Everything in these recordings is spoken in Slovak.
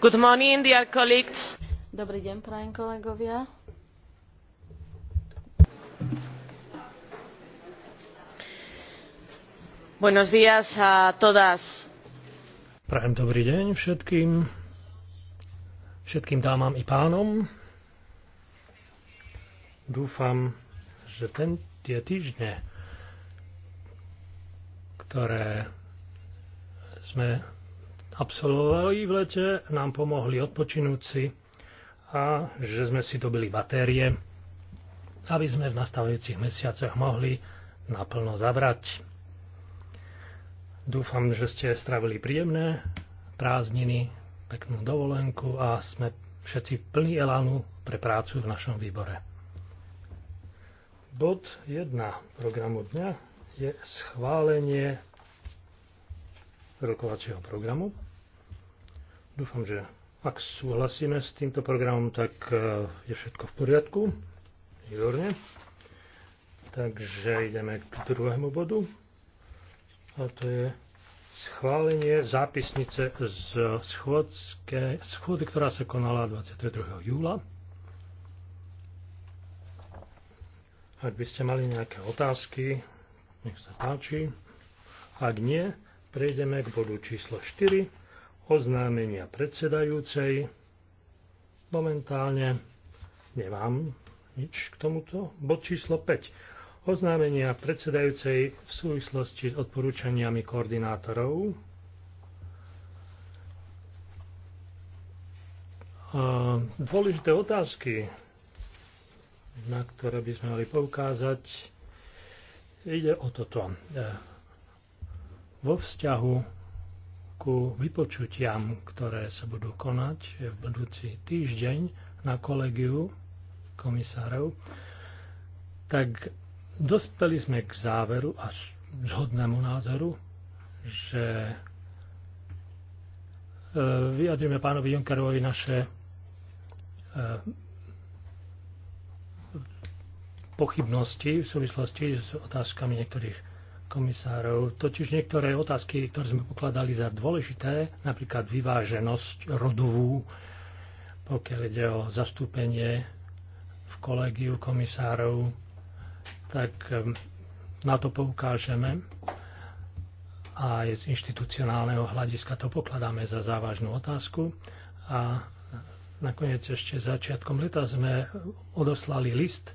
Dobrý deň, prajem kolegovia. Buenos dias a todas. Prajem dobrý deň všetkým, všetkým dámam i pánom. Dúfam, že ten, tie týždne, ktoré sme absolvovali v lete, nám pomohli odpočinúť si a že sme si dobili batérie, aby sme v nastavujúcich mesiacoch mohli naplno zabrať. Dúfam, že ste stravili príjemné prázdniny, peknú dovolenku a sme všetci plní elánu pre prácu v našom výbore. Bod 1 programu dňa je schválenie rokovacieho programu. Dúfam, že ak súhlasíme s týmto programom, tak e, je všetko v poriadku. Výborne. Takže ideme k druhému bodu. A to je schválenie zápisnice z schôdy, ktorá sa konala 22. júla. Ak by ste mali nejaké otázky, nech sa páči. Ak nie, prejdeme k bodu číslo 4 oznámenia predsedajúcej. Momentálne nemám nič k tomuto. Bod číslo 5. Oznámenia predsedajúcej v súvislosti s odporúčaniami koordinátorov. A dôležité otázky, na ktoré by sme mali poukázať, ide o toto. Vo vzťahu ku vypočutiam, ktoré sa budú konať v budúci týždeň na kolegiu komisárov, tak dospeli sme k záveru a zhodnému názoru, že e, vyjadrime pánovi Junkerovi naše e, pochybnosti v súvislosti s otázkami niektorých komisárov. Totiž niektoré otázky, ktoré sme pokladali za dôležité, napríklad vyváženosť rodovú, pokiaľ ide o zastúpenie v kolégiu komisárov, tak na to poukážeme a aj z inštitucionálneho hľadiska to pokladáme za závažnú otázku. A nakoniec ešte začiatkom leta sme odoslali list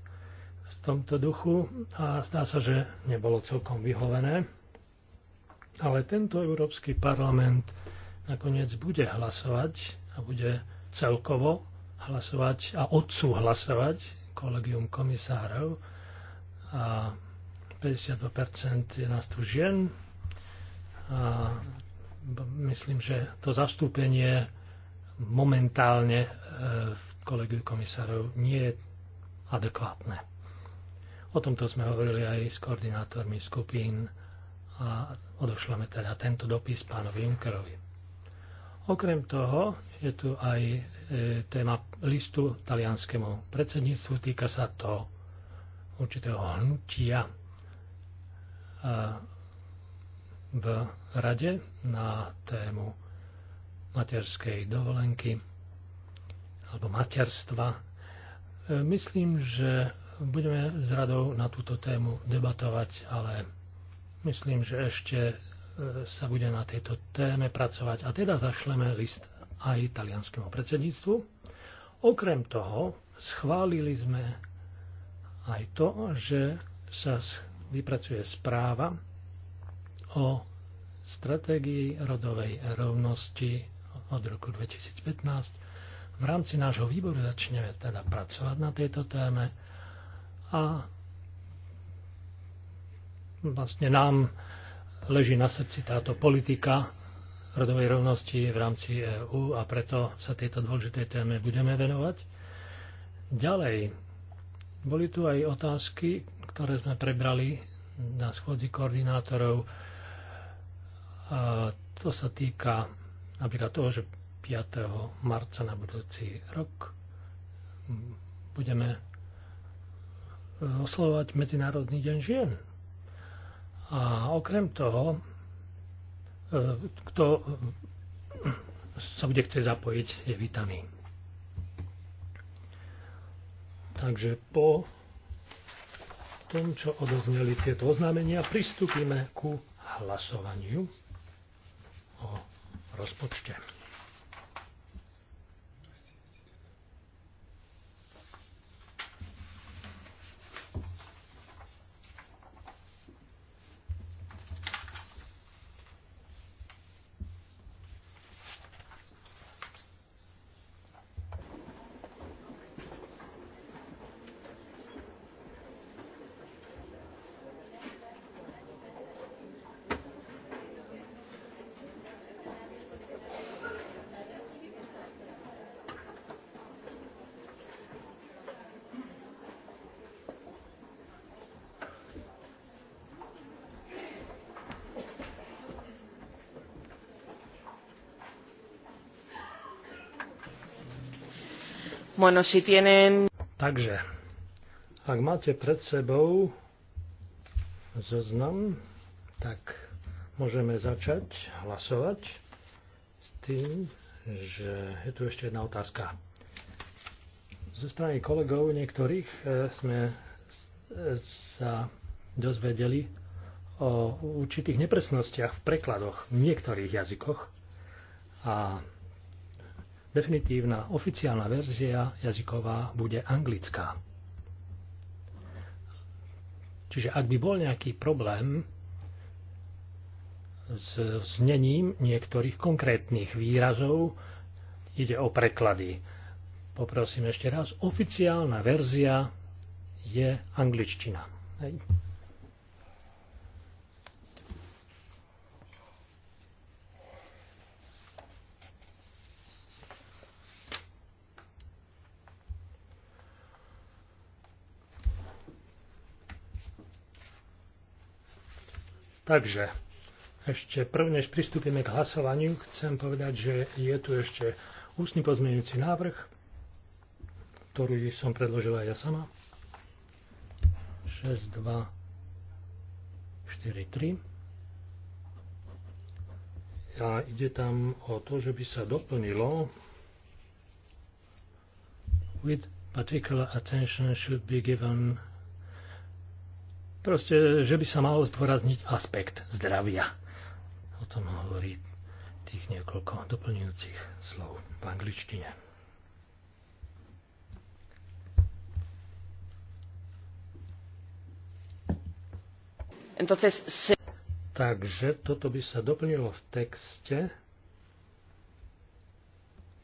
tomto duchu a zdá sa, že nebolo celkom vyhovené. Ale tento Európsky parlament nakoniec bude hlasovať a bude celkovo hlasovať a odsúhlasovať kolegium komisárov a 52% je nás tu žien a myslím, že to zastúpenie momentálne e, v kolegiu komisárov nie je adekvátne. O tomto sme hovorili aj s koordinátormi skupín a odošlame teda tento dopis pánovi Junkerovi. Okrem toho je tu aj e, téma listu talianskému predsedníctvu. Týka sa to určitého hnutia v rade na tému materskej dovolenky alebo materstva. E, myslím, že budeme s radou na túto tému debatovať, ale myslím, že ešte e, sa bude na tejto téme pracovať a teda zašleme list aj italianskému predsedníctvu. Okrem toho schválili sme aj to, že sa vypracuje správa o stratégii rodovej rovnosti od roku 2015. V rámci nášho výboru začneme teda pracovať na tejto téme a vlastne nám leží na srdci táto politika rodovej rovnosti v rámci EÚ a preto sa tejto dôležitej téme budeme venovať. Ďalej, boli tu aj otázky, ktoré sme prebrali na schôdzi koordinátorov. A to sa týka napríklad toho, že 5. marca na budúci rok budeme oslovať Medzinárodný deň žien. A okrem toho, e, kto sa bude chce zapojiť, je vítaný. Takže po tom, čo odozneli tieto oznámenia, pristúpime ku hlasovaniu o rozpočte. Bueno, si tienen... Takže, ak máte pred sebou zoznam, tak môžeme začať hlasovať s tým, že je tu ešte jedna otázka. Zo strany kolegov niektorých e, sme e, sa dozvedeli o určitých nepresnostiach v prekladoch v niektorých jazykoch a definitívna oficiálna verzia jazyková bude anglická. Čiže ak by bol nejaký problém s znením niektorých konkrétnych výrazov, ide o preklady. Poprosím ešte raz, oficiálna verzia je angličtina. Hej. Takže ešte prv, než pristúpime k hlasovaniu, chcem povedať, že je tu ešte ústny pozmeňujúci návrh, ktorý som predložila ja sama. 6, 2, 4, 3. A ide tam o to, že by sa doplnilo with particular attention should be given Proste, že by sa mal zdôrazniť aspekt zdravia. O tom hovorí tých niekoľko doplňujúcich slov v angličtine. Takže toto by sa doplnilo v texte.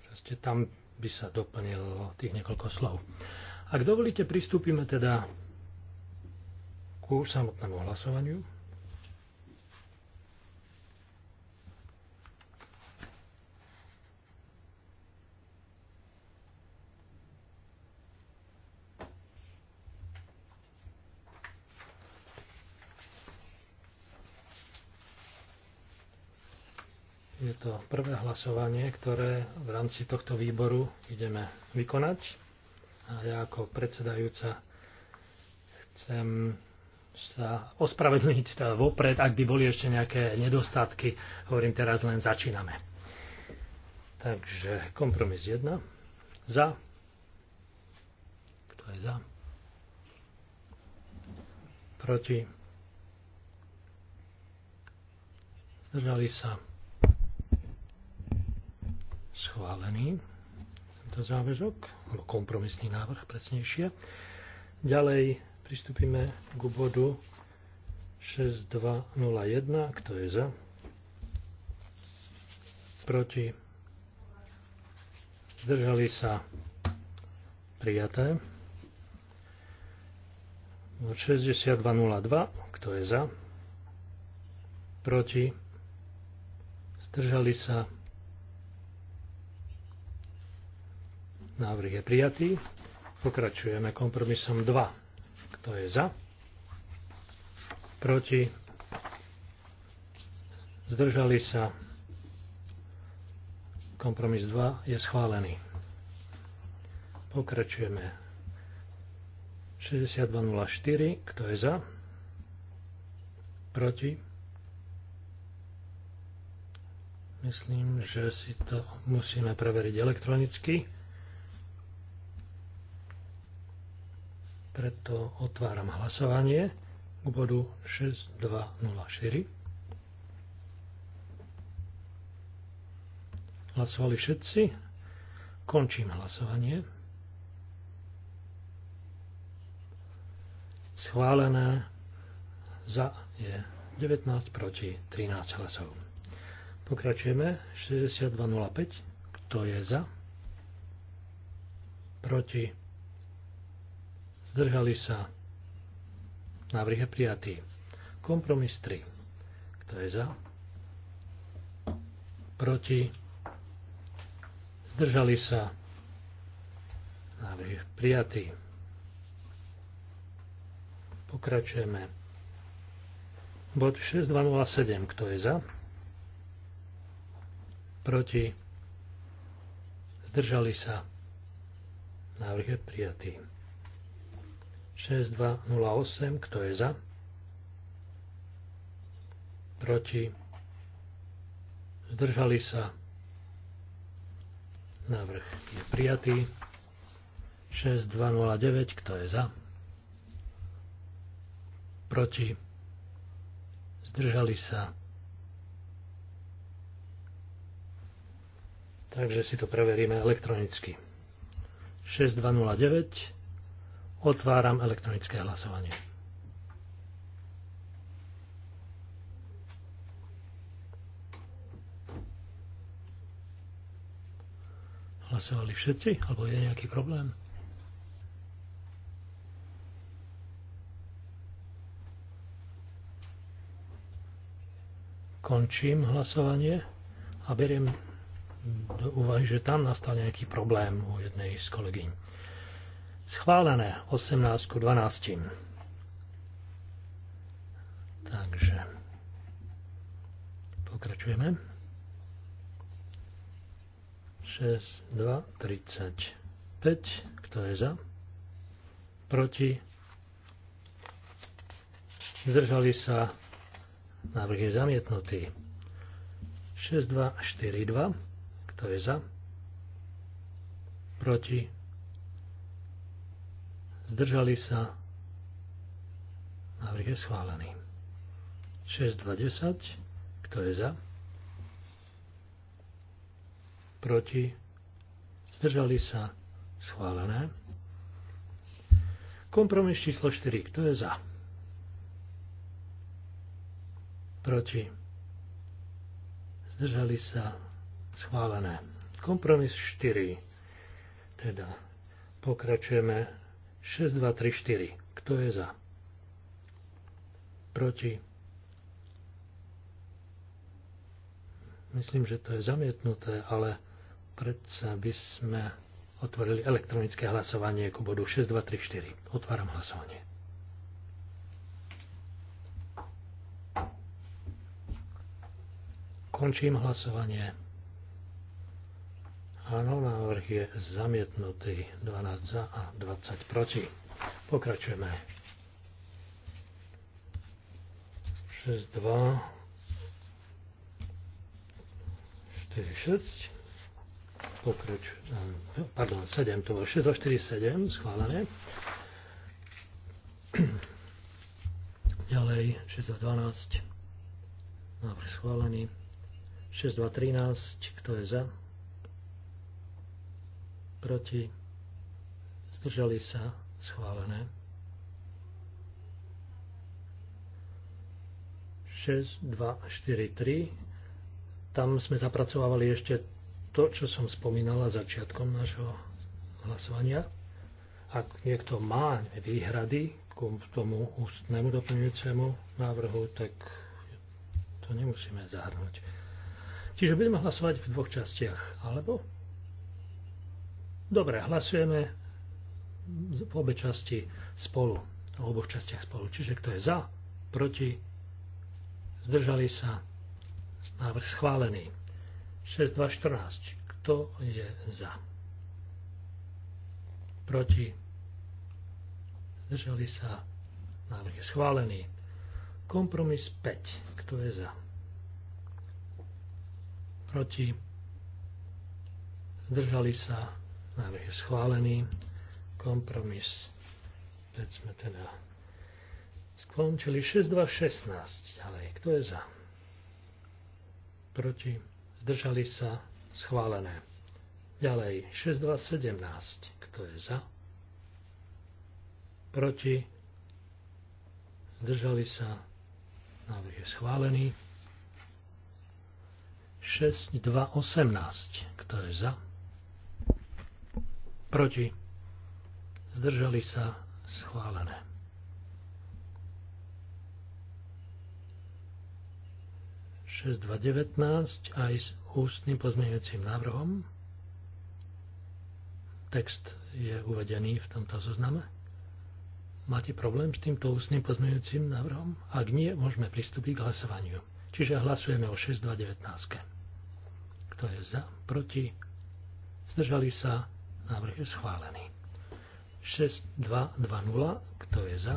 Proste tam by sa doplnilo tých niekoľko slov. Ak dovolíte, pristúpime teda ku samotnému hlasovaniu. Je to prvé hlasovanie, ktoré v rámci tohto výboru ideme vykonať. A ja ako predsedajúca chcem sa ospravedlniť teda vopred, ak by boli ešte nejaké nedostatky. Hovorím, teraz len začíname. Takže kompromis 1. Za. Kto je za? Proti. Zdržali sa. Schválený tento záväzok, alebo kompromisný návrh presnejšie. Ďalej Pristúpime k bodu 6201. Kto je za? Proti? Zdržali sa? Prijaté. Od 6202. Kto je za? Proti? Zdržali sa? Návrh je prijatý. Pokračujeme kompromisom 2. Kto je za? Proti? Zdržali sa? Kompromis 2 je schválený. Pokračujeme. 6204. Kto je za? Proti? Myslím, že si to musíme preveriť elektronicky. Preto otváram hlasovanie k bodu 6204. Hlasovali všetci? Končím hlasovanie. Schválené za je 19 proti 13 hlasov. Pokračujeme 62.05. Kto je za? Proti zdržali sa, návrh je prijatý. Kompromis 3. Kto je za? Proti? Zdržali sa? Návrh je prijatý. Pokračujeme. Bod 6207. Kto je za? Proti? Zdržali sa? Návrh je prijatý. 6208, kto je za? Proti? Zdržali sa? Návrh je prijatý. 6209, kto je za? Proti? Zdržali sa? Takže si to preveríme elektronicky. 6209 Otváram elektronické hlasovanie. Hlasovali všetci? Alebo je nejaký problém? Končím hlasovanie a beriem do úvahy, že tam nastal nejaký problém u jednej z kolegyň. Schválené 18 ku 12. Takže pokračujeme. 6, 2, 35. Kto je za? Proti? Zdržali sa. Návrh je zamietnutý. 6, 2, 4, 2. Kto je za? Proti? zdržali sa, návrh je schválený. 6.20. kto je za, proti, zdržali sa, schválené. Kompromis číslo 4, kto je za? Proti, zdržali sa, schválené. Kompromis 4, teda pokračujeme 6, 2, 3, 4. Kto je za? Proti? Myslím, že to je zamietnuté, ale predsa by sme otvorili elektronické hlasovanie ku bodu 6, 2, 3, 4. Otváram hlasovanie. Končím hlasovanie. Áno, návrh je zamietnutý. 12 za a 20 proti. Pokračujeme. 6, 2, 4, 6. pokračujem, Pardon, 7 to bolo. 6 4, 7. Schválené. Ďalej 6 2, 12. Návrh schválený. 6 2, 13. Kto je za? proti, zdržali sa, schválené. 6, 2, 4, 3. Tam sme zapracovali ešte to, čo som spomínala začiatkom nášho hlasovania. Ak niekto má výhrady k tomu ústnemu doplňujúcemu návrhu, tak to nemusíme zahrnúť. Čiže budeme hlasovať v dvoch častiach, alebo Dobre, hlasujeme v obe časti spolu, v oboch častiach spolu. Čiže kto je za, proti, zdržali sa, návrh schválený. 6214. Kto je za? Proti, zdržali sa, návrh je schválený. Kompromis 5. Kto je za? Proti, zdržali sa, Návrh je schválený. Kompromis. Teď sme teda skončili 6.2.16. Ďalej, kto je za? Proti? Zdržali sa? Schválené. Ďalej, 6.2.17. Kto je za? Proti? Zdržali sa? Návrh je schválený. 6.2.18. Kto je za? proti, zdržali sa schválené. devätnásť aj s ústnym pozmeňujúcim návrhom. Text je uvedený v tomto zozname. Máte problém s týmto ústnym pozmeňujúcim návrhom? Ak nie, môžeme pristúpiť k hlasovaniu. Čiže hlasujeme o 6219. Kto je za, proti, zdržali sa, Návrh je schválený. 6220, kto je za?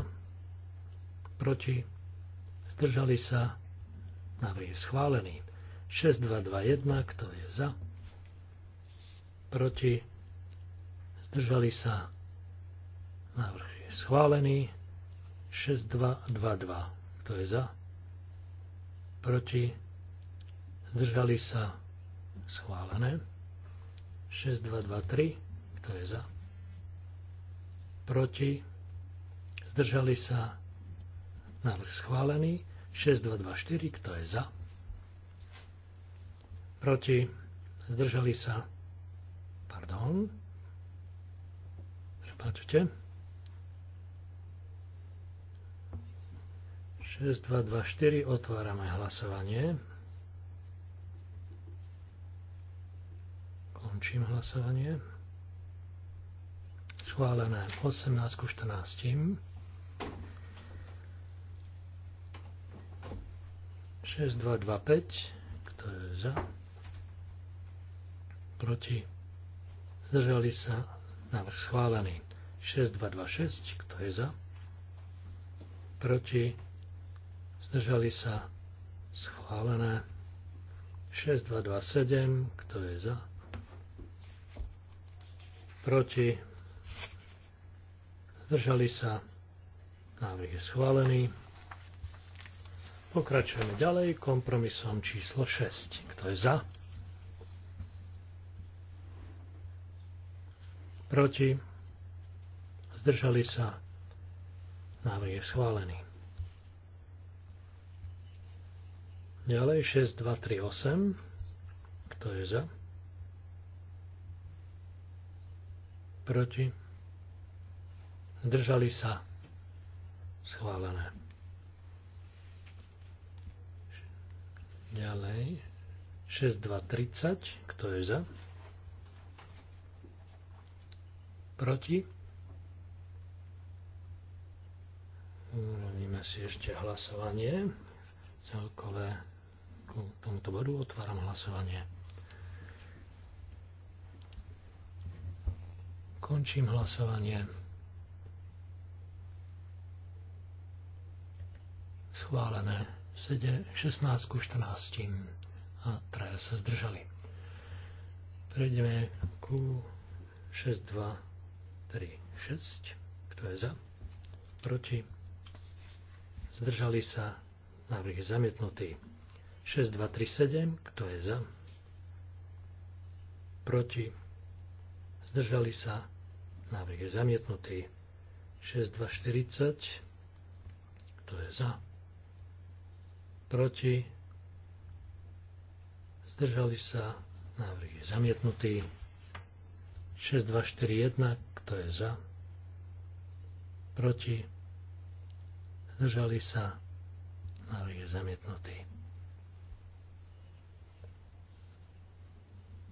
Proti? Zdržali sa? Návrh je schválený. 6221, kto je za? Proti? Zdržali sa? Návrh je schválený. 6222, kto je za? Proti? Zdržali sa? Schválené. 6223, kto je za? Proti? Zdržali sa? Návrh schválený. 6224. Kto je za? Proti? Zdržali sa? Pardon. Prepáčte. 6224. Otvárame hlasovanie. Končím hlasovanie schválené 18 ku 14. 6, dva, dva, 5, kto je za, proti, zdržali sa, návrh schválený. 6, dva, dva, 6, kto je za, proti, zdržali sa, schválené. 6, dva, dva, 7, kto je za, proti, zdržali sa, návrh je schválený. Pokračujeme ďalej kompromisom číslo 6. Kto je za? Proti? Zdržali sa? Návrh je schválený. Ďalej 6, 2, 3, 8. Kto je za? Proti? zdržali sa, schválené. Ďalej, 6230, kto je za? Proti? Urovníme si ešte hlasovanie celkové k tomuto bodu. Otváram hlasovanie. Končím hlasovanie. schválené. 7, 16 ku 14 a traja sa zdržali. Prejdeme ku 6, 2, 3, 6. Kto je za? Proti? Zdržali sa. Návrh je zamietnutý. 6, 2, 3, 7. Kto je za? Proti? Zdržali sa. Návrh je zamietnutý. 6, 2, 40. Kto je za? proti, zdržali sa, návrh je zamietnutý. 1, kto je za, proti, zdržali sa, návrh je zamietnutý.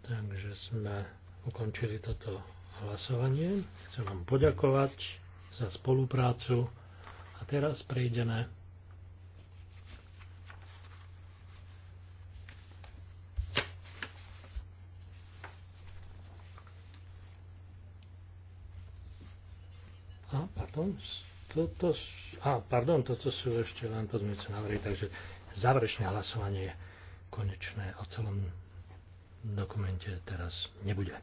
Takže sme ukončili toto hlasovanie. Chcem vám poďakovať za spoluprácu a teraz prejdeme Toto, a, pardon, toto sú ešte len pozmeňujúce návrhy, takže záverečné hlasovanie konečné o celom dokumente teraz nebude.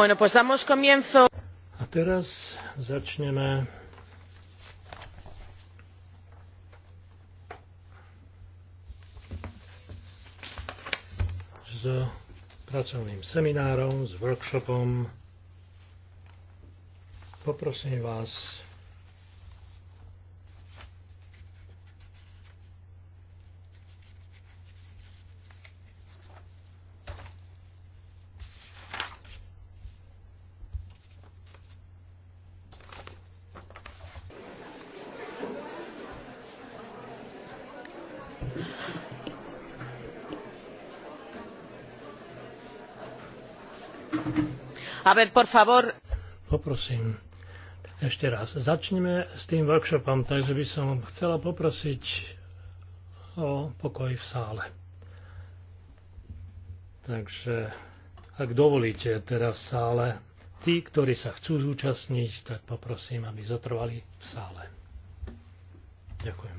Bueno, pues damos comienzo. A teraz začneme s pracovným seminárom, s workshopom. Poprosím vás A ver, por favor. Poprosím. Ešte raz. Začneme s tým workshopom, takže by som chcela poprosiť o pokoj v sále. Takže, ak dovolíte teda v sále, tí, ktorí sa chcú zúčastniť, tak poprosím, aby zotrvali v sále. Ďakujem.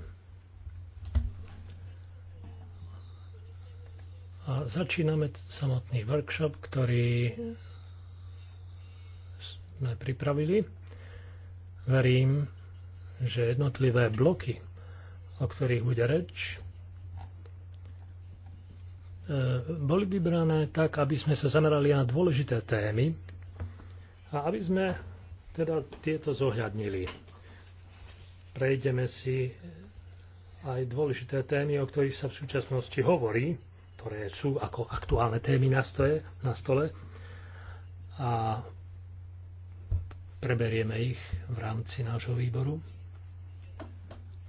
A začíname samotný workshop, ktorý sme pripravili. Verím, že jednotlivé bloky, o ktorých bude reč, e, boli vybrané tak, aby sme sa zamerali na dôležité témy a aby sme teda tieto zohľadnili. Prejdeme si aj dôležité témy, o ktorých sa v súčasnosti hovorí, ktoré sú ako aktuálne témy na, na stole. A Preberieme ich v rámci nášho výboru.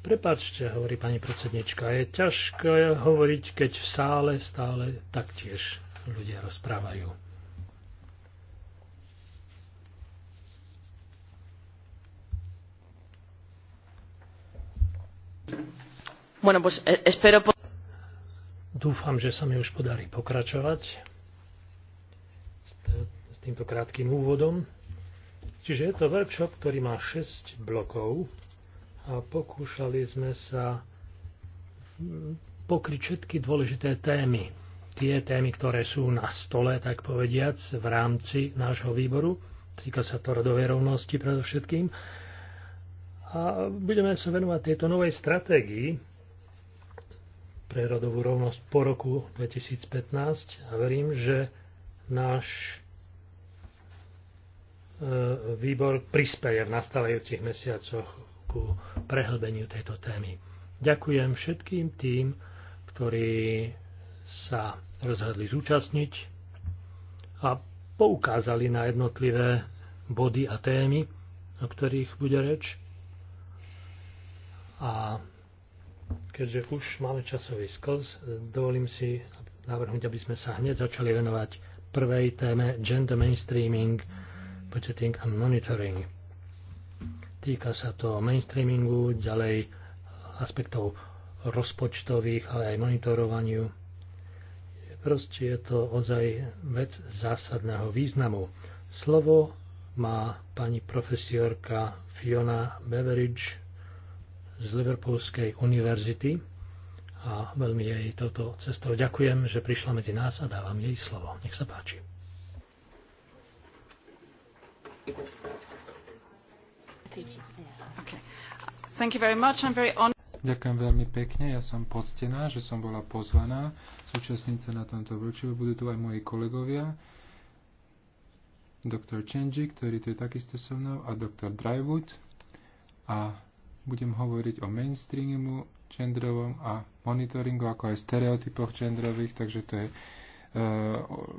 Prepačte, hovorí pani predsednička, je ťažké hovoriť, keď v sále stále taktiež ľudia rozprávajú. Bueno, pues eh, espero... Dúfam, že sa mi už podarí pokračovať s týmto krátkým úvodom. Čiže je to workshop, ktorý má 6 blokov a pokúšali sme sa pokryť všetky dôležité témy. Tie témy, ktoré sú na stole, tak povediac, v rámci nášho výboru. Týka sa to rodovej rovnosti predovšetkým. A budeme sa venovať tejto novej stratégii pre rodovú rovnosť po roku 2015 a verím, že náš E, výbor prispeje v nastávajúcich mesiacoch ku prehlbeniu tejto témy. Ďakujem všetkým tým, ktorí sa rozhodli zúčastniť a poukázali na jednotlivé body a témy, o ktorých bude reč. A keďže už máme časový skos, dovolím si navrhnúť, aby sme sa hneď začali venovať prvej téme gender mainstreaming budgeting and monitoring. Týka sa to mainstreamingu, ďalej aspektov rozpočtových, ale aj monitorovaniu. Proste je to ozaj vec zásadného významu. Slovo má pani profesiorka Fiona Beveridge z Liverpoolskej univerzity a veľmi jej toto cestou ďakujem, že prišla medzi nás a dávam jej slovo. Nech sa páči. Ďakujem veľmi pekne. Ja som poctená, že som bola pozvaná súčasnica na tomto workshope. Budú tu aj moji kolegovia. Dr. Chenji, ktorý tu je takisto so mnou, a Dr. Drywood. A budem hovoriť o mainstreamu genderovom a monitoringu, ako aj stereotypoch genderových, takže to je E,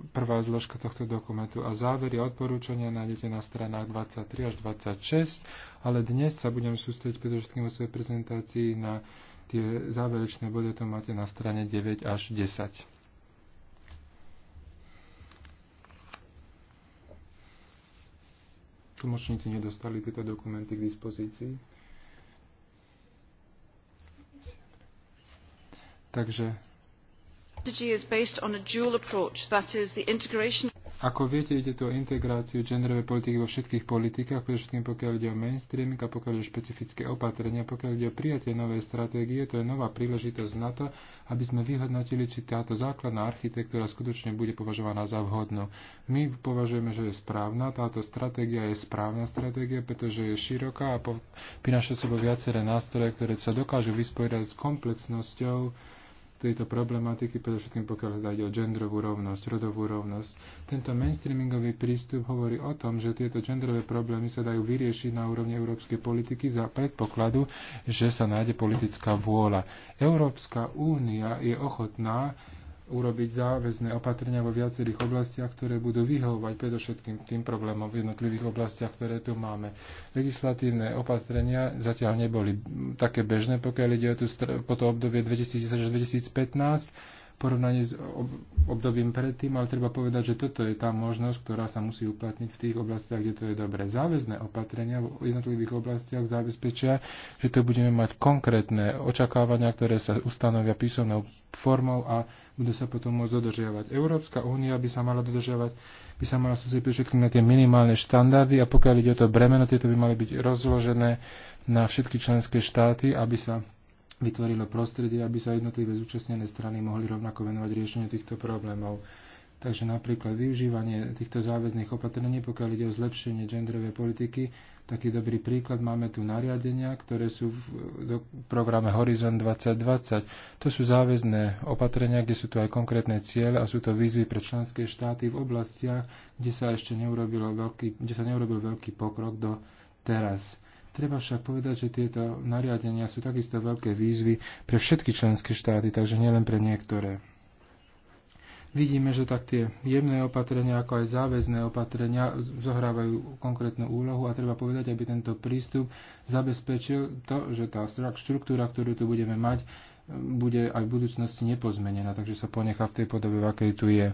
prvá zložka tohto dokumentu. A závery a odporúčania nájdete na stranách 23 až 26, ale dnes sa budem sústrediť predovšetkým vo svojej prezentácii na tie záverečné body, to máte na strane 9 až 10. Tlmočníci nedostali tieto dokumenty k dispozícii. Takže ako viete, ide tu o integráciu genderovej politiky vo všetkých politikách, predovšetkým pokiaľ ide o mainstreaming a pokiaľ ide o špecifické opatrenia, pokiaľ ide o prijatie novej stratégie, to je nová príležitosť na to, aby sme vyhodnotili, či táto základná architektúra skutočne bude považovaná za vhodnú. My považujeme, že je správna, táto stratégia je správna stratégia, pretože je široká a prináša sebou viaceré nástroje, ktoré sa dokážu vysporiadať s komplexnosťou tejto problematiky, predovšetkým pokiaľ sa ide o genderovú rovnosť, rodovú rovnosť. Tento mainstreamingový prístup hovorí o tom, že tieto genderové problémy sa dajú vyriešiť na úrovni európskej politiky za predpokladu, že sa nájde politická vôľa. Európska únia je ochotná urobiť záväzné opatrenia vo viacerých oblastiach, ktoré budú vyhovovať predovšetkým tým problémom v jednotlivých oblastiach, ktoré tu máme. Legislatívne opatrenia zatiaľ neboli také bežné, pokiaľ ide o, po to obdobie 2010 2015 porovnaní s obdobím predtým, ale treba povedať, že toto je tá možnosť, ktorá sa musí uplatniť v tých oblastiach, kde to je dobré. Záväzné opatrenia v jednotlivých oblastiach zabezpečia, že to budeme mať konkrétne očakávania, ktoré sa ustanovia písomnou formou a budú sa potom môcť dodržiavať. Európska únia by sa mala dodržiavať, by sa mala sústrediť všetky na tie minimálne štandardy a pokiaľ ide o to bremeno, tieto by mali byť rozložené na všetky členské štáty, aby sa vytvorilo prostredie, aby sa jednotlivé zúčastnené strany mohli rovnako venovať riešeniu týchto problémov. Takže napríklad využívanie týchto záväzných opatrení, pokiaľ ide o zlepšenie genderovej politiky, taký dobrý príklad máme tu nariadenia, ktoré sú v do, programe Horizon 2020. To sú záväzné opatrenia, kde sú tu aj konkrétne ciele a sú to výzvy pre členské štáty v oblastiach, kde sa ešte neurobilo veľký, kde sa neurobil veľký pokrok do teraz. Treba však povedať, že tieto nariadenia sú takisto veľké výzvy pre všetky členské štáty, takže nielen pre niektoré. Vidíme, že tak tie jemné opatrenia, ako aj záväzné opatrenia zohrávajú konkrétnu úlohu a treba povedať, aby tento prístup zabezpečil to, že tá štruktúra, ktorú tu budeme mať, bude aj v budúcnosti nepozmenená, takže sa ponechá v tej podobe, v akej tu je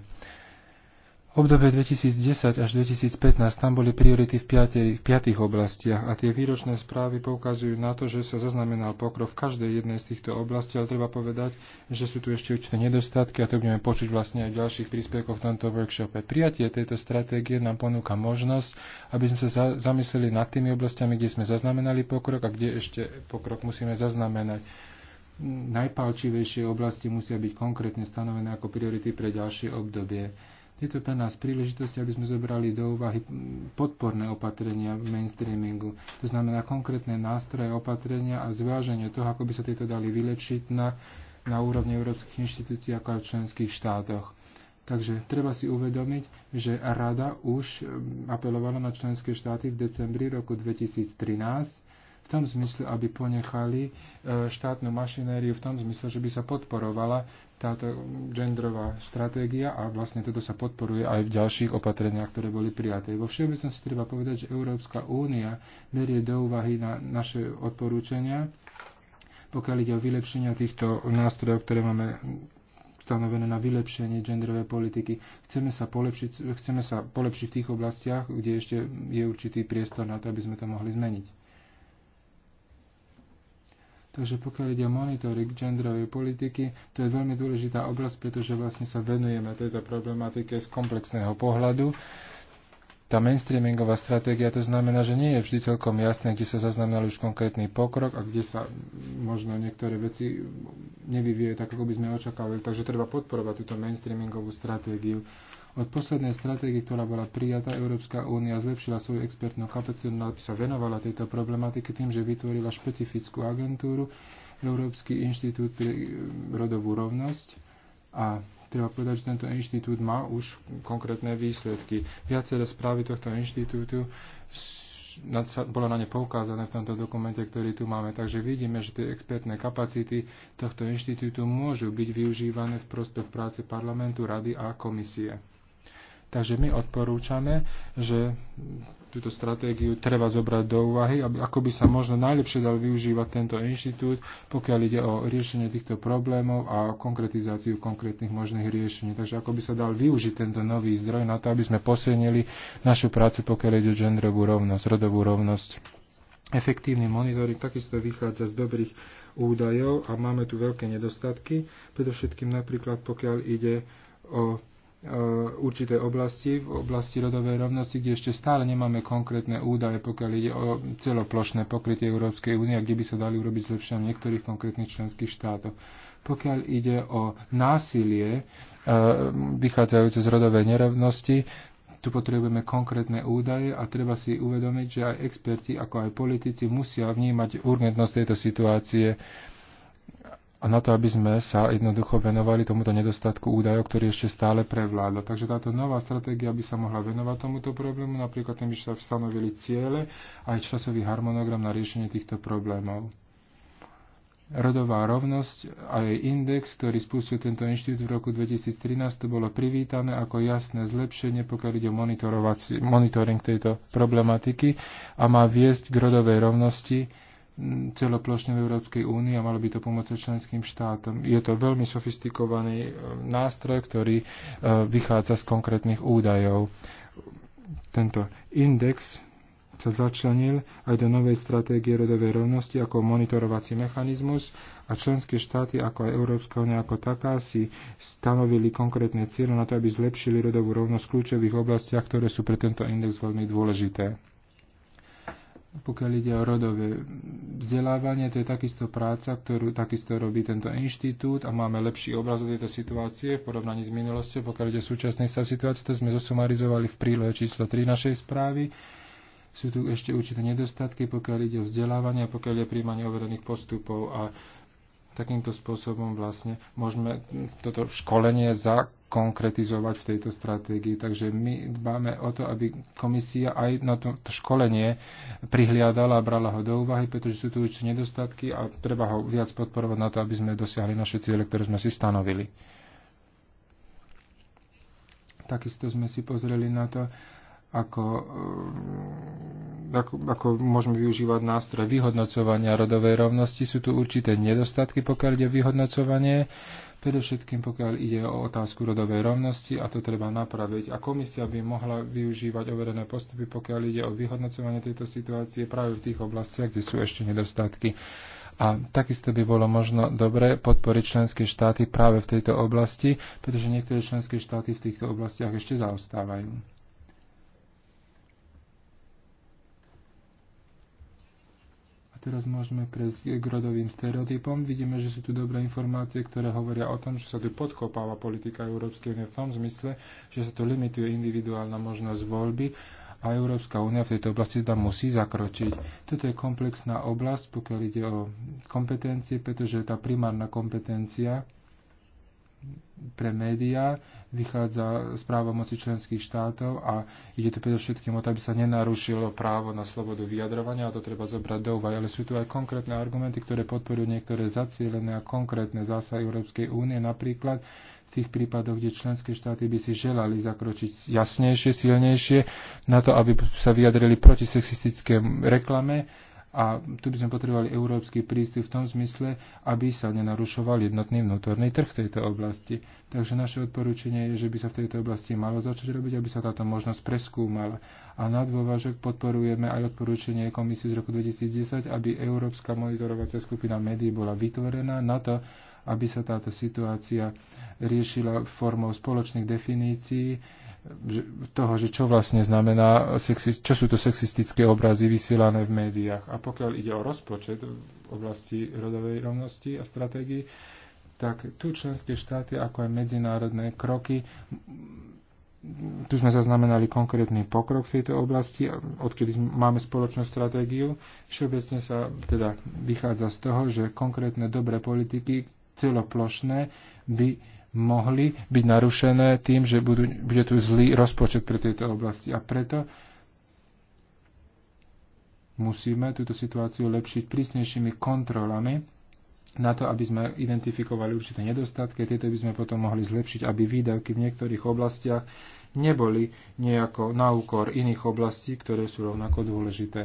obdobie 2010 až 2015 tam boli priority v, piatých, v piatých oblastiach a tie výročné správy poukazujú na to, že sa zaznamenal pokrok v každej jednej z týchto oblastí, ale treba povedať, že sú tu ešte určité nedostatky a to budeme počuť vlastne aj v ďalších príspevkoch v tomto workshope. Prijatie tejto stratégie nám ponúka možnosť, aby sme sa za, zamysleli nad tými oblastiami, kde sme zaznamenali pokrok a kde ešte pokrok musíme zaznamenať najpálčivejšie oblasti musia byť konkrétne stanovené ako priority pre ďalšie obdobie. Je to pre nás príležitosť, aby sme zobrali do úvahy podporné opatrenia v mainstreamingu. To znamená konkrétne nástroje, opatrenia a zváženie toho, ako by sa tieto dali vylečiť na, na úrovni európskych inštitúcií ako aj v členských štátoch. Takže treba si uvedomiť, že Rada už apelovala na členské štáty v decembri roku 2013 v tom zmysle, aby ponechali e, štátnu mašinériu v tom zmysle, že by sa podporovala táto genderová stratégia a vlastne toto sa podporuje aj v ďalších opatreniach, ktoré boli prijaté. Vo všeobecnosti treba povedať, že Európska únia berie do úvahy na naše odporúčania, pokiaľ ide o vylepšenia týchto nástrojov, ktoré máme stanovené na vylepšenie genderovej politiky. Chceme sa, polepšiť, chceme sa polepšiť v tých oblastiach, kde ešte je určitý priestor na to, aby sme to mohli zmeniť. Takže pokiaľ ide o monitoring genderovej politiky, to je veľmi dôležitá oblasť, pretože vlastne sa venujeme tejto problematike z komplexného pohľadu. Tá mainstreamingová stratégia to znamená, že nie je vždy celkom jasné, kde sa zaznamenal už konkrétny pokrok a kde sa možno niektoré veci nevyvíjajú tak, ako by sme očakávali. Takže treba podporovať túto mainstreamingovú stratégiu. Od poslednej stratégie, ktorá bola prijatá, Európska únia zlepšila svoju expertnú kapacitu, aby sa venovala tejto problematike tým, že vytvorila špecifickú agentúru, Európsky inštitút pre e, rodovú rovnosť a treba povedať, že tento inštitút má už konkrétne výsledky. Viaceré správy tohto inštitútu bolo na ne poukázané v tomto dokumente, ktorý tu máme. Takže vidíme, že tie expertné kapacity tohto inštitútu môžu byť využívané v prospech práce parlamentu, rady a komisie. Takže my odporúčame, že túto stratégiu treba zobrať do úvahy, aby, ako by sa možno najlepšie dal využívať tento inštitút, pokiaľ ide o riešenie týchto problémov a konkretizáciu konkrétnych možných riešení. Takže ako by sa dal využiť tento nový zdroj na to, aby sme posilnili našu prácu, pokiaľ ide o genderovú rovnosť, rodovú rovnosť. Efektívny monitoring takisto vychádza z dobrých údajov a máme tu veľké nedostatky, predovšetkým napríklad pokiaľ ide o Eh, určité oblasti, v oblasti rodovej rovnosti, kde ešte stále nemáme konkrétne údaje, pokiaľ ide o celoplošné pokrytie Európskej únie, kde by sa dali urobiť zlepšenia v niektorých konkrétnych členských štátoch. Pokiaľ ide o násilie eh, vychádzajúce z rodovej nerovnosti, tu potrebujeme konkrétne údaje a treba si uvedomiť, že aj experti, ako aj politici musia vnímať urgentnosť tejto situácie a na to, aby sme sa jednoducho venovali tomuto nedostatku údajov, ktorý ešte stále prevláda. Takže táto nová stratégia by sa mohla venovať tomuto problému, napríklad tým, že sa stanovili ciele a aj časový harmonogram na riešenie týchto problémov. Rodová rovnosť a jej index, ktorý spustil tento inštitút v roku 2013, to bolo privítané ako jasné zlepšenie, pokiaľ ide o monitoring tejto problematiky a má viesť k rodovej rovnosti celoplošne v Európskej únii a malo by to pomôcť členským štátom. Je to veľmi sofistikovaný e, nástroj, ktorý e, vychádza z konkrétnych údajov. Tento index sa začlenil aj do novej stratégie rodovej rovnosti ako monitorovací mechanizmus a členské štáty ako aj Európska únia ako taká si stanovili konkrétne cieľe na to, aby zlepšili rodovú rovnosť v kľúčových oblastiach, ktoré sú pre tento index veľmi dôležité pokiaľ ide o rodové vzdelávanie, to je takisto práca, ktorú takisto robí tento inštitút a máme lepší obraz o tejto situácie v porovnaní s minulosťou, pokiaľ ide o súčasnej sa situáciu, to sme zosumarizovali v prílohe číslo 3 našej správy. Sú tu ešte určité nedostatky, pokiaľ ide o vzdelávanie a pokiaľ ide o príjmanie overených postupov a Takýmto spôsobom vlastne môžeme toto školenie zakonkretizovať v tejto stratégii. Takže my dbáme o to, aby komisia aj na to, to školenie prihliadala a brala ho do úvahy, pretože sú tu určite nedostatky a treba ho viac podporovať na to, aby sme dosiahli naše ciele, ktoré sme si stanovili. Takisto sme si pozreli na to, ako, eh, ako, ako môžeme využívať nástroj vyhodnocovania rodovej rovnosti. Sú tu určité nedostatky, pokiaľ ide vyhodnocovanie, predovšetkým pokiaľ ide o otázku rodovej rovnosti a to treba napraviť. A komisia by mohla využívať overené postupy, pokiaľ ide o vyhodnocovanie tejto situácie práve v tých oblastiach, kde sú ešte nedostatky. A takisto by bolo možno dobre podporiť členské štáty práve v tejto oblasti, pretože niektoré členské štáty v týchto oblastiach ešte zaostávajú. teraz môžeme prejsť k rodovým stereotypom. Vidíme, že sú tu dobré informácie, ktoré hovoria o tom, že sa tu podkopáva politika Európskej únie v tom zmysle, že sa tu limituje individuálna možnosť voľby a Európska únia v tejto oblasti tam musí zakročiť. Toto je komplexná oblasť, pokiaľ ide o kompetencie, pretože tá primárna kompetencia pre médiá, vychádza z moci členských štátov a ide tu predovšetkým o to, aby sa nenarušilo právo na slobodu vyjadrovania a to treba zobrať do úvahy. Ale sú tu aj konkrétne argumenty, ktoré podporujú niektoré zacielené a konkrétne zásahy Európskej únie, napríklad v tých prípadoch, kde členské štáty by si želali zakročiť jasnejšie, silnejšie na to, aby sa vyjadrili proti sexistickej reklame a tu by sme potrebovali európsky prístup v tom zmysle, aby sa nenarušoval jednotný vnútorný trh v tejto oblasti. Takže naše odporúčanie je, že by sa v tejto oblasti malo začať robiť, aby sa táto možnosť preskúmala. A na dôvažok podporujeme aj odporúčanie komisie z roku 2010, aby Európska monitorovacia skupina médií bola vytvorená na to, aby sa táto situácia riešila formou spoločných definícií, toho, že čo vlastne znamená, čo sú to sexistické obrazy vysielané v médiách. A pokiaľ ide o rozpočet v oblasti rodovej rovnosti a stratégii, tak tu členské štáty, ako aj medzinárodné kroky, tu sme zaznamenali konkrétny pokrok v tejto oblasti, odkedy máme spoločnú stratégiu. Všeobecne sa teda vychádza z toho, že konkrétne dobré politiky celoplošné by mohli byť narušené tým, že budú, bude tu zlý rozpočet pre tieto oblasti. A preto musíme túto situáciu lepšiť prísnejšími kontrolami na to, aby sme identifikovali určité nedostatky, tieto by sme potom mohli zlepšiť, aby výdavky v niektorých oblastiach neboli nejako na úkor iných oblastí, ktoré sú rovnako dôležité.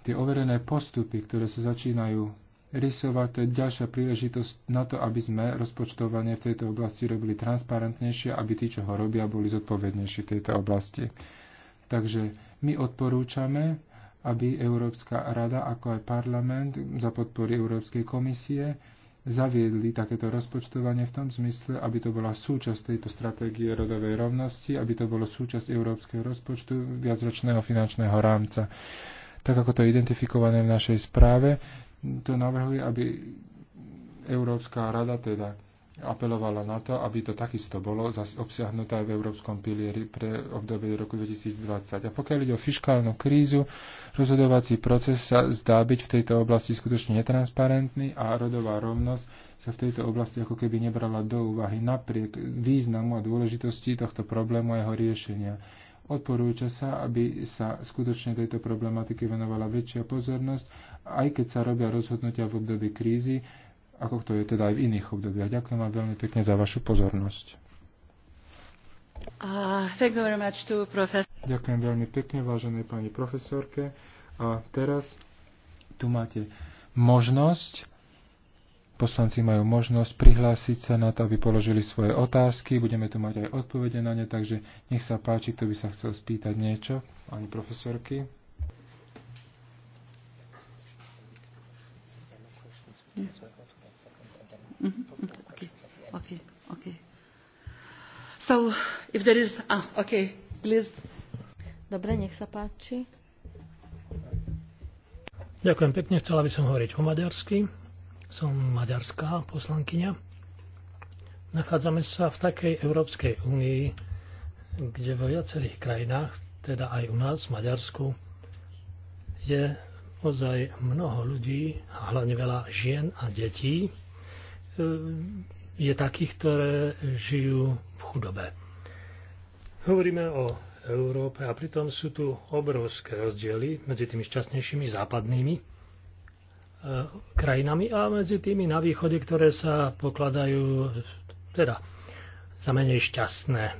Tie overené postupy, ktoré sa začínajú rysovať, to je ďalšia príležitosť na to, aby sme rozpočtovanie v tejto oblasti robili transparentnejšie, aby tí, čo ho robia, boli zodpovednejší v tejto oblasti. Takže my odporúčame, aby Európska rada, ako aj parlament za podpory Európskej komisie zaviedli takéto rozpočtovanie v tom zmysle, aby to bola súčasť tejto stratégie rodovej rovnosti, aby to bolo súčasť európskeho rozpočtu viacročného finančného rámca. Tak ako to je identifikované v našej správe, to navrhuje, aby Európska rada teda apelovala na to, aby to takisto bolo zase obsiahnuté aj v Európskom pilieri pre obdobie roku 2020. A pokiaľ ide o fiskálnu krízu, rozhodovací proces sa zdá byť v tejto oblasti skutočne netransparentný a rodová rovnosť sa v tejto oblasti ako keby nebrala do úvahy napriek významu a dôležitosti tohto problému a jeho riešenia. Odporúča sa, aby sa skutočne tejto problematike venovala väčšia pozornosť aj keď sa robia rozhodnutia v období krízy, ako to je teda aj v iných obdobiach. Ďakujem vám veľmi pekne za vašu pozornosť. Uh, Ďakujem veľmi pekne, vážené pani profesorke. A teraz tu máte možnosť, poslanci majú možnosť prihlásiť sa na to, aby položili svoje otázky. Budeme tu mať aj odpovede na ne, takže nech sa páči, kto by sa chcel spýtať niečo, pani profesorky. Mm-hmm. Mm-hmm. Okay. Okay. So, if there is... Ah, okay. Please. Dobre, nech sa páči. Ďakujem pekne. Chcela by som hovoriť po maďarsky. Som maďarská poslankyňa. Nachádzame sa v takej Európskej únii, kde vo viacerých krajinách, teda aj u nás v Maďarsku, je ozaj mnoho ľudí, a hlavne veľa žien a detí, e, je takých, ktoré žijú v chudobe. Hovoríme o Európe a pritom sú tu obrovské rozdiely medzi tými šťastnejšími západnými e, krajinami a medzi tými na východe, ktoré sa pokladajú teda za menej šťastné. E,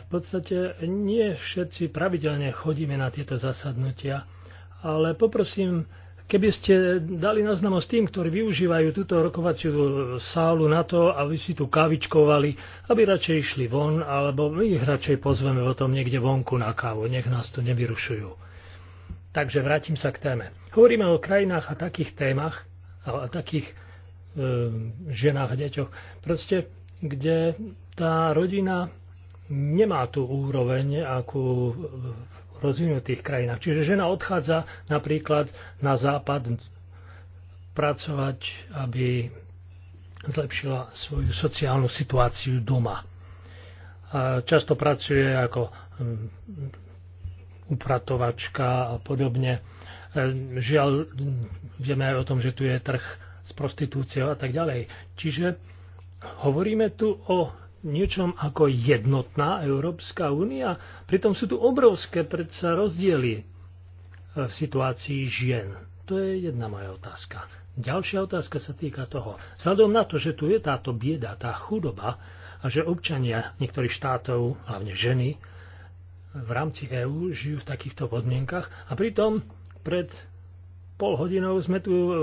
v podstate nie všetci pravidelne chodíme na tieto zasadnutia, ale poprosím, keby ste dali na tým, ktorí využívajú túto rokovaciu sálu na to, aby si tu kavičkovali, aby radšej išli von, alebo my ich radšej pozveme o tom niekde vonku na kávu, nech nás tu nevyrušujú. Takže vrátim sa k téme. Hovoríme o krajinách a takých témach, a o takých e, ženách a deťoch, proste, kde tá rodina nemá tú úroveň, akú v rozvinutých krajinách. Čiže žena odchádza napríklad na západ pracovať, aby zlepšila svoju sociálnu situáciu doma. A často pracuje ako mm, upratovačka a podobne. E, žiaľ, vieme aj o tom, že tu je trh s prostitúciou a tak ďalej. Čiže hovoríme tu o niečom ako jednotná Európska únia. Pritom sú tu obrovské predsa rozdiely e, v situácii žien. To je jedna moja otázka. Ďalšia otázka sa týka toho. Vzhľadom na to, že tu je táto bieda, tá chudoba a že občania niektorých štátov, hlavne ženy, v rámci EÚ žijú v takýchto podmienkach a pritom pred pol hodinou sme tu e,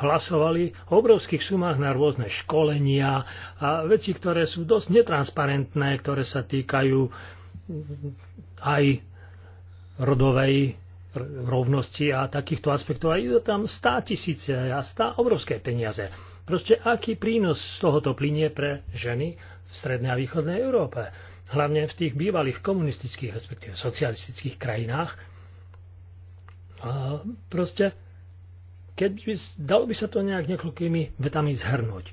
hlasovali o obrovských sumách na rôzne školenia a veci, ktoré sú dosť netransparentné, ktoré sa týkajú aj rodovej rovnosti a takýchto aspektov. A idú tam stá tisíce a stá obrovské peniaze. Proste aký prínos z tohoto plinie pre ženy v strednej a východnej Európe? Hlavne v tých bývalých komunistických, respektíve socialistických krajinách. A proste keď by, dalo by sa to nejak niekoľkými vetami zhrnúť.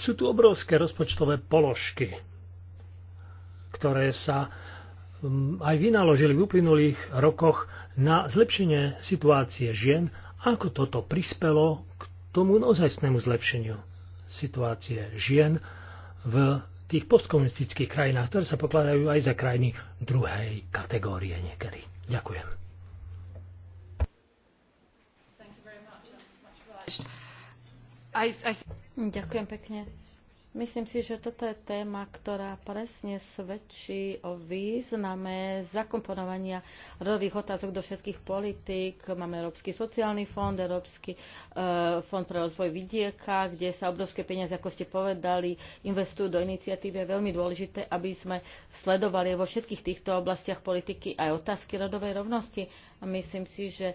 Sú tu obrovské rozpočtové položky, ktoré sa mm, aj vynaložili v uplynulých rokoch na zlepšenie situácie žien, ako toto prispelo k tomu naozajstnému zlepšeniu situácie žien v tých postkomunistických krajinách, ktoré sa pokladajú aj za krajiny druhej kategórie niekedy. Ďakujem. Ďakujem pekne. Myslím si, že toto je téma, ktorá presne svedčí o význame zakomponovania rodových otázok do všetkých politík. Máme Európsky sociálny fond, Európsky e, fond pre rozvoj vidieka, kde sa obrovské peniaze, ako ste povedali, investujú do iniciatívy. Je veľmi dôležité, aby sme sledovali vo všetkých týchto oblastiach politiky aj otázky rodovej rovnosti. Myslím si, že e,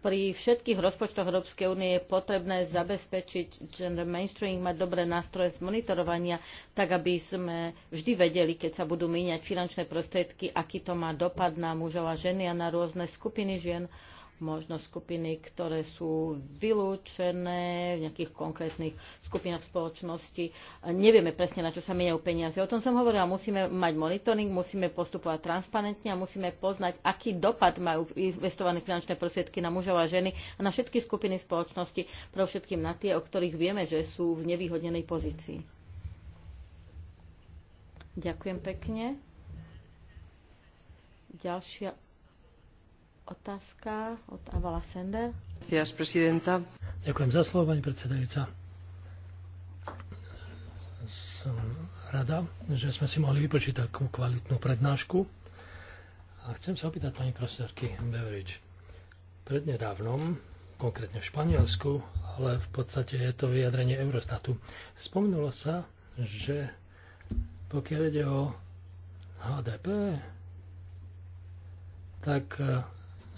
pri všetkých rozpočtoch Európskej únie je potrebné zabezpečiť gender mainstreaming, mať dobré nástroje z monitorovania, tak aby sme vždy vedeli, keď sa budú míňať finančné prostriedky, aký to má dopad na mužov a ženy a na rôzne skupiny žien možno skupiny, ktoré sú vylúčené v nejakých konkrétnych skupinách spoločnosti. Nevieme presne, na čo sa minajú peniaze. O tom som hovorila, musíme mať monitoring, musíme postupovať transparentne a musíme poznať, aký dopad majú investované finančné prostriedky na mužov a ženy a na všetky skupiny spoločnosti, pre všetkým na tie, o ktorých vieme, že sú v nevýhodnenej pozícii. Ďakujem pekne. Ďalšia Otázka od Avala Sender. Ďakujem za slovo, pani predsedajúca. Som rada, že sme si mohli vypočiť takú kvalitnú prednášku. A chcem sa opýtať pani profesorky Beveridge. Prednedávnom, konkrétne v Španielsku, ale v podstate je to vyjadrenie Eurostatu, spomenulo sa, že pokiaľ ide o HDP, tak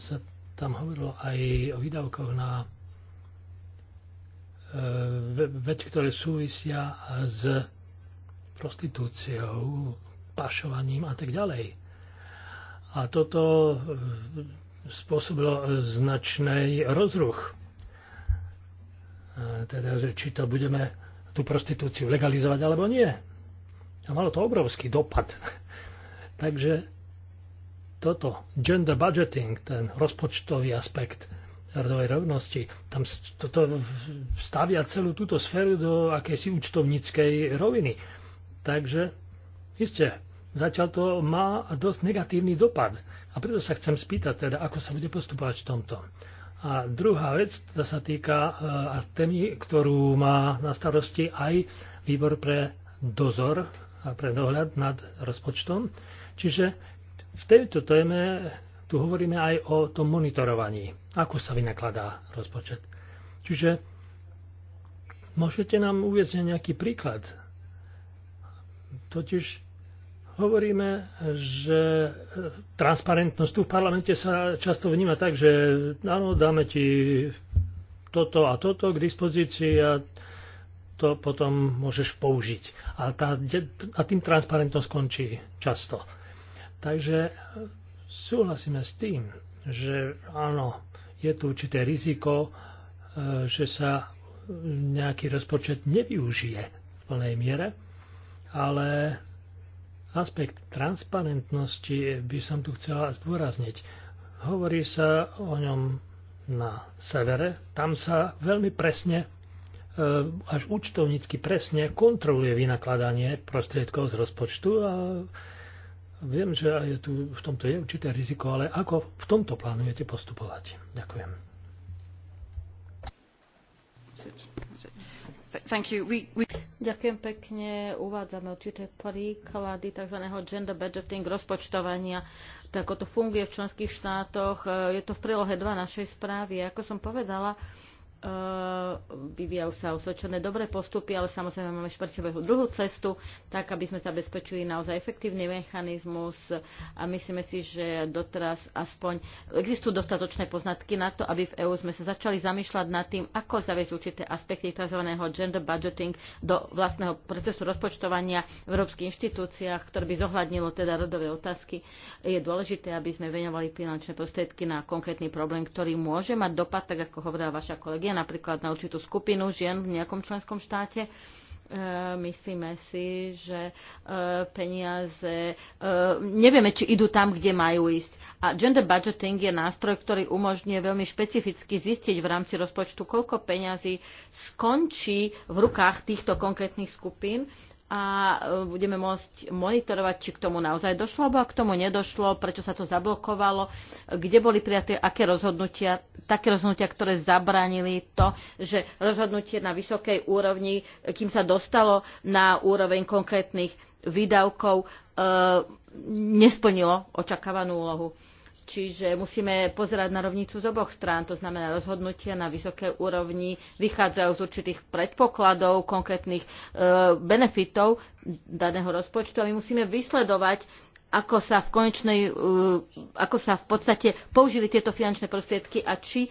sa tam hovorilo aj o výdavkoch na e, veci, ktoré súvisia s prostitúciou, pašovaním a tak ďalej. A toto e, spôsobilo značný rozruch. E, teda, že či to budeme tú prostitúciu legalizovať alebo nie. A malo to obrovský dopad. Takže toto gender budgeting, ten rozpočtový aspekt rodovej rovnosti, tam toto stavia celú túto sféru do akejsi účtovníckej roviny. Takže, iste, zatiaľ to má dosť negatívny dopad. A preto sa chcem spýtať, teda, ako sa bude postupovať v tomto. A druhá vec, to sa týka e, témy, ktorú má na starosti aj výbor pre dozor a pre dohľad nad rozpočtom. Čiže v tejto téme tu hovoríme aj o tom monitorovaní, ako sa vynakladá rozpočet. Čiže môžete nám uvieť nejaký príklad. Totiž hovoríme, že transparentnosť tu v parlamente sa často vníma tak, že áno, dáme ti toto a toto k dispozícii a to potom môžeš použiť. A, tá, a tým transparentnosť skončí často. Takže súhlasíme s tým, že áno, je tu určité riziko, e, že sa nejaký rozpočet nevyužije v plnej miere, ale aspekt transparentnosti by som tu chcela zdôrazniť. Hovorí sa o ňom na severe, tam sa veľmi presne, e, až účtovnícky presne kontroluje vynakladanie prostriedkov z rozpočtu a Viem, že aj tu, v tomto je určité riziko, ale ako v tomto plánujete postupovať? Ďakujem. We, we... Ďakujem pekne. Uvádzame určité príklady tzv. gender budgeting rozpočtovania. Tak ako to funguje v členských štátoch, je to v prílohe 2 našej správy. Ako som povedala, Ehm, vyvíjajú sa osvedčené dobré postupy, ale samozrejme máme pred druhú cestu, tak aby sme zabezpečili naozaj efektívny mechanizmus a myslíme si, že doteraz aspoň existujú dostatočné poznatky na to, aby v EÚ sme sa začali zamýšľať nad tým, ako zaviesť určité aspekty tzv. gender budgeting do vlastného procesu rozpočtovania v európskych inštitúciách, ktoré by zohľadnilo teda rodové otázky. Je dôležité, aby sme venovali finančné prostriedky na konkrétny problém, ktorý môže mať dopad, tak ako hovorila vaša kolegia napríklad na určitú skupinu žien v nejakom členskom štáte, e, myslíme si, že e, peniaze e, nevieme, či idú tam, kde majú ísť. A gender budgeting je nástroj, ktorý umožňuje veľmi špecificky zistiť v rámci rozpočtu, koľko peňazí skončí v rukách týchto konkrétnych skupín a e, budeme môcť monitorovať, či k tomu naozaj došlo, alebo ak k tomu nedošlo, prečo sa to zablokovalo, kde boli prijaté aké rozhodnutia, také rozhodnutia, ktoré zabránili to, že rozhodnutie na vysokej úrovni, kým sa dostalo na úroveň konkrétnych výdavkov, e, nesplnilo očakávanú úlohu Čiže musíme pozerať na rovnicu z oboch strán, to znamená rozhodnutia na vysokej úrovni vychádzajú z určitých predpokladov, konkrétnych e, benefitov daného rozpočtu a my musíme vysledovať ako sa v konečnej, e, ako sa v podstate použili tieto finančné prostriedky a či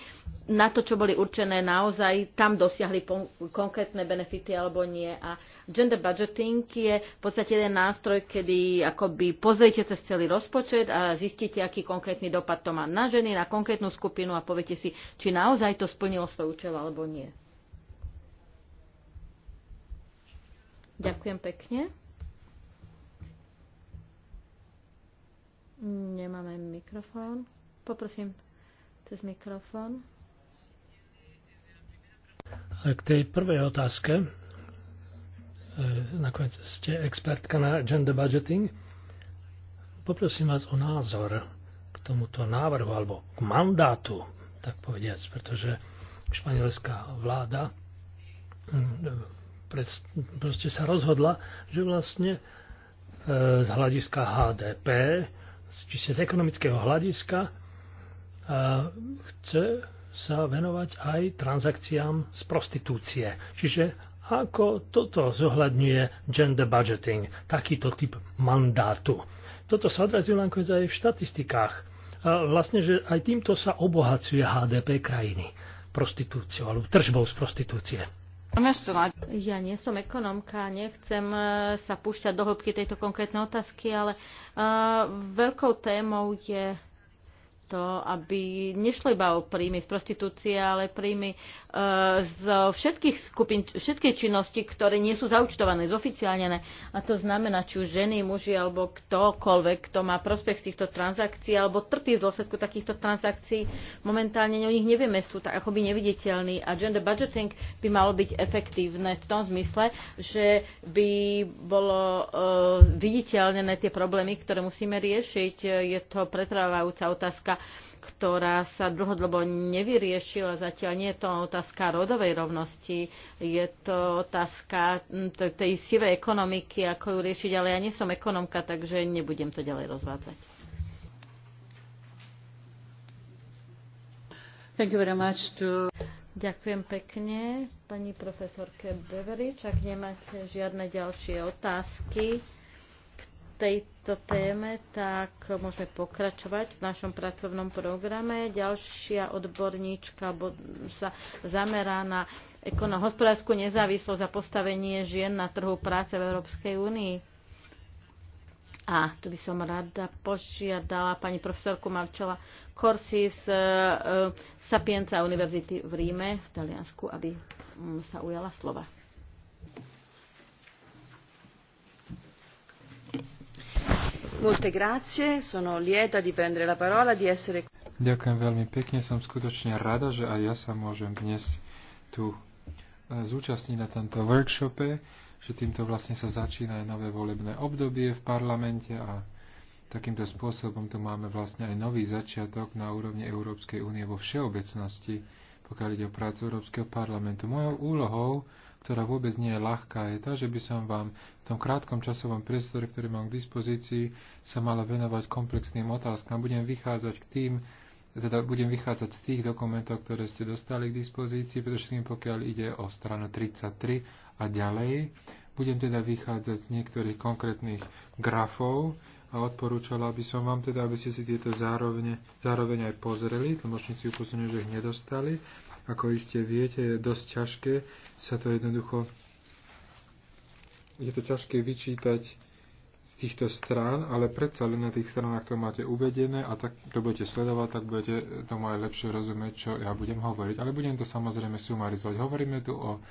na to, čo boli určené naozaj, tam dosiahli konkrétne benefity alebo nie. A gender budgeting je v podstate jeden nástroj, kedy akoby pozrite cez celý rozpočet a zistíte, aký konkrétny dopad to má na ženy, na konkrétnu skupinu a poviete si, či naozaj to splnilo svoj účel alebo nie. Ďakujem pekne. Nemáme mikrofón. Poprosím cez mikrofón. K tej prvej otázke, e, nakoniec ste expertka na gender budgeting, poprosím vás o názor k tomuto návrhu alebo k mandátu, tak povediac, pretože španielská vláda mm, proste sa rozhodla, že vlastne e, z hľadiska HDP čiže z ekonomického hľadiska a chce sa venovať aj transakciám z prostitúcie. Čiže ako toto zohľadňuje gender budgeting, takýto typ mandátu. Toto sa odrazilo nakoniec aj v štatistikách. A vlastne, že aj týmto sa obohacuje HDP krajiny prostitúciou alebo tržbou z prostitúcie. Ja nie som ekonomka, nechcem e, sa púšťať do hĺbky tejto konkrétnej otázky, ale uh, veľkou témou je to, aby nešlo iba o príjmy z prostitúcie, ale príjmy e, z všetkých skupín, všetkej činnosti, ktoré nie sú zaučtované, zoficiálnené. A to znamená, či už ženy, muži alebo ktokoľvek, kto má prospech z týchto transakcií alebo trpí v dôsledku takýchto transakcií, momentálne o nich nevieme, sú tak akoby neviditeľní. A gender budgeting by malo byť efektívne v tom zmysle, že by bolo e, viditeľnené tie problémy, ktoré musíme riešiť. Je to pretrávajúca otázka ktorá sa dlhodobo nevyriešila. Zatiaľ nie je to otázka rodovej rovnosti, je to otázka tej sivej ekonomiky, ako ju riešiť, ale ja nie som ekonomka, takže nebudem to ďalej rozvádzať. Thank you very much to... Ďakujem pekne pani profesorke Beverič. Ak nemáte žiadne ďalšie otázky, tejto téme, tak môžeme pokračovať v našom pracovnom programe. Ďalšia odborníčka sa zamerá na hospodárskú nezávislosť a postavenie žien na trhu práce v Európskej únii. A tu by som rada požiadala pani profesorku Marčela Corsi z eh, eh, Sapienca Univerzity v Ríme v Taliansku, aby mm, sa ujala slova. Ďakujem veľmi pekne, som skutočne rada, že aj ja sa môžem dnes tu e, zúčastniť na tomto workshope, že týmto vlastne sa začína aj nové volebné obdobie v parlamente a takýmto spôsobom tu máme vlastne aj nový začiatok na úrovni Európskej únie vo všeobecnosti, pokiaľ ide o prácu Európskeho parlamentu. Mojou úlohou ktorá vôbec nie je ľahká, je tá, že by som vám v tom krátkom časovom priestore, ktorý mám k dispozícii, sa mala venovať komplexným otázkam. Budem vychádzať k tým, teda budem vychádzať z tých dokumentov, ktoré ste dostali k dispozícii, tým, pokiaľ ide o stranu 33 a ďalej. Budem teda vychádzať z niektorých konkrétnych grafov a odporúčala by som vám teda, aby ste si tieto zároveň, zároveň aj pozreli. Tlmočníci upozorňujú, že ich nedostali. Ako iste viete, je dosť ťažké sa to jednoducho je to ťažké vyčítať z týchto strán, ale predsa len na tých stranách to máte uvedené a tak to budete sledovať, tak budete tomu aj lepšie rozumieť, čo ja budem hovoriť. Ale budem to samozrejme sumarizovať. Hovoríme tu o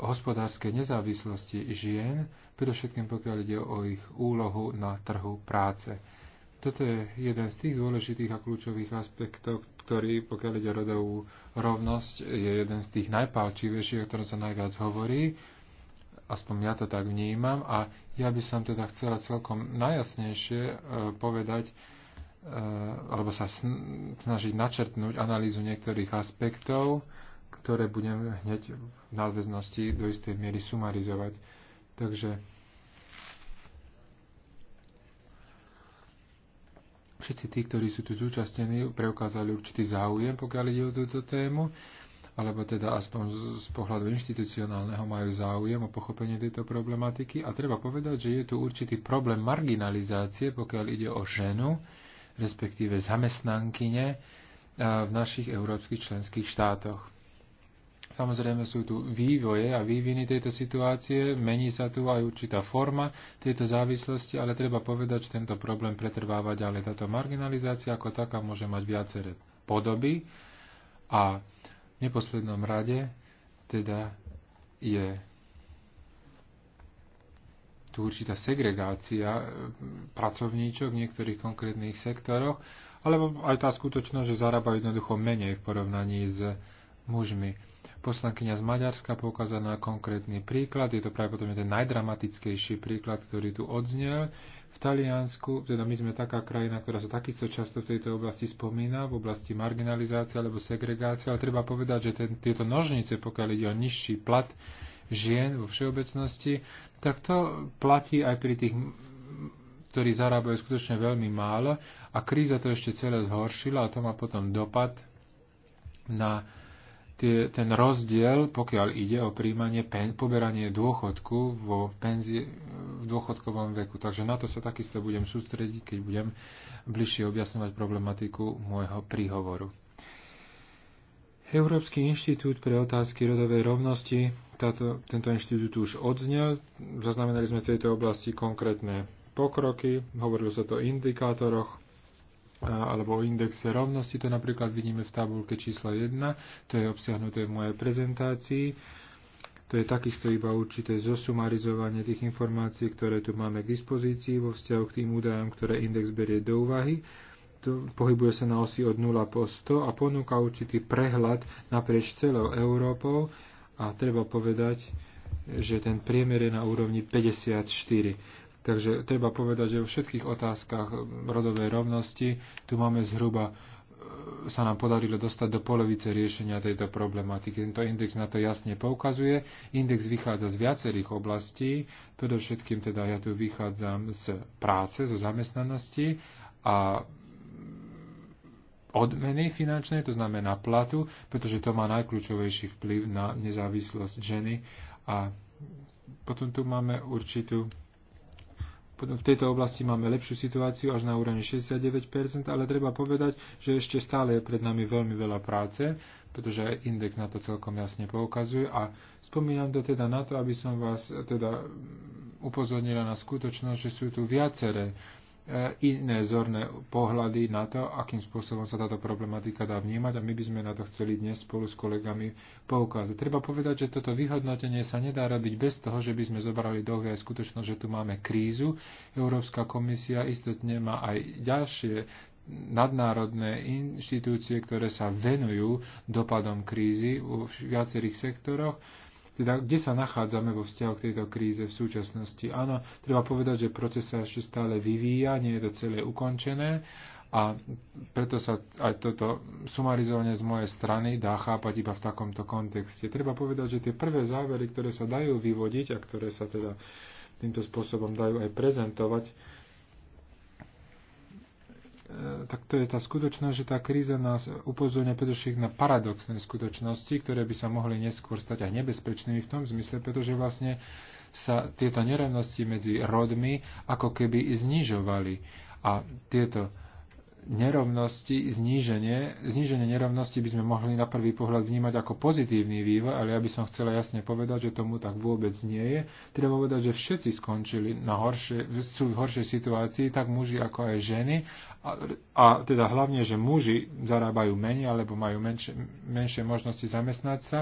hospodárskej nezávislosti žien, predovšetkým pokiaľ ide o ich úlohu na trhu práce. Toto je jeden z tých dôležitých a kľúčových aspektov, ktorý, pokiaľ ide o rodovú rovnosť, je jeden z tých najpálčivejších, o ktorom sa najviac hovorí. Aspoň ja to tak vnímam a ja by som teda chcela celkom najjasnejšie e, povedať, e, alebo sa snažiť načrtnúť analýzu niektorých aspektov, ktoré budem hneď v nadväznosti do istej miery sumarizovať. Takže Všetci tí, ktorí sú tu zúčastnení, preukázali určitý záujem, pokiaľ ide o túto tému, alebo teda aspoň z, z pohľadu inštitucionálneho majú záujem o pochopenie tejto problematiky. A treba povedať, že je tu určitý problém marginalizácie, pokiaľ ide o ženu, respektíve zamestnankyne eh, v našich európskych členských štátoch. Samozrejme sú tu vývoje a výviny tejto situácie, mení sa tu aj určitá forma tejto závislosti, ale treba povedať, že tento problém pretrváva ďalej. Táto marginalizácia ako taká môže mať viaceré podoby a v neposlednom rade teda je tu určitá segregácia e, pracovníčok v niektorých konkrétnych sektoroch, alebo aj tá skutočnosť, že zarábajú jednoducho menej v porovnaní s mužmi. Poslankyňa z Maďarska poukázala na konkrétny príklad, je to pravdepodobne ten najdramatickejší príklad, ktorý tu odznel. V Taliansku, teda my sme taká krajina, ktorá sa takisto často v tejto oblasti spomína, v oblasti marginalizácie alebo segregácie, ale treba povedať, že ten, tieto nožnice, pokiaľ ide o nižší plat žien vo všeobecnosti, tak to platí aj pri tých ktorí zarábajú skutočne veľmi málo a kríza to ešte celé zhoršila a to má potom dopad na tie, ten rozdiel, pokiaľ ide o príjmanie, pen, poberanie dôchodku vo penzie, v dôchodkovom veku. Takže na to sa takisto budem sústrediť, keď budem bližšie objasňovať problematiku môjho príhovoru. Európsky inštitút pre otázky rodovej rovnosti, táto, tento inštitút už odznel, zaznamenali sme v tejto oblasti konkrétne pokroky, hovorilo sa to o indikátoroch, alebo o indexe rovnosti. To napríklad vidíme v tabulke číslo 1, to je obsiahnuté v mojej prezentácii. To je takisto iba určité zosumarizovanie tých informácií, ktoré tu máme k dispozícii vo vzťahu k tým údajom, ktoré index berie do úvahy. To pohybuje sa na osi od 0 po 100 a ponúka určitý prehľad naprieč celou Európou a treba povedať, že ten priemer je na úrovni 54. Takže treba povedať, že vo všetkých otázkach rodovej rovnosti tu máme zhruba e, sa nám podarilo dostať do polovice riešenia tejto problematiky. Tento index na to jasne poukazuje. Index vychádza z viacerých oblastí, predovšetkým teda ja tu vychádzam z práce, zo zamestnanosti a odmeny finančné, to znamená platu, pretože to má najkľúčovejší vplyv na nezávislosť ženy. A potom tu máme určitú v tejto oblasti máme lepšiu situáciu až na úrovni 69%, ale treba povedať, že ešte stále je pred nami veľmi veľa práce, pretože aj index na to celkom jasne poukazuje a spomínam to teda na to, aby som vás teda upozornila na skutočnosť, že sú tu viaceré E, iné zorné pohľady na to, akým spôsobom sa táto problematika dá vnímať a my by sme na to chceli dnes spolu s kolegami poukázať. Treba povedať, že toto vyhodnotenie sa nedá robiť bez toho, že by sme zobrali do aj skutočnosť, že tu máme krízu. Európska komisia istotne má aj ďalšie nadnárodné inštitúcie, ktoré sa venujú dopadom krízy v viacerých sektoroch teda kde sa nachádzame vo vzťahu k tejto kríze v súčasnosti. Áno, treba povedať, že proces sa ešte stále vyvíja, nie je to celé ukončené a preto sa aj toto sumarizovanie z mojej strany dá chápať iba v takomto kontexte. Treba povedať, že tie prvé závery, ktoré sa dajú vyvodiť a ktoré sa teda týmto spôsobom dajú aj prezentovať, E, tak to je tá skutočnosť, že tá kríza nás upozorňuje predovšetkým na paradoxné skutočnosti, ktoré by sa mohli neskôr stať aj nebezpečnými v tom zmysle, pretože vlastne sa tieto nerovnosti medzi rodmi ako keby znižovali. A tieto nerovnosti, zníženie, zníženie nerovnosti by sme mohli na prvý pohľad vnímať ako pozitívny vývoj, ale ja by som chcela jasne povedať, že tomu tak vôbec nie je. Treba povedať, že všetci skončili na horšie, sú v horšej situácii, tak muži ako aj ženy. A, a teda hlavne, že muži zarábajú menej alebo majú menšie, menšie možnosti zamestnať sa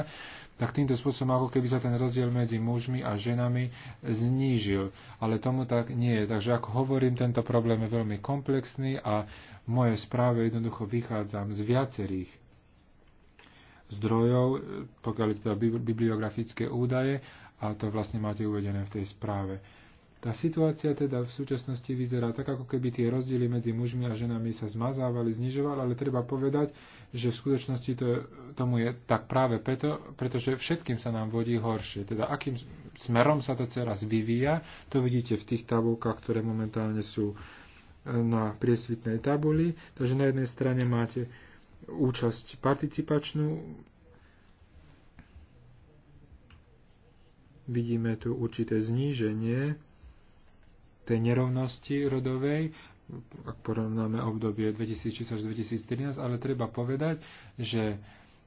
tak týmto spôsobom ako keby sa ten rozdiel medzi mužmi a ženami znížil. Ale tomu tak nie je. Takže ako hovorím, tento problém je veľmi komplexný a v mojej správe jednoducho vychádzam z viacerých zdrojov, pokiaľ je to bibliografické údaje, a to vlastne máte uvedené v tej správe. Tá situácia teda v súčasnosti vyzerá tak, ako keby tie rozdiely medzi mužmi a ženami sa zmazávali, znižovali, ale treba povedať, že v skutočnosti to, tomu je tak práve preto, pretože všetkým sa nám vodí horšie. Teda akým smerom sa to teraz vyvíja, to vidíte v tých tabulkách, ktoré momentálne sú e, na priesvitnej tabuli. Takže na jednej strane máte účasť participačnú, vidíme tu určité zníženie tej nerovnosti rodovej, ak porovnáme obdobie 2006 až 2013, ale treba povedať, že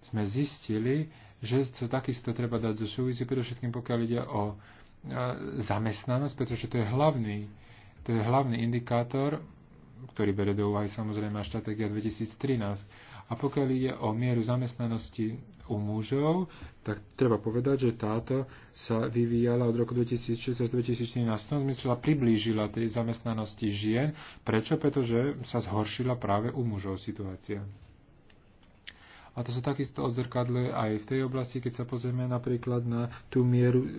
sme zistili, že to takisto treba dať zo súvisí, predovšetkým pokiaľ ide o zamestnanosť, pretože to je hlavný, to je hlavný indikátor, ktorý bere do úvahy samozrejme aj štratégia 2013 a pokiaľ ide o mieru zamestnanosti u mužov, tak treba povedať, že táto sa vyvíjala od roku 2006 až 2014 v zmysle priblížila tej zamestnanosti žien. Prečo? Pretože sa zhoršila práve u mužov situácia. A to sa takisto odzrkadluje aj v tej oblasti, keď sa pozrieme napríklad na tú mieru e,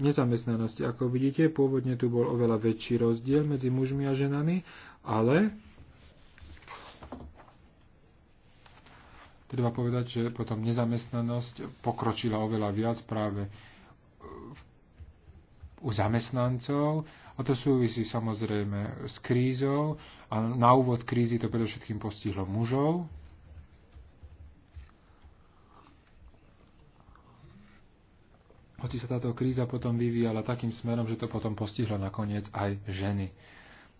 nezamestnanosti. Ako vidíte, pôvodne tu bol oveľa väčší rozdiel medzi mužmi a ženami, ale treba povedať, že potom nezamestnanosť pokročila oveľa viac práve u zamestnancov a to súvisí samozrejme s krízou a na úvod krízy to predovšetkým postihlo mužov. Hoci sa táto kríza potom vyvíjala takým smerom, že to potom postihlo nakoniec aj ženy.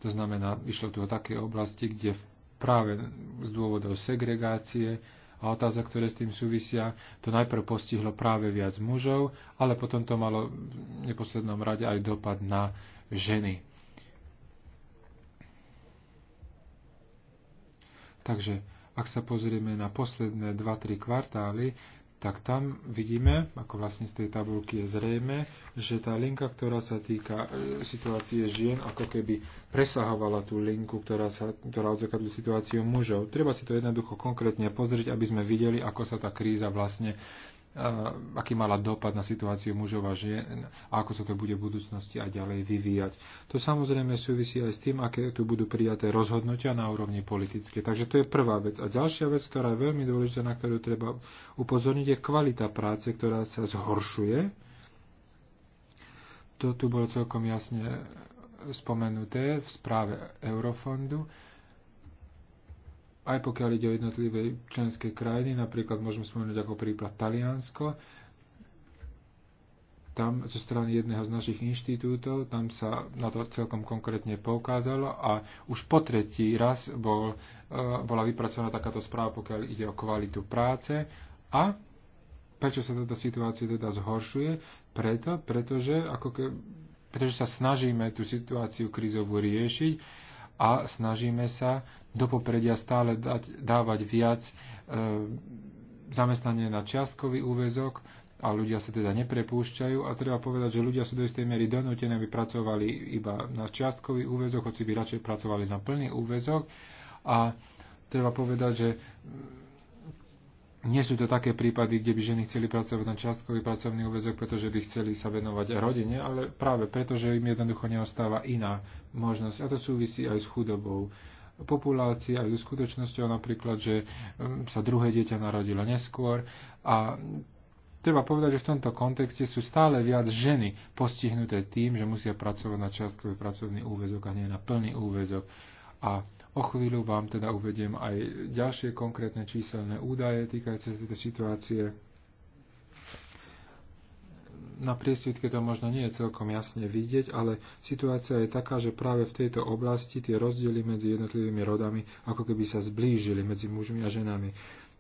To znamená, išlo tu o také oblasti, kde práve z dôvodov segregácie a otázok, ktoré s tým súvisia, to najprv postihlo práve viac mužov, ale potom to malo v neposlednom rade aj dopad na ženy. Takže ak sa pozrieme na posledné 2-3 kvartály, tak tam vidíme, ako vlastne z tej tabulky je zrejme, že tá linka, ktorá sa týka e, situácie žien, ako keby presahovala tú linku, ktorá, sa, ktorá odzrkadlí situáciu mužov. Treba si to jednoducho konkrétne pozrieť, aby sme videli, ako sa tá kríza vlastne aký mala dopad na situáciu mužov a žien a ako sa to bude v budúcnosti aj ďalej vyvíjať. To samozrejme súvisí aj s tým, aké tu budú prijaté rozhodnutia na úrovni politické. Takže to je prvá vec. A ďalšia vec, ktorá je veľmi dôležitá, na ktorú treba upozorniť, je kvalita práce, ktorá sa zhoršuje. To tu bolo celkom jasne spomenuté v správe Eurofondu aj pokiaľ ide o jednotlivé členské krajiny, napríklad môžeme spomenúť ako príklad Taliansko, tam zo strany jedného z našich inštitútov, tam sa na to celkom konkrétne poukázalo a už po tretí raz bol, e, bola vypracovaná takáto správa, pokiaľ ide o kvalitu práce a prečo sa táto situácia teda zhoršuje? Preto, pretože, ako ke, pretože sa snažíme tú situáciu krízovú riešiť, a snažíme sa do popredia stále dať, dávať viac e, zamestnanie na čiastkový úvezok a ľudia sa teda neprepúšťajú a treba povedať, že ľudia sú do istej miery donútené, aby pracovali iba na čiastkový úvezok, hoci by radšej pracovali na plný úvezok a treba povedať, že nie sú to také prípady, kde by ženy chceli pracovať na častkový pracovný úvezok, pretože by chceli sa venovať rodine, ale práve preto, že im jednoducho neostáva iná možnosť. A to súvisí aj s chudobou populácie, aj so skutočnosťou napríklad, že mm, sa druhé dieťa narodilo neskôr. A treba povedať, že v tomto kontexte sú stále viac ženy postihnuté tým, že musia pracovať na častkový pracovný úvezok a nie na plný úvezok. A O chvíľu vám teda uvediem aj ďalšie konkrétne číselné údaje týkajúce sa tejto situácie. Na priesvitke to možno nie je celkom jasne vidieť, ale situácia je taká, že práve v tejto oblasti tie rozdiely medzi jednotlivými rodami ako keby sa zblížili medzi mužmi a ženami.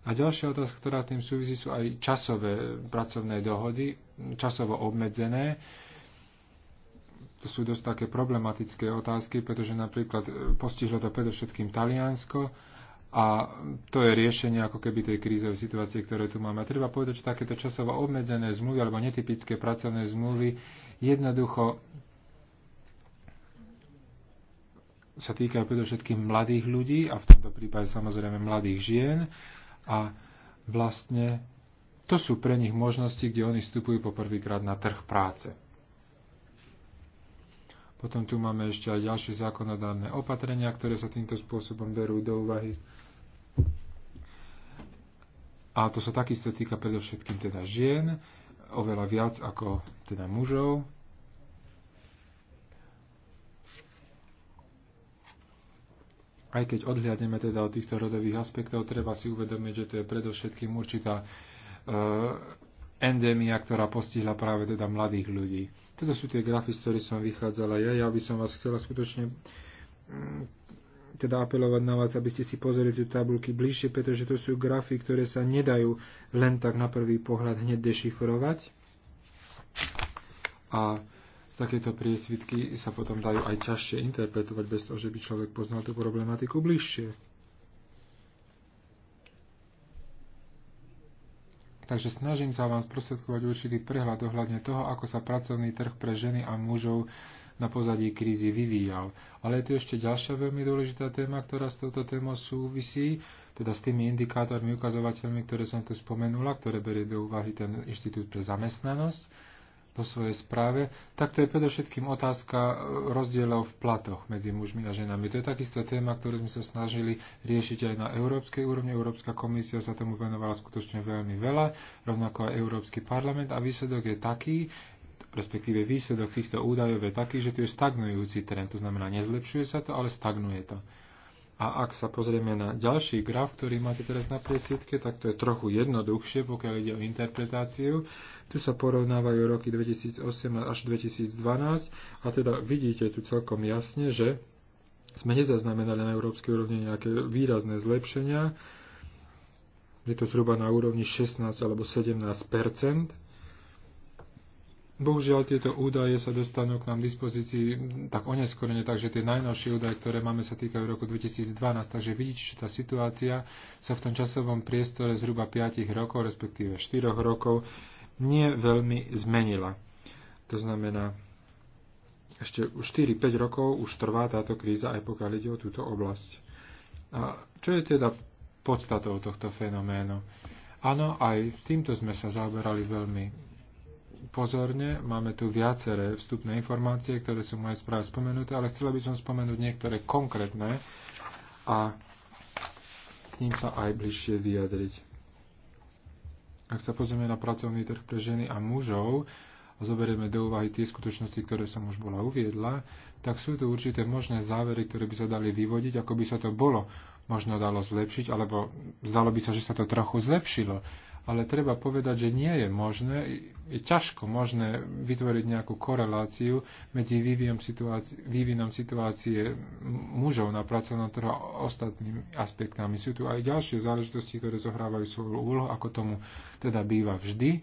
A ďalšia otázka, ktorá tým súvisí, sú aj časové pracovné dohody, časovo obmedzené. Uh, to sú dosť také problematické otázky, pretože napríklad e, postihlo to predovšetkým Taliansko a to je riešenie ako keby tej krízovej situácie, ktoré tu máme. A treba povedať, že takéto časovo obmedzené zmluvy alebo netypické pracovné zmluvy jednoducho sa týkajú predovšetkým mladých ľudí a v tomto prípade samozrejme mladých žien a vlastne to sú pre nich možnosti, kde oni vstupujú poprvýkrát na trh práce. Potom tu máme ešte aj ďalšie zákonodárne opatrenia, ktoré sa týmto spôsobom berú do úvahy. A to sa takisto týka predovšetkým teda žien, oveľa viac ako teda mužov. Aj keď odhliadneme teda od týchto rodových aspektov, treba si uvedomiť, že to je predovšetkým určitá uh, endémia, ktorá postihla práve teda mladých ľudí. Toto sú tie grafy, z ktorých som vychádzala ja. Ja by som vás chcela skutočne mm, teda apelovať na vás, aby ste si pozreli tie tabulky bližšie, pretože to sú grafy, ktoré sa nedajú len tak na prvý pohľad hneď dešifrovať. A z takéto priesvitky sa potom dajú aj ťažšie interpretovať bez toho, že by človek poznal tú problematiku bližšie. Takže snažím sa vám sprostredkovať určitý prehľad ohľadne toho, ako sa pracovný trh pre ženy a mužov na pozadí krízy vyvíjal. Ale je tu ešte ďalšia veľmi dôležitá téma, ktorá s touto témou súvisí, teda s tými indikátormi, ukazovateľmi, ktoré som tu spomenula, ktoré berie do úvahy ten Inštitút pre zamestnanosť po svojej správe, tak to je predovšetkým otázka e, rozdielov v platoch medzi mužmi a ženami. To je takisto téma, ktorú sme sa snažili riešiť aj na európskej úrovni. Európska komisia sa tomu venovala skutočne veľmi veľa, rovnako aj Európsky parlament a výsledok je taký, respektíve výsledok týchto údajov je taký, že tu je stagnujúci trend. To znamená, nezlepšuje sa to, ale stagnuje to. A ak sa pozrieme na ďalší graf, ktorý máte teraz na presiedke, tak to je trochu jednoduchšie, pokiaľ ide o interpretáciu. Tu sa porovnávajú roky 2008 až 2012 a teda vidíte tu celkom jasne, že sme nezaznamenali na európskej úrovni nejaké výrazné zlepšenia. Je to zhruba na úrovni 16 alebo 17 Bohužiaľ tieto údaje sa dostanú k nám v dispozícii tak oneskorene, takže tie najnovšie údaje, ktoré máme, sa týkajú roku 2012. Takže vidíte, že tá situácia sa v tom časovom priestore zhruba 5 rokov, respektíve 4 rokov, nie veľmi zmenila. To znamená, ešte 4-5 rokov už trvá táto kríza, aj pokiaľ ide o túto oblasť. A čo je teda podstatou tohto fenoménu? Áno, aj týmto sme sa zaoberali veľmi pozorne. Máme tu viaceré vstupné informácie, ktoré sú moje správe spomenuté, ale chcela by som spomenúť niektoré konkrétne a k ním sa aj bližšie vyjadriť. Ak sa pozrieme na pracovný trh pre ženy a mužov a zoberieme do úvahy tie skutočnosti, ktoré som už bola uviedla, tak sú tu určité možné závery, ktoré by sa dali vyvodiť, ako by sa to bolo možno dalo zlepšiť, alebo zdalo by sa, že sa to trochu zlepšilo. Ale treba povedať, že nie je možné, je ťažko možné vytvoriť nejakú koreláciu medzi vývinom situácie, vývinom situácie mužov na pracovnom trhu a ostatnými aspektami. Sú tu aj ďalšie záležitosti, ktoré zohrávajú svoju úlohu, ako tomu teda býva vždy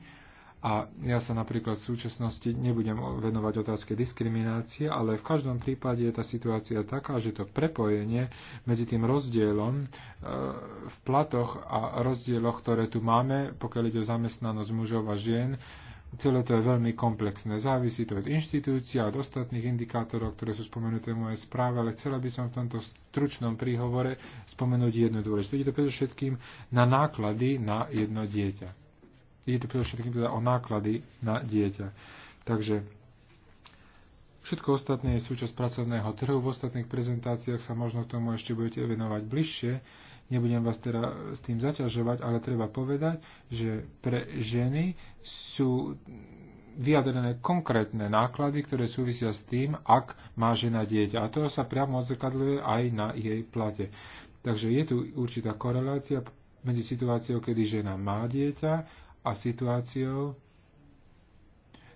a ja sa napríklad v súčasnosti nebudem venovať otázke diskriminácie, ale v každom prípade je tá situácia taká, že to prepojenie medzi tým rozdielom e, v platoch a rozdieloch, ktoré tu máme, pokiaľ ide o zamestnanosť mužov a žien, Celé to je veľmi komplexné. Závisí to od inštitúcií a od ostatných indikátorov, ktoré sú spomenuté v mojej správe, ale chcela by som v tomto stručnom príhovore spomenúť jednu dôležitú. Ide to predovšetkým na náklady na jedno dieťa ide predovšetkým teda o náklady na dieťa. Takže Všetko ostatné je súčasť pracovného trhu. V ostatných prezentáciách sa možno k tomu ešte budete venovať bližšie. Nebudem vás teda s tým zaťažovať, ale treba povedať, že pre ženy sú vyjadrené konkrétne náklady, ktoré súvisia s tým, ak má žena dieťa. A to sa priamo odzrkadľuje aj na jej plate. Takže je tu určitá korelácia medzi situáciou, kedy žena má dieťa a situáciou,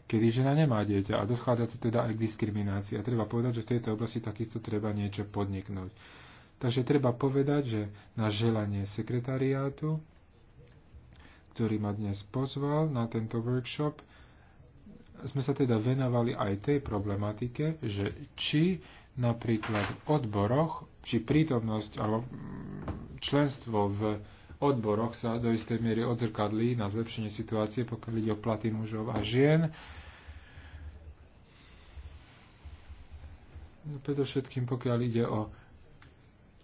kedy žena nemá dieťa a doschádza tu teda aj k diskriminácii. A treba povedať, že v tejto oblasti takisto treba niečo podniknúť. Takže treba povedať, že na želanie sekretariátu, ktorý ma dnes pozval na tento workshop, sme sa teda venovali aj tej problematike, že či napríklad v odboroch, či prítomnosť alebo členstvo v odboroch sa do istej miery odzrkadlí na zlepšenie situácie, pokiaľ ide o platy mužov a žien. Preto všetkým, pokiaľ ide o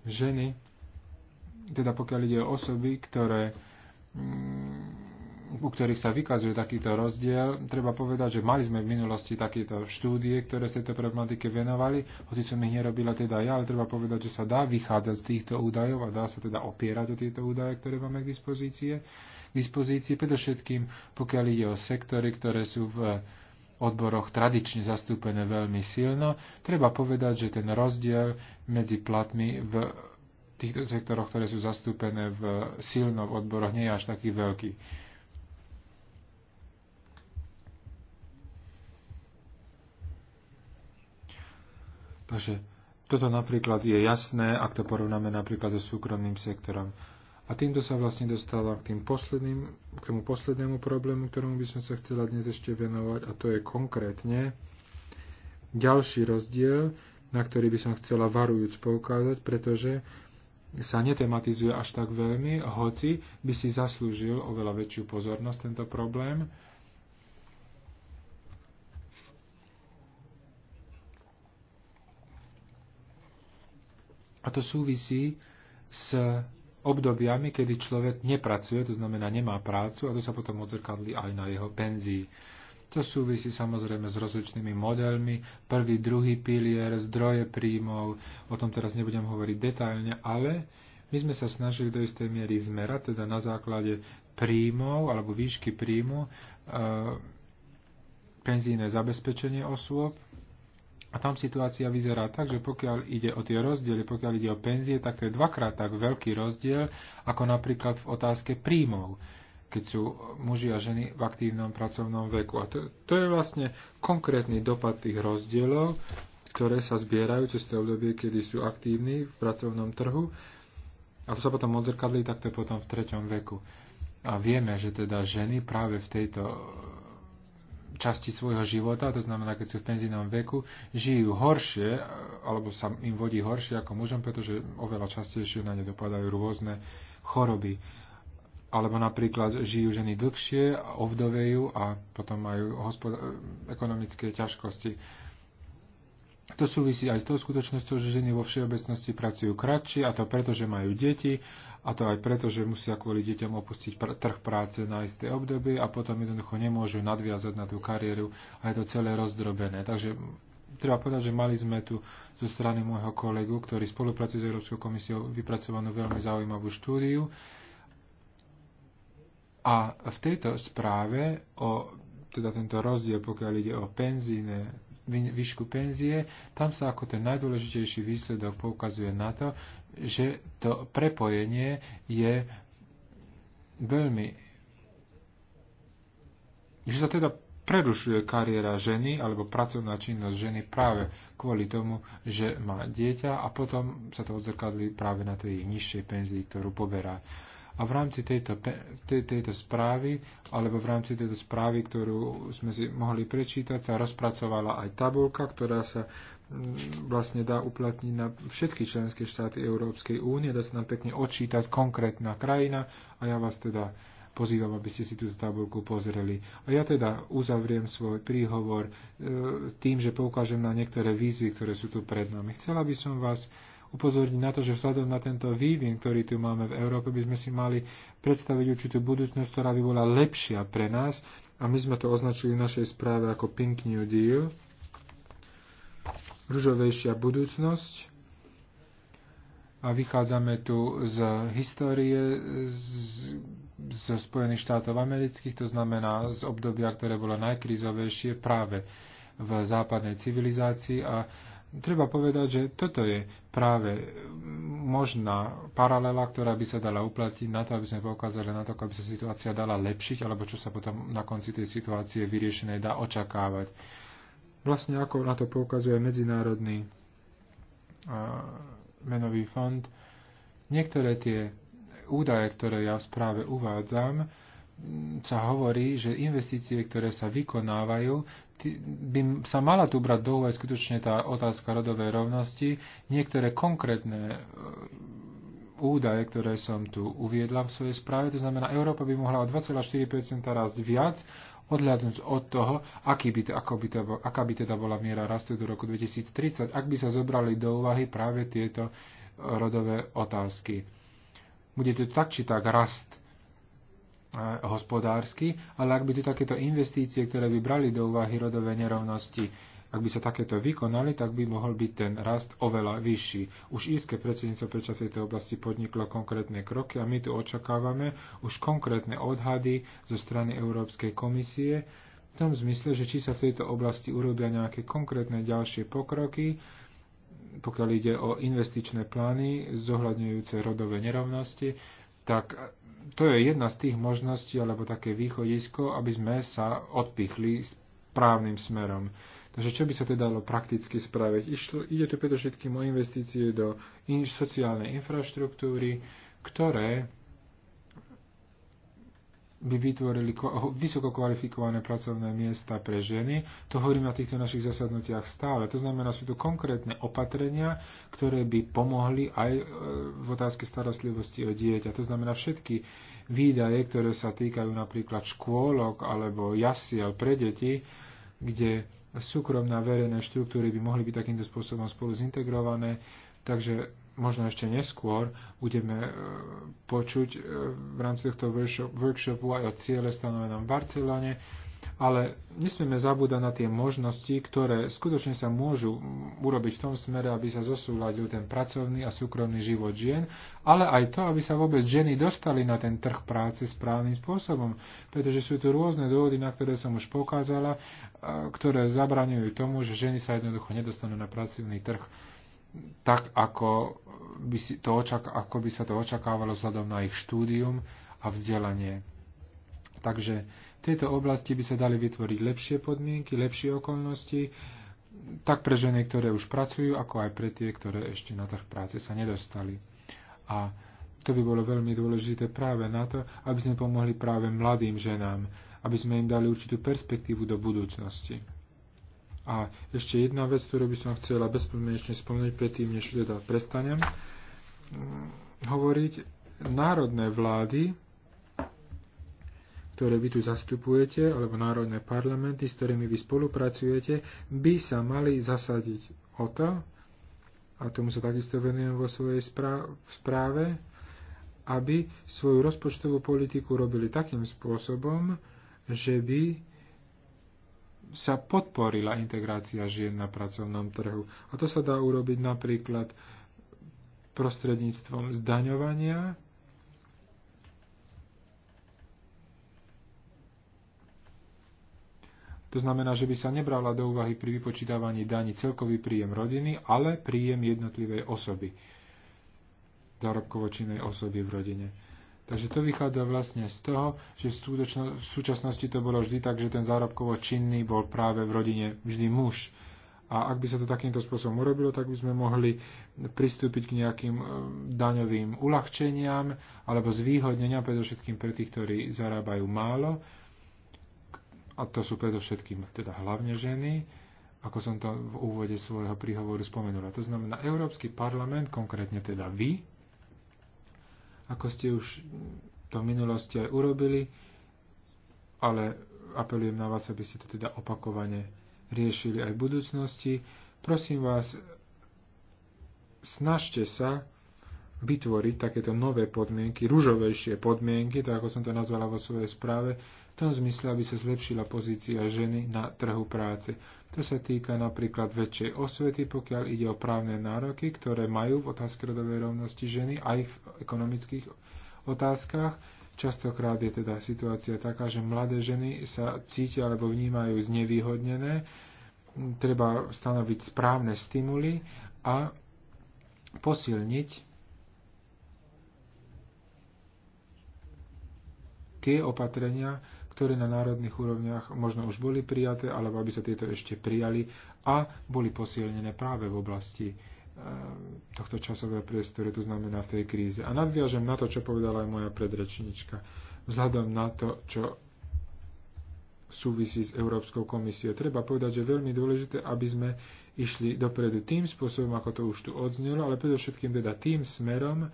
ženy, teda pokiaľ ide o osoby, ktoré mm, u ktorých sa vykazuje takýto rozdiel. Treba povedať, že mali sme v minulosti takéto štúdie, ktoré sa tejto problematike venovali, hoci som ich nerobila teda ja, ale treba povedať, že sa dá vychádzať z týchto údajov a dá sa teda opierať o tieto údaje, ktoré máme k dispozície. K dispozícii predovšetkým, pokiaľ ide o sektory, ktoré sú v odboroch tradične zastúpené veľmi silno, treba povedať, že ten rozdiel medzi platmi v týchto sektoroch, ktoré sú zastúpené v silno v odboroch, nie je až taký veľký Takže toto napríklad je jasné, ak to porovnáme napríklad so súkromným sektorom. A týmto sa vlastne dostávam k, tým posledným, k tomu poslednému problému, ktorému by som sa chcela dnes ešte venovať, a to je konkrétne ďalší rozdiel, na ktorý by som chcela varujúc poukázať, pretože sa netematizuje až tak veľmi, hoci by si zaslúžil oveľa väčšiu pozornosť tento problém. A to súvisí s obdobiami, kedy človek nepracuje, to znamená nemá prácu a to sa potom odzrkadlí aj na jeho penzii. To súvisí samozrejme s rozličnými modelmi, prvý, druhý pilier, zdroje príjmov, o tom teraz nebudem hovoriť detailne, ale my sme sa snažili do istej miery zmerať, teda na základe príjmov alebo výšky príjmu, e, eh, penzíne zabezpečenie osôb, a tam situácia vyzerá tak, že pokiaľ ide o tie rozdiely, pokiaľ ide o penzie, tak to je dvakrát tak veľký rozdiel, ako napríklad v otázke príjmov, keď sú muži a ženy v aktívnom pracovnom veku. A to, to je vlastne konkrétny dopad tých rozdielov, ktoré sa zbierajú cez to obdobie, kedy sú aktívni v pracovnom trhu a to sa potom odzrkadlí takto potom v treťom veku. A vieme, že teda ženy práve v tejto časti svojho života, to znamená, keď sú v penzínom veku, žijú horšie, alebo sa im vodí horšie ako mužom, pretože oveľa častejšie na ne dopadajú rôzne choroby. Alebo napríklad žijú ženy dlhšie, ovdovejú a potom majú ekonomické ťažkosti to súvisí aj s tou skutočnosťou, že ženy vo všeobecnosti pracujú kratšie, a to preto, že majú deti, a to aj preto, že musia kvôli deťom opustiť pr- trh práce na isté obdobie a potom jednoducho nemôžu nadviazať na tú kariéru a je to celé rozdrobené. Takže treba povedať, že mali sme tu zo strany môjho kolegu, ktorý spolupracuje s Európskou komisiou, vypracovanú veľmi zaujímavú štúdiu. A v tejto správe o teda tento rozdiel, pokiaľ ide o penzíne výšku penzie, tam sa ako ten najdôležitejší výsledok poukazuje na to, že to prepojenie je veľmi že sa teda prerušuje kariéra ženy alebo pracovná činnosť ženy práve kvôli tomu, že má dieťa a potom sa to odzrkadlí práve na tej nižšej penzii, ktorú poberá. A v rámci tejto, tej, tejto správy, alebo v rámci tejto správy, ktorú sme si mohli prečítať, sa rozpracovala aj tabulka, ktorá sa mm, vlastne dá uplatniť na všetky členské štáty Európskej únie, dá sa nám pekne odčítať konkrétna krajina a ja vás teda pozývam, aby ste si túto tabulku pozreli. A ja teda uzavriem svoj príhovor e, tým, že poukážem na niektoré výzvy, ktoré sú tu pred nami. Chcela by som vás upozorniť na to, že vzhľadom na tento vývin, ktorý tu máme v Európe, by sme si mali predstaviť určitú budúcnosť, ktorá by bola lepšia pre nás a my sme to označili v našej správe ako Pink New Deal, ružovejšia budúcnosť a vychádzame tu z histórie z, zo Spojených štátov amerických, to znamená z obdobia, ktoré bolo najkrizovejšie práve v západnej civilizácii a treba povedať, že toto je práve možná paralela, ktorá by sa dala uplatiť na to, aby sme poukázali na to, aby sa situácia dala lepšiť, alebo čo sa potom na konci tej situácie vyriešenej dá očakávať. Vlastne ako na to poukazuje Medzinárodný menový fond, niektoré tie údaje, ktoré ja v správe uvádzam, sa hovorí, že investície, ktoré sa vykonávajú, by sa mala tu brať do aj skutočne tá otázka rodovej rovnosti. Niektoré konkrétne e, údaje, ktoré som tu uviedla v svojej správe, to znamená, Európa by mohla o 2,4% rásť viac, odhľadnúť od toho, aký by, ako by to, aká by teda bola miera rastu do roku 2030, ak by sa zobrali do úvahy práve tieto e, rodové otázky. Bude to tak či tak rast hospodársky, ale ak by tu takéto investície, ktoré by brali do úvahy rodové nerovnosti, ak by sa takéto vykonali, tak by mohol byť ten rast oveľa vyšší. Už írske predsedníctvo prečo v tejto oblasti podniklo konkrétne kroky a my tu očakávame už konkrétne odhady zo strany Európskej komisie v tom zmysle, že či sa v tejto oblasti urobia nejaké konkrétne ďalšie pokroky, pokiaľ ide o investičné plány zohľadňujúce rodové nerovnosti, tak to je jedna z tých možností, alebo také východisko, aby sme sa odpichli správnym smerom. Takže čo by sa teda dalo prakticky spraviť? Išlo, ide tu predovšetkým o investície do in, sociálnej infraštruktúry, ktoré by vytvorili vysoko kvalifikované pracovné miesta pre ženy. To hovorím na týchto našich zasadnutiach stále. To znamená, sú to konkrétne opatrenia, ktoré by pomohli aj e, v otázke starostlivosti o dieťa. To znamená, všetky výdaje, ktoré sa týkajú napríklad škôlok alebo jasiel pre deti, kde súkromné a verejné štruktúry by mohli byť takýmto spôsobom spolu zintegrované. Takže možno ešte neskôr budeme e, počuť e, v rámci tohto workshopu aj o ciele stanovenom v Barcelone, ale nesmieme zabúdať na tie možnosti, ktoré skutočne sa môžu urobiť v tom smere, aby sa zosúľadil ten pracovný a súkromný život žien, ale aj to, aby sa vôbec ženy dostali na ten trh práce správnym spôsobom, pretože sú tu rôzne dôvody, na ktoré som už pokázala, e, ktoré zabraňujú tomu, že ženy sa jednoducho nedostanú na pracovný trh tak, ako by, si to očak- ako by sa to očakávalo vzhľadom na ich štúdium a vzdelanie. Takže v tejto oblasti by sa dali vytvoriť lepšie podmienky, lepšie okolnosti, tak pre ženy, ktoré už pracujú, ako aj pre tie, ktoré ešte na trh práce sa nedostali. A to by bolo veľmi dôležité práve na to, aby sme pomohli práve mladým ženám, aby sme im dali určitú perspektívu do budúcnosti. A ešte jedna vec, ktorú by som chcela bezpodmienečne spomenúť predtým, než teda prestanem mm, hovoriť. Národné vlády, ktoré vy tu zastupujete, alebo národné parlamenty, s ktorými vy spolupracujete, by sa mali zasadiť o to, a tomu sa takisto venujem vo svojej správe, aby svoju rozpočtovú politiku robili takým spôsobom, že by sa podporila integrácia žien na pracovnom trhu. A to sa dá urobiť napríklad prostredníctvom zdaňovania, To znamená, že by sa nebrala do úvahy pri vypočítavaní daní celkový príjem rodiny, ale príjem jednotlivej osoby, zárobkovočinej osoby v rodine. Takže to vychádza vlastne z toho, že v, súčasnosti to bolo vždy tak, že ten zárobkovo činný bol práve v rodine vždy muž. A ak by sa to takýmto spôsobom urobilo, tak by sme mohli pristúpiť k nejakým e, daňovým uľahčeniam alebo zvýhodneniam, predovšetkým pre tých, ktorí zarábajú málo. A to sú predovšetkým teda hlavne ženy, ako som to v úvode svojho príhovoru spomenula. To znamená, Európsky parlament, konkrétne teda vy, ako ste už to v minulosti aj urobili, ale apelujem na vás, aby ste to teda opakovane riešili aj v budúcnosti. Prosím vás, snažte sa vytvoriť takéto nové podmienky, ružovejšie podmienky, tak ako som to nazvala vo svojej správe, v tom zmysle, aby sa zlepšila pozícia ženy na trhu práce. To sa týka napríklad väčšej osvety, pokiaľ ide o právne nároky, ktoré majú v otázke rodovej rovnosti ženy aj v ekonomických otázkach. Častokrát je teda situácia taká, že mladé ženy sa cítia alebo vnímajú znevýhodnené, treba stanoviť správne stimuly a posilniť tie opatrenia, ktoré na národných úrovniach možno už boli prijaté, alebo aby sa tieto ešte prijali a boli posilnené práve v oblasti e, tohto časového priestoru, to znamená v tej kríze. A nadviažem na to, čo povedala aj moja predrečnička, vzhľadom na to, čo súvisí s Európskou komisiou. Treba povedať, že je veľmi dôležité, aby sme išli dopredu tým spôsobom, ako to už tu odznelo, ale predovšetkým teda tým smerom,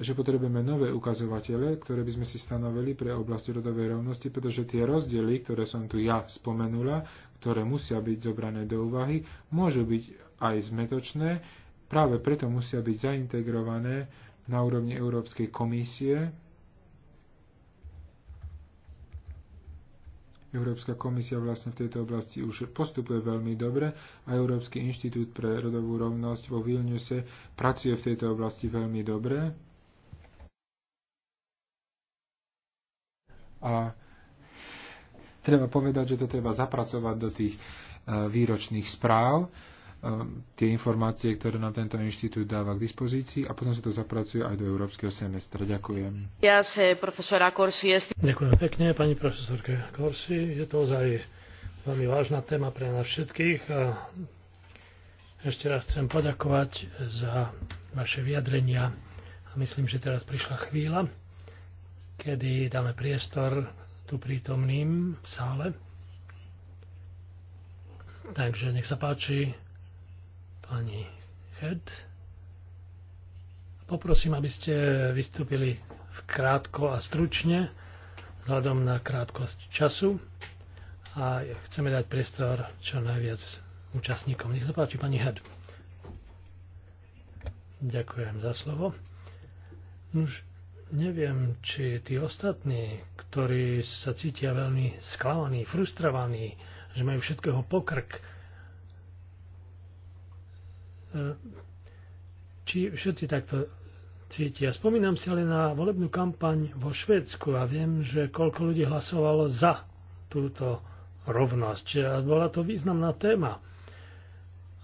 že potrebujeme nové ukazovatele, ktoré by sme si stanovili pre oblasti rodovej rovnosti, pretože tie rozdiely, ktoré som tu ja spomenula, ktoré musia byť zobrané do úvahy, môžu byť aj zmetočné, práve preto musia byť zaintegrované na úrovni Európskej komisie. Európska komisia vlastne v tejto oblasti už postupuje veľmi dobre a Európsky inštitút pre rodovú rovnosť vo Vilniuse pracuje v tejto oblasti veľmi dobre A treba povedať, že to treba zapracovať do tých e, výročných správ, e, tie informácie, ktoré nám tento inštitút dáva k dispozícii a potom sa to zapracuje aj do európskeho semestra. Ďakujem. Ďakujem pekne, pani profesorke Korsi. Je to ozaj veľmi vážna téma pre nás všetkých a ešte raz chcem poďakovať za vaše vyjadrenia a myslím, že teraz prišla chvíľa, kedy dáme priestor tu prítomným v sále. Takže nech sa páči pani Head. Poprosím, aby ste vystúpili v krátko a stručne, vzhľadom na krátkosť času. A chceme dať priestor čo najviac účastníkom. Nech sa páči, pani Head. Ďakujem za slovo. Nuž, neviem, či tí ostatní, ktorí sa cítia veľmi sklamaní, frustrovaní, že majú všetkého pokrk, e, či všetci takto cítia. Spomínam si ale na volebnú kampaň vo Švedsku a viem, že koľko ľudí hlasovalo za túto rovnosť. A bola to významná téma.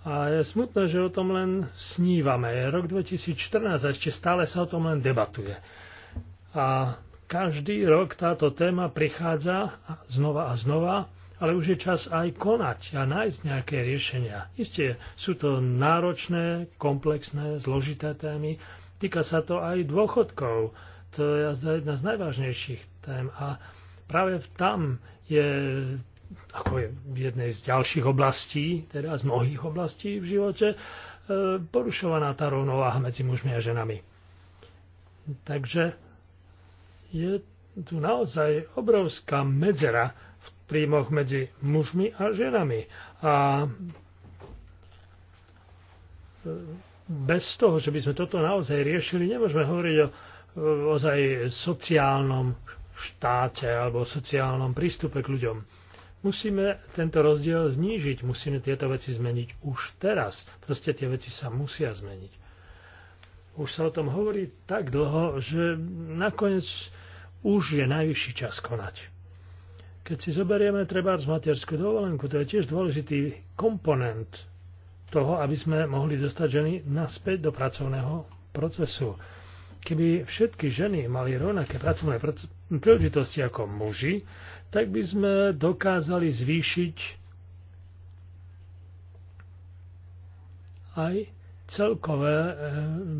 A je smutné, že o tom len snívame. Je rok 2014 a ešte stále sa o tom len debatuje. A každý rok táto téma prichádza znova a znova, ale už je čas aj konať a nájsť nejaké riešenia. Isté sú to náročné, komplexné, zložité témy. Týka sa to aj dôchodkov. To je jedna z najvážnejších tém. A práve tam je ako je v jednej z ďalších oblastí, teda z mnohých oblastí v živote, e, porušovaná tá rovnováha medzi mužmi a ženami. Takže je tu naozaj obrovská medzera v príjmoch medzi mužmi a ženami. A bez toho, že by sme toto naozaj riešili, nemôžeme hovoriť o ozaj sociálnom štáte alebo sociálnom prístupe k ľuďom. Musíme tento rozdiel znížiť, musíme tieto veci zmeniť už teraz. Proste tie veci sa musia zmeniť. Už sa o tom hovorí tak dlho, že nakoniec už je najvyšší čas konať. Keď si zoberieme treba z materskú dovolenku, to je tiež dôležitý komponent toho, aby sme mohli dostať ženy naspäť do pracovného procesu. Keby všetky ženy mali rovnaké pracovné príležitosti ako muži, tak by sme dokázali zvýšiť aj celkové e,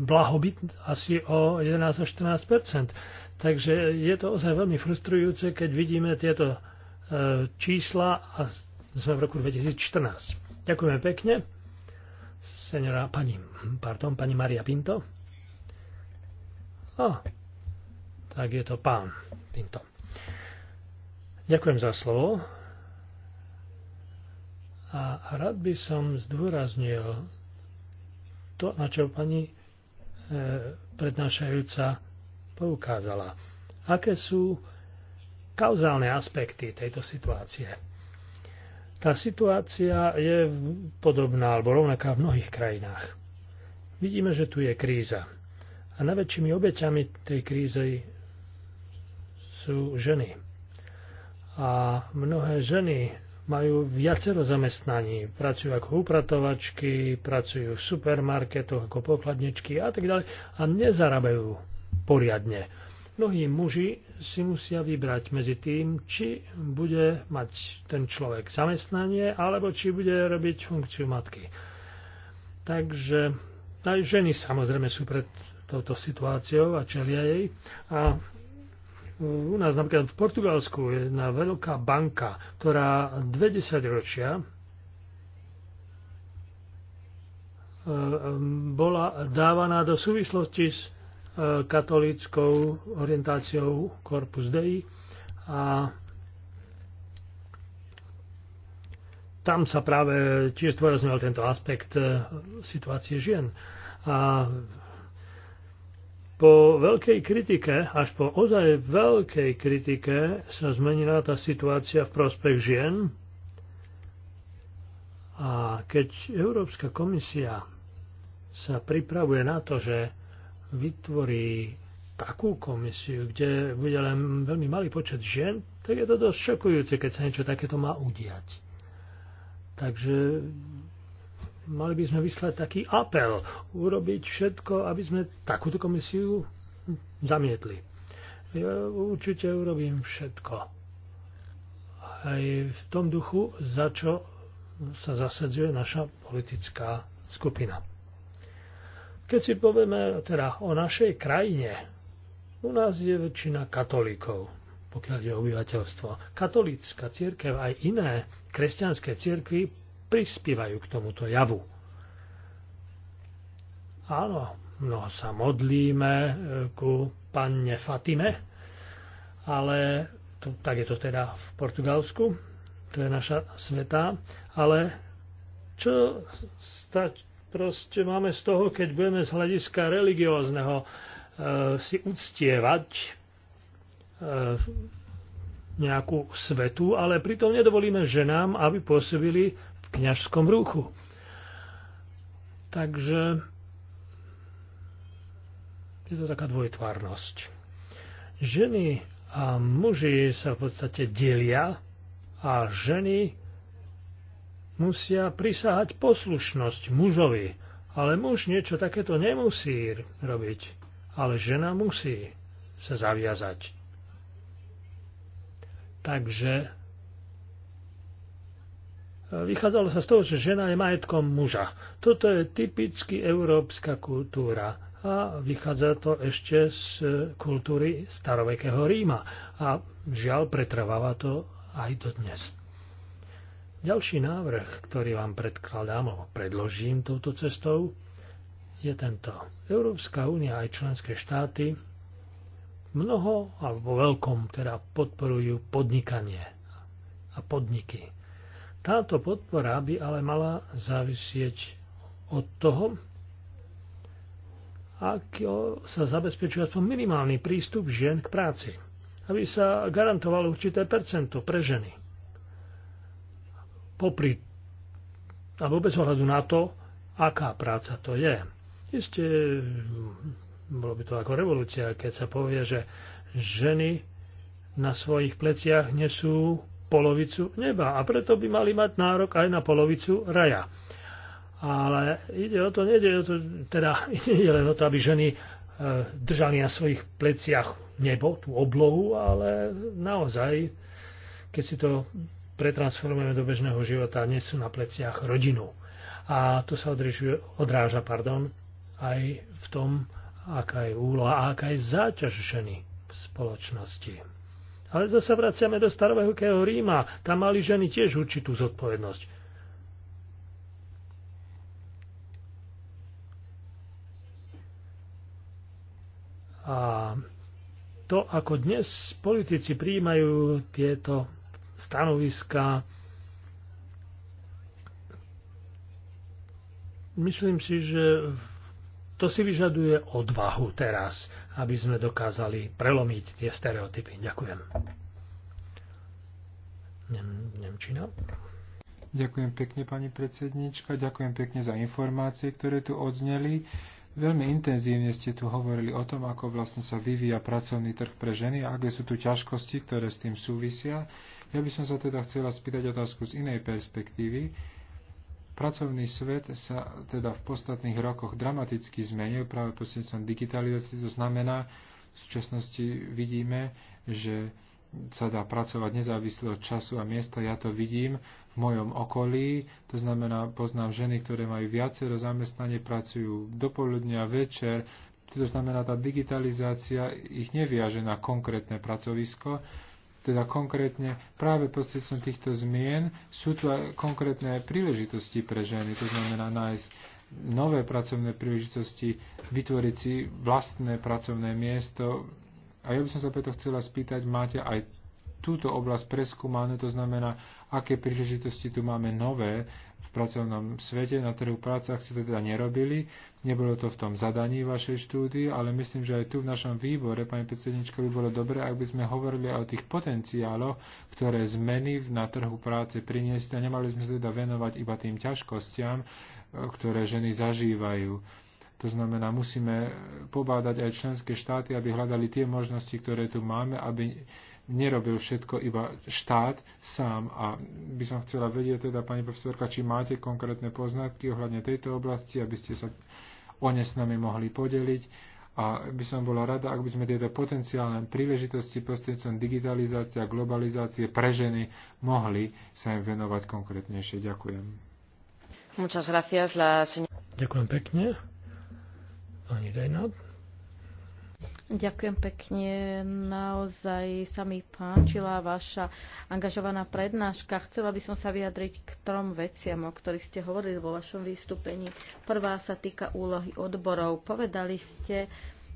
blahobyt asi o 11 až 14 Takže je to ozaj veľmi frustrujúce, keď vidíme tieto e, čísla a sme v roku 2014. Ďakujeme pekne. Senora, pani, pardon, pani Maria Pinto. O, tak je to pán Pinto. Ďakujem za slovo. A rád by som zdôraznil to, na čo pani e, prednášajúca poukázala. Aké sú kauzálne aspekty tejto situácie? Tá situácia je podobná alebo rovnaká v mnohých krajinách. Vidíme, že tu je kríza. A najväčšími obeťami tej krízy sú ženy. A mnohé ženy majú viacero zamestnaní. Pracujú ako upratovačky, pracujú v supermarketoch ako pokladničky a tak ďalej a nezarábajú poriadne. Mnohí muži si musia vybrať medzi tým, či bude mať ten človek zamestnanie, alebo či bude robiť funkciu matky. Takže aj ženy samozrejme sú pred touto situáciou a čelia jej. A u nás napríklad v Portugalsku je jedna veľká banka, ktorá 20 ročia e, e, bola dávaná do súvislosti s e, katolíckou orientáciou Corpus Dei a tam sa práve tiež zdôrazňoval tento aspekt situácie žien. A po veľkej kritike, až po ozaj veľkej kritike, sa zmenila tá situácia v prospech žien. A keď Európska komisia sa pripravuje na to, že vytvorí takú komisiu, kde bude len veľmi malý počet žien, tak je to dosť šokujúce, keď sa niečo takéto má udiať. Takže mali by sme vyslať taký apel, urobiť všetko, aby sme takúto komisiu zamietli. Ja určite urobím všetko. Aj v tom duchu, za čo sa zasadzuje naša politická skupina. Keď si povieme teda o našej krajine, u nás je väčšina katolíkov, pokiaľ je obyvateľstvo. Katolícka církev aj iné kresťanské církvy prispievajú k tomuto javu. Áno, mnoho sa modlíme e, ku panne Fatime, ale to, tak je to teda v Portugalsku, to je naša sveta, ale čo stať, proste máme z toho, keď budeme z hľadiska religiózneho e, si uctievať e, nejakú svetu, ale pritom nedovolíme ženám, aby pôsobili kňažskom ruchu. Takže je to taká dvojtvárnosť. Ženy a muži sa v podstate delia a ženy musia prisáhať poslušnosť mužovi, ale muž niečo takéto nemusí robiť, ale žena musí sa zaviazať. Takže Vychádzalo sa z toho, že žena je majetkom muža. Toto je typicky európska kultúra a vychádza to ešte z kultúry starovekého Ríma a žiaľ pretrváva to aj dodnes. Ďalší návrh, ktorý vám predkladám alebo predložím touto cestou, je tento. Európska únia aj členské štáty mnoho alebo veľkom teda podporujú podnikanie a podniky. Táto podpora by ale mala závisieť od toho, ako sa zabezpečuje aspoň minimálny prístup žien k práci, aby sa garantovalo určité percento pre ženy. Popri alebo bez ohľadu na to, aká práca to je. Isté, bolo by to ako revolúcia, keď sa povie, že ženy na svojich pleciach nesú polovicu neba a preto by mali mať nárok aj na polovicu raja. Ale ide o to, nejde o to, teda ide len o to, aby ženy e, držali na svojich pleciach nebo, tú oblohu, ale naozaj, keď si to pretransformujeme do bežného života, nie sú na pleciach rodinu. A to sa odráža, odráža pardon, aj v tom, aká je úloha a aká je záťaž ženy v spoločnosti. Ale zase vraciame do starovekého Ríma. Tam mali ženy tiež určitú zodpovednosť. A to, ako dnes politici príjmajú tieto stanoviska. myslím si, že to si vyžaduje odvahu teraz aby sme dokázali prelomiť tie stereotypy. Ďakujem. Nem, Nemčina. Ďakujem pekne, pani predsednička. Ďakujem pekne za informácie, ktoré tu odzneli. Veľmi intenzívne ste tu hovorili o tom, ako vlastne sa vyvíja pracovný trh pre ženy a aké sú tu ťažkosti, ktoré s tým súvisia. Ja by som sa teda chcela spýtať otázku z inej perspektívy Pracovný svet sa teda v podstatných rokoch dramaticky zmenil práve prostredníctvom digitalizácie. To znamená, v súčasnosti vidíme, že sa dá pracovať nezávisle od času a miesta. Ja to vidím v mojom okolí. To znamená, poznám ženy, ktoré majú viacero zamestnanie, pracujú dopoludnia, večer. To znamená, tá digitalizácia ich neviaže na konkrétne pracovisko teda konkrétne práve prostredstvom týchto zmien sú tu aj konkrétne príležitosti pre ženy, to znamená nájsť nové pracovné príležitosti, vytvoriť si vlastné pracovné miesto. A ja by som sa preto chcela spýtať, máte aj túto oblasť preskúmanú, to znamená, aké príležitosti tu máme nové pracovnom svete, na trhu práce, ak ste to teda nerobili. Nebolo to v tom zadaní vašej štúdii, ale myslím, že aj tu v našom výbore, pani predsednička, by bolo dobré, ak by sme hovorili o tých potenciáloch, ktoré zmeny na trhu práce priniesť a nemali sme sa teda venovať iba tým ťažkostiam, ktoré ženy zažívajú. To znamená, musíme pobádať aj členské štáty, aby hľadali tie možnosti, ktoré tu máme, aby nerobil všetko iba štát sám. A by som chcela vedieť teda, pani profesorka, či máte konkrétne poznatky ohľadne tejto oblasti, aby ste sa o ne s nami mohli podeliť. A by som bola rada, ak by sme tieto potenciálne príležitosti prostredníctvom digitalizácie a globalizácie pre ženy mohli sa im venovať konkrétnejšie. Ďakujem. Muchas gracias, la señora... Ďakujem pekne. Pani Reinhardt. Ďakujem pekne. Naozaj sa mi páčila vaša angažovaná prednáška. Chcela by som sa vyjadriť k trom veciam, o ktorých ste hovorili vo vašom vystúpení. Prvá sa týka úlohy odborov. Povedali ste,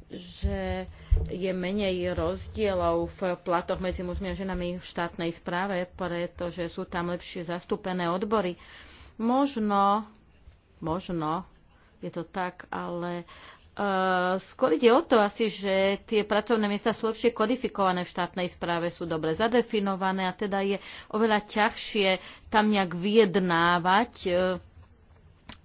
že je menej rozdielov v platoch medzi mužmi a ženami v štátnej správe, pretože sú tam lepšie zastúpené odbory. Možno, možno je to tak, ale Eh, skôr ide o to asi, že tie pracovné miesta sú lepšie kodifikované v štátnej správe, sú dobre zadefinované a teda je oveľa ťažšie tam nejak vyjednávať eh,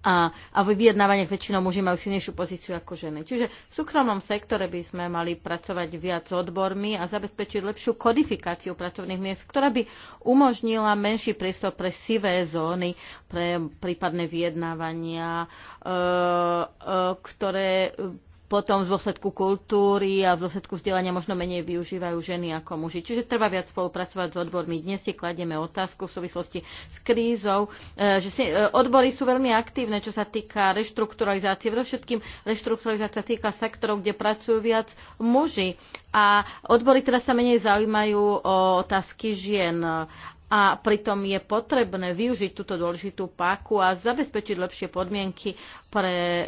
a, a v vyjednávaniach väčšinou muži majú silnejšiu pozíciu ako ženy. Čiže v súkromnom sektore by sme mali pracovať viac s odbormi a zabezpečiť lepšiu kodifikáciu pracovných miest, ktorá by umožnila menší priestor pre sivé zóny, pre prípadné vyjednávania, e, e, ktoré potom v dôsledku kultúry a v dôsledku vzdelania možno menej využívajú ženy ako muži. Čiže treba viac spolupracovať s odbormi. Dnes si kladieme otázku v súvislosti s krízou, e, že si, e, odbory sú veľmi aktívne, čo sa týka reštrukturalizácie. Všetkým reštrukturalizácia týka sektorov, kde pracujú viac muži. A odbory teraz sa menej zaujímajú o otázky žien. A pritom je potrebné využiť túto dôležitú páku a zabezpečiť lepšie podmienky pre e,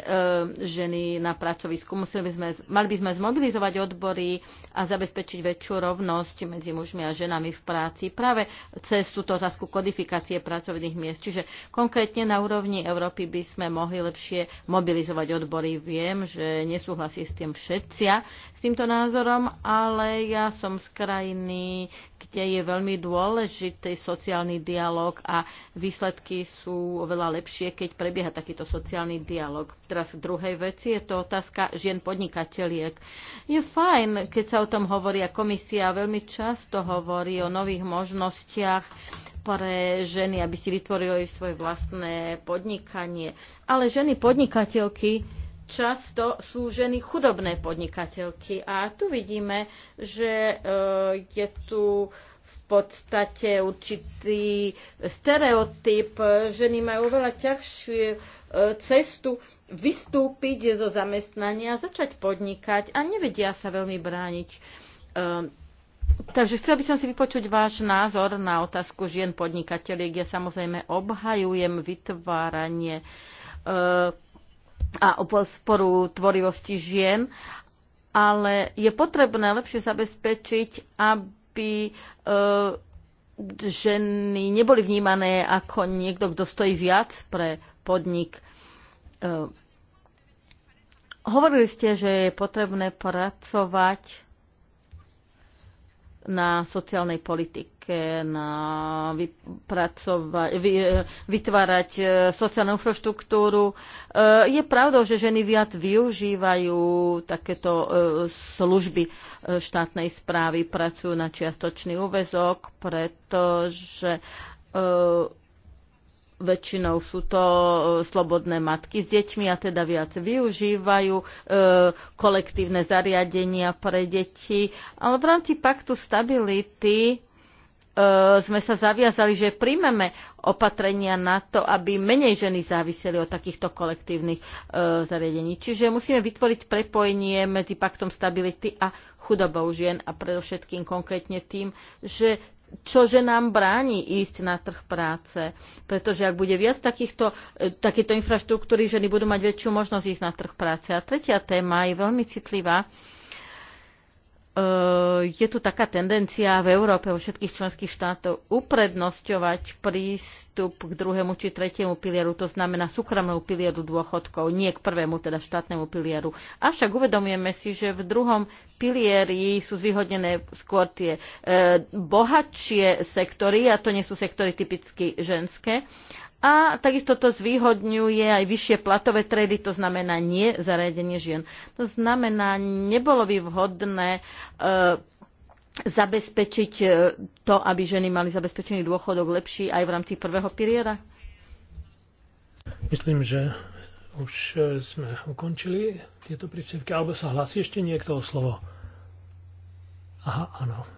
ženy na pracovisku. Museli by sme, mali by sme zmobilizovať odbory a zabezpečiť väčšiu rovnosť medzi mužmi a ženami v práci práve cez túto otázku kodifikácie pracovných miest. Čiže konkrétne na úrovni Európy by sme mohli lepšie mobilizovať odbory. Viem, že nesúhlasí s tým všetcia, s týmto názorom, ale ja som z krajiny, kde je veľmi dôležitý sociálny dialog a výsledky sú oveľa lepšie, keď prebieha takýto sociálny dialog dialog. Teraz druhej veci je to otázka žien podnikateliek. Je fajn, keď sa o tom hovorí a komisia veľmi často hovorí o nových možnostiach pre ženy, aby si vytvorili svoje vlastné podnikanie. Ale ženy podnikateľky často sú ženy chudobné podnikateľky. A tu vidíme, že e, je tu podstate určitý stereotyp. Ženy majú veľa ťažšiu e, cestu vystúpiť zo zamestnania, začať podnikať a nevedia sa veľmi brániť. E, takže chcel by som si vypočuť váš názor na otázku žien podnikateľiek. Ja samozrejme obhajujem vytváranie e, a oposporu tvorivosti žien, ale je potrebné lepšie zabezpečiť, aby aby eh, ženy neboli vnímané ako niekto, kto stojí viac pre podnik. Eh, hovorili ste, že je potrebné pracovať na sociálnej politike, na vytvárať e, sociálnu infraštruktúru. E, je pravdou, že ženy viac využívajú takéto e, služby štátnej správy, pracujú na čiastočný úvezok, pretože väčšinou sú to e, slobodné matky s deťmi a teda viac využívajú e, kolektívne zariadenia pre deti. Ale v rámci paktu stability e, sme sa zaviazali, že príjmeme opatrenia na to, aby menej ženy záviseli od takýchto kolektívnych e, zariadení. Čiže musíme vytvoriť prepojenie medzi paktom stability a chudobou žien a predovšetkým konkrétne tým, že čože nám bráni ísť na trh práce. Pretože ak bude viac takýchto, e, takéto infraštruktúry, ženy budú mať väčšiu možnosť ísť na trh práce. A tretia téma je veľmi citlivá Eh, je tu taká tendencia v Európe vo všetkých členských štátov uprednosťovať prístup k druhému či tretiemu pilieru, to znamená súkromnému pilieru dôchodkov, nie k prvému, teda štátnemu pilieru. Avšak uvedomujeme si, že v druhom pilieri sú zvýhodnené skôr tie e, bohatšie sektory, a to nie sú sektory typicky ženské, a takisto to zvýhodňuje aj vyššie platové trédy, to znamená nie zariadenie žien. To znamená, nebolo by vhodné e, zabezpečiť e, to, aby ženy mali zabezpečený dôchodok lepší aj v rámci prvého piliera? Myslím, že už e, sme ukončili tieto príspevky. Alebo sa hlasí ešte niekto o slovo? Aha, áno.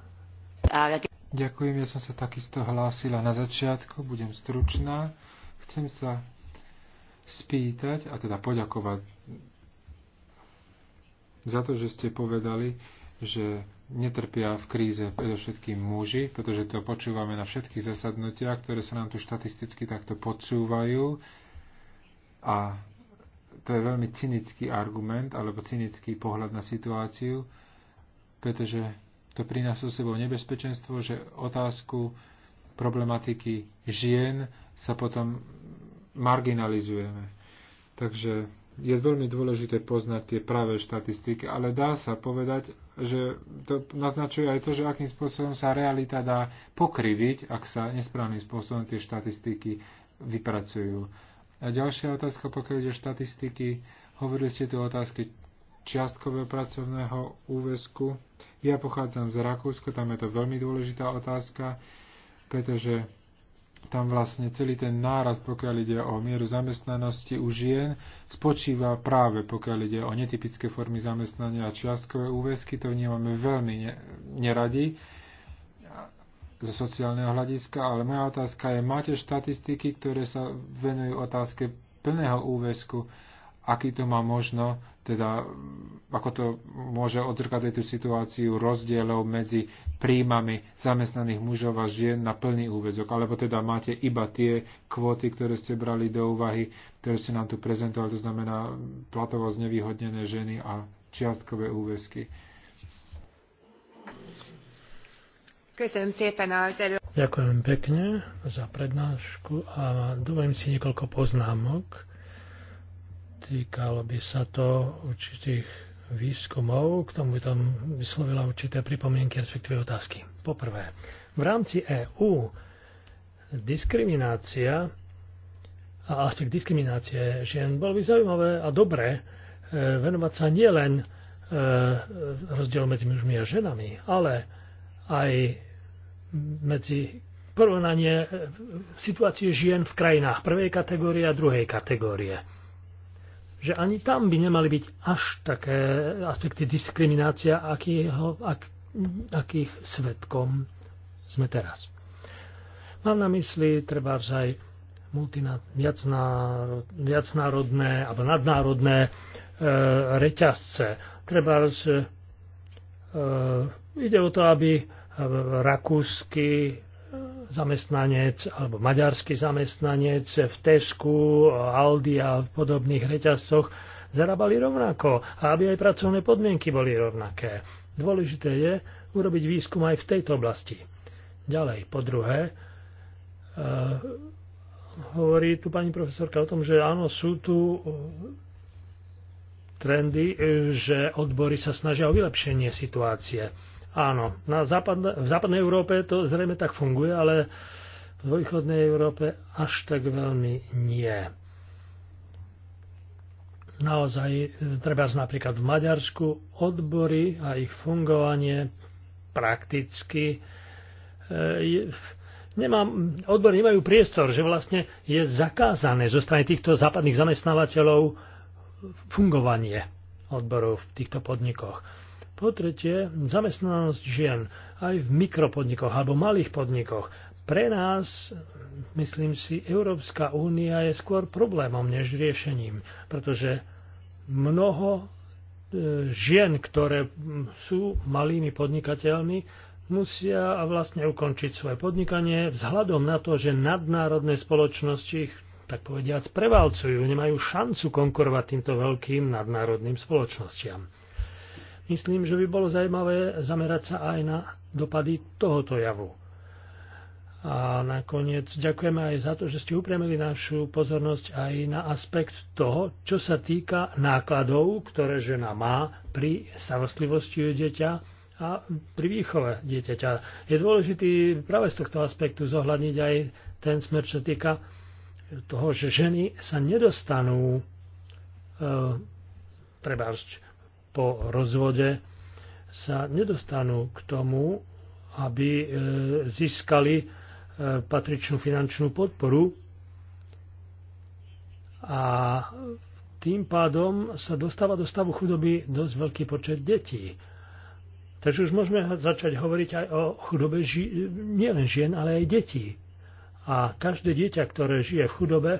Ďakujem, ja som sa takisto hlásila na začiatku, budem stručná. Chcem sa spýtať a teda poďakovať za to, že ste povedali, že netrpia v kríze predovšetkým muži, pretože to počúvame na všetkých zasadnutiach, ktoré sa nám tu štatisticky takto podsúvajú. A to je veľmi cynický argument alebo cynický pohľad na situáciu, pretože to prináša so sebou nebezpečenstvo, že otázku problematiky žien sa potom marginalizujeme. Takže je veľmi dôležité poznať tie práve štatistiky, ale dá sa povedať, že to naznačuje aj to, že akým spôsobom sa realita dá pokriviť, ak sa nesprávnym spôsobom tie štatistiky vypracujú. A ďalšia otázka, pokiaľ ide štatistiky, hovorili ste tu o otázke čiastkového pracovného úvesku. Ja pochádzam z Rakúska, tam je to veľmi dôležitá otázka, pretože tam vlastne celý ten náraz, pokiaľ ide o mieru zamestnanosti u žien, spočíva práve pokiaľ ide o netypické formy zamestnania a čiastkové úväzky, to vnímame veľmi neradi zo sociálneho hľadiska, ale moja otázka je, máte štatistiky, ktoré sa venujú otázke plného úväzku, aký to má možno teda ako to môže odzrkadliť tú situáciu rozdielov medzi príjmami zamestnaných mužov a žien na plný úvezok, alebo teda máte iba tie kvóty, ktoré ste brali do úvahy, ktoré ste nám tu prezentovali, to znamená platovo znevýhodnené ženy a čiastkové úväzky. Ďakujem pekne za prednášku a dovolím si niekoľko poznámok týkalo by sa to určitých výskumov, k tomu by tam vyslovila určité pripomienky, respektíve otázky. Poprvé, v rámci EÚ diskriminácia a aspekt diskriminácie žien bolo by zaujímavé a dobré e, venovať sa nielen e, rozdiel medzi mužmi a ženami, ale aj medzi porovnanie e, situácie žien v krajinách prvej kategórie a druhej kategórie že ani tam by nemali byť až také aspekty diskriminácia, akýho, ak, akých svetkom sme teraz. Mám na mysli treba aj viacnárodné alebo nadnárodné e, reťazce. Treba e, ide o to, aby rakúsky zamestnanec alebo maďarský zamestnanec v Tesku, Aldi a v podobných reťazcoch zarábali rovnako a aby aj pracovné podmienky boli rovnaké. Dôležité je urobiť výskum aj v tejto oblasti. Ďalej, po druhé, uh, hovorí tu pani profesorka o tom, že áno, sú tu e, trendy, e, že odbory sa snažia o vylepšenie situácie. Áno, na západne, v západnej Európe to zrejme tak funguje, ale v východnej Európe až tak veľmi nie. Naozaj, e, treba napríklad v Maďarsku, odbory a ich fungovanie prakticky e, nemám, odbory nemajú priestor, že vlastne je zakázané zo strany týchto západných zamestnávateľov fungovanie odborov v týchto podnikoch. Po tretie, zamestnanosť žien aj v mikropodnikoch alebo malých podnikoch. Pre nás, myslím si, Európska únia je skôr problémom než riešením, pretože mnoho e, žien, ktoré sú malými podnikateľmi, musia vlastne ukončiť svoje podnikanie vzhľadom na to, že nadnárodné spoločnosti ich, tak povediac, prevalcujú, nemajú šancu konkurovať týmto veľkým nadnárodným spoločnostiam myslím, že by bolo zaujímavé zamerať sa aj na dopady tohoto javu. A nakoniec ďakujeme aj za to, že ste upriamili našu pozornosť aj na aspekt toho, čo sa týka nákladov, ktoré žena má pri starostlivosti o dieťa a pri výchove dieťaťa. Je dôležitý práve z tohto aspektu zohľadniť aj ten smer, čo týka toho, že ženy sa nedostanú e, prebážť po rozvode sa nedostanú k tomu, aby e, získali e, patričnú finančnú podporu a tým pádom sa dostáva do stavu chudoby dosť veľký počet detí. Takže už môžeme začať hovoriť aj o chudobe ži- nielen žien, ale aj detí. A každé dieťa, ktoré žije v chudobe,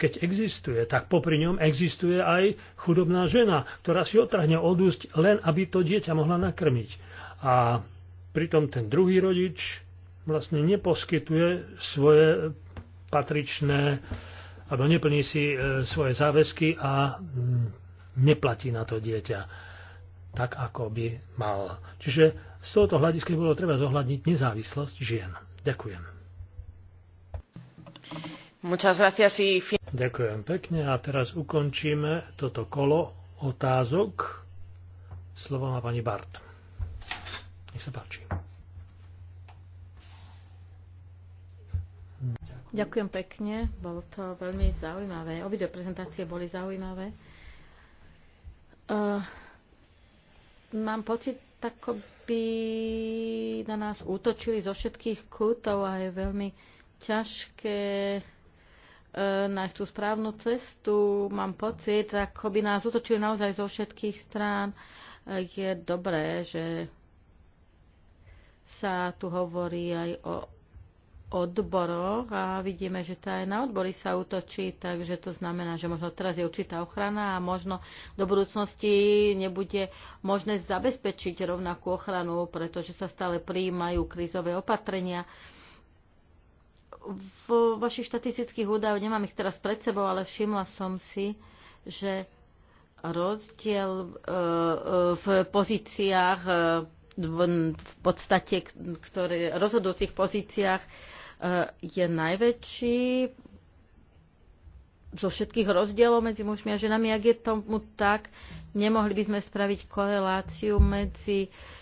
keď existuje, tak popri ňom existuje aj chudobná žena, ktorá si otrhne od úst len, aby to dieťa mohla nakrmiť. A pritom ten druhý rodič vlastne neposkytuje svoje patričné, alebo neplní si e, svoje záväzky a mm, neplatí na to dieťa tak, ako by mal. Čiže z tohoto hľadiska bolo treba zohľadniť nezávislosť žien. Ďakujem. Muchas gracias y Ďakujem pekne a teraz ukončíme toto kolo otázok. Slovo má pani Bart. Nech sa páči. Ďakujem pekne, bolo to veľmi zaujímavé. Obidve prezentácie boli zaujímavé. Uh, mám pocit, ako by na nás útočili zo všetkých kútov a je veľmi ťažké E, nájsť tú správnu cestu. Mám pocit, ako by nás utočili naozaj zo všetkých strán. E, je dobré, že sa tu hovorí aj o odboroch a vidíme, že tá aj na odbory sa útočí, takže to znamená, že možno teraz je určitá ochrana a možno do budúcnosti nebude možné zabezpečiť rovnakú ochranu, pretože sa stále prijímajú krízové opatrenia. Uh, v vašich štatistických údajoch, nemám ich teraz pred sebou, ale všimla som si, že rozdiel e, e, v pozíciách e, v podstate, ktoré rozhodujúcich pozíciách je najväčší zo všetkých rozdielov medzi mužmi a ženami. Ak je tomu tak, nemohli by sme spraviť koreláciu medzi uh,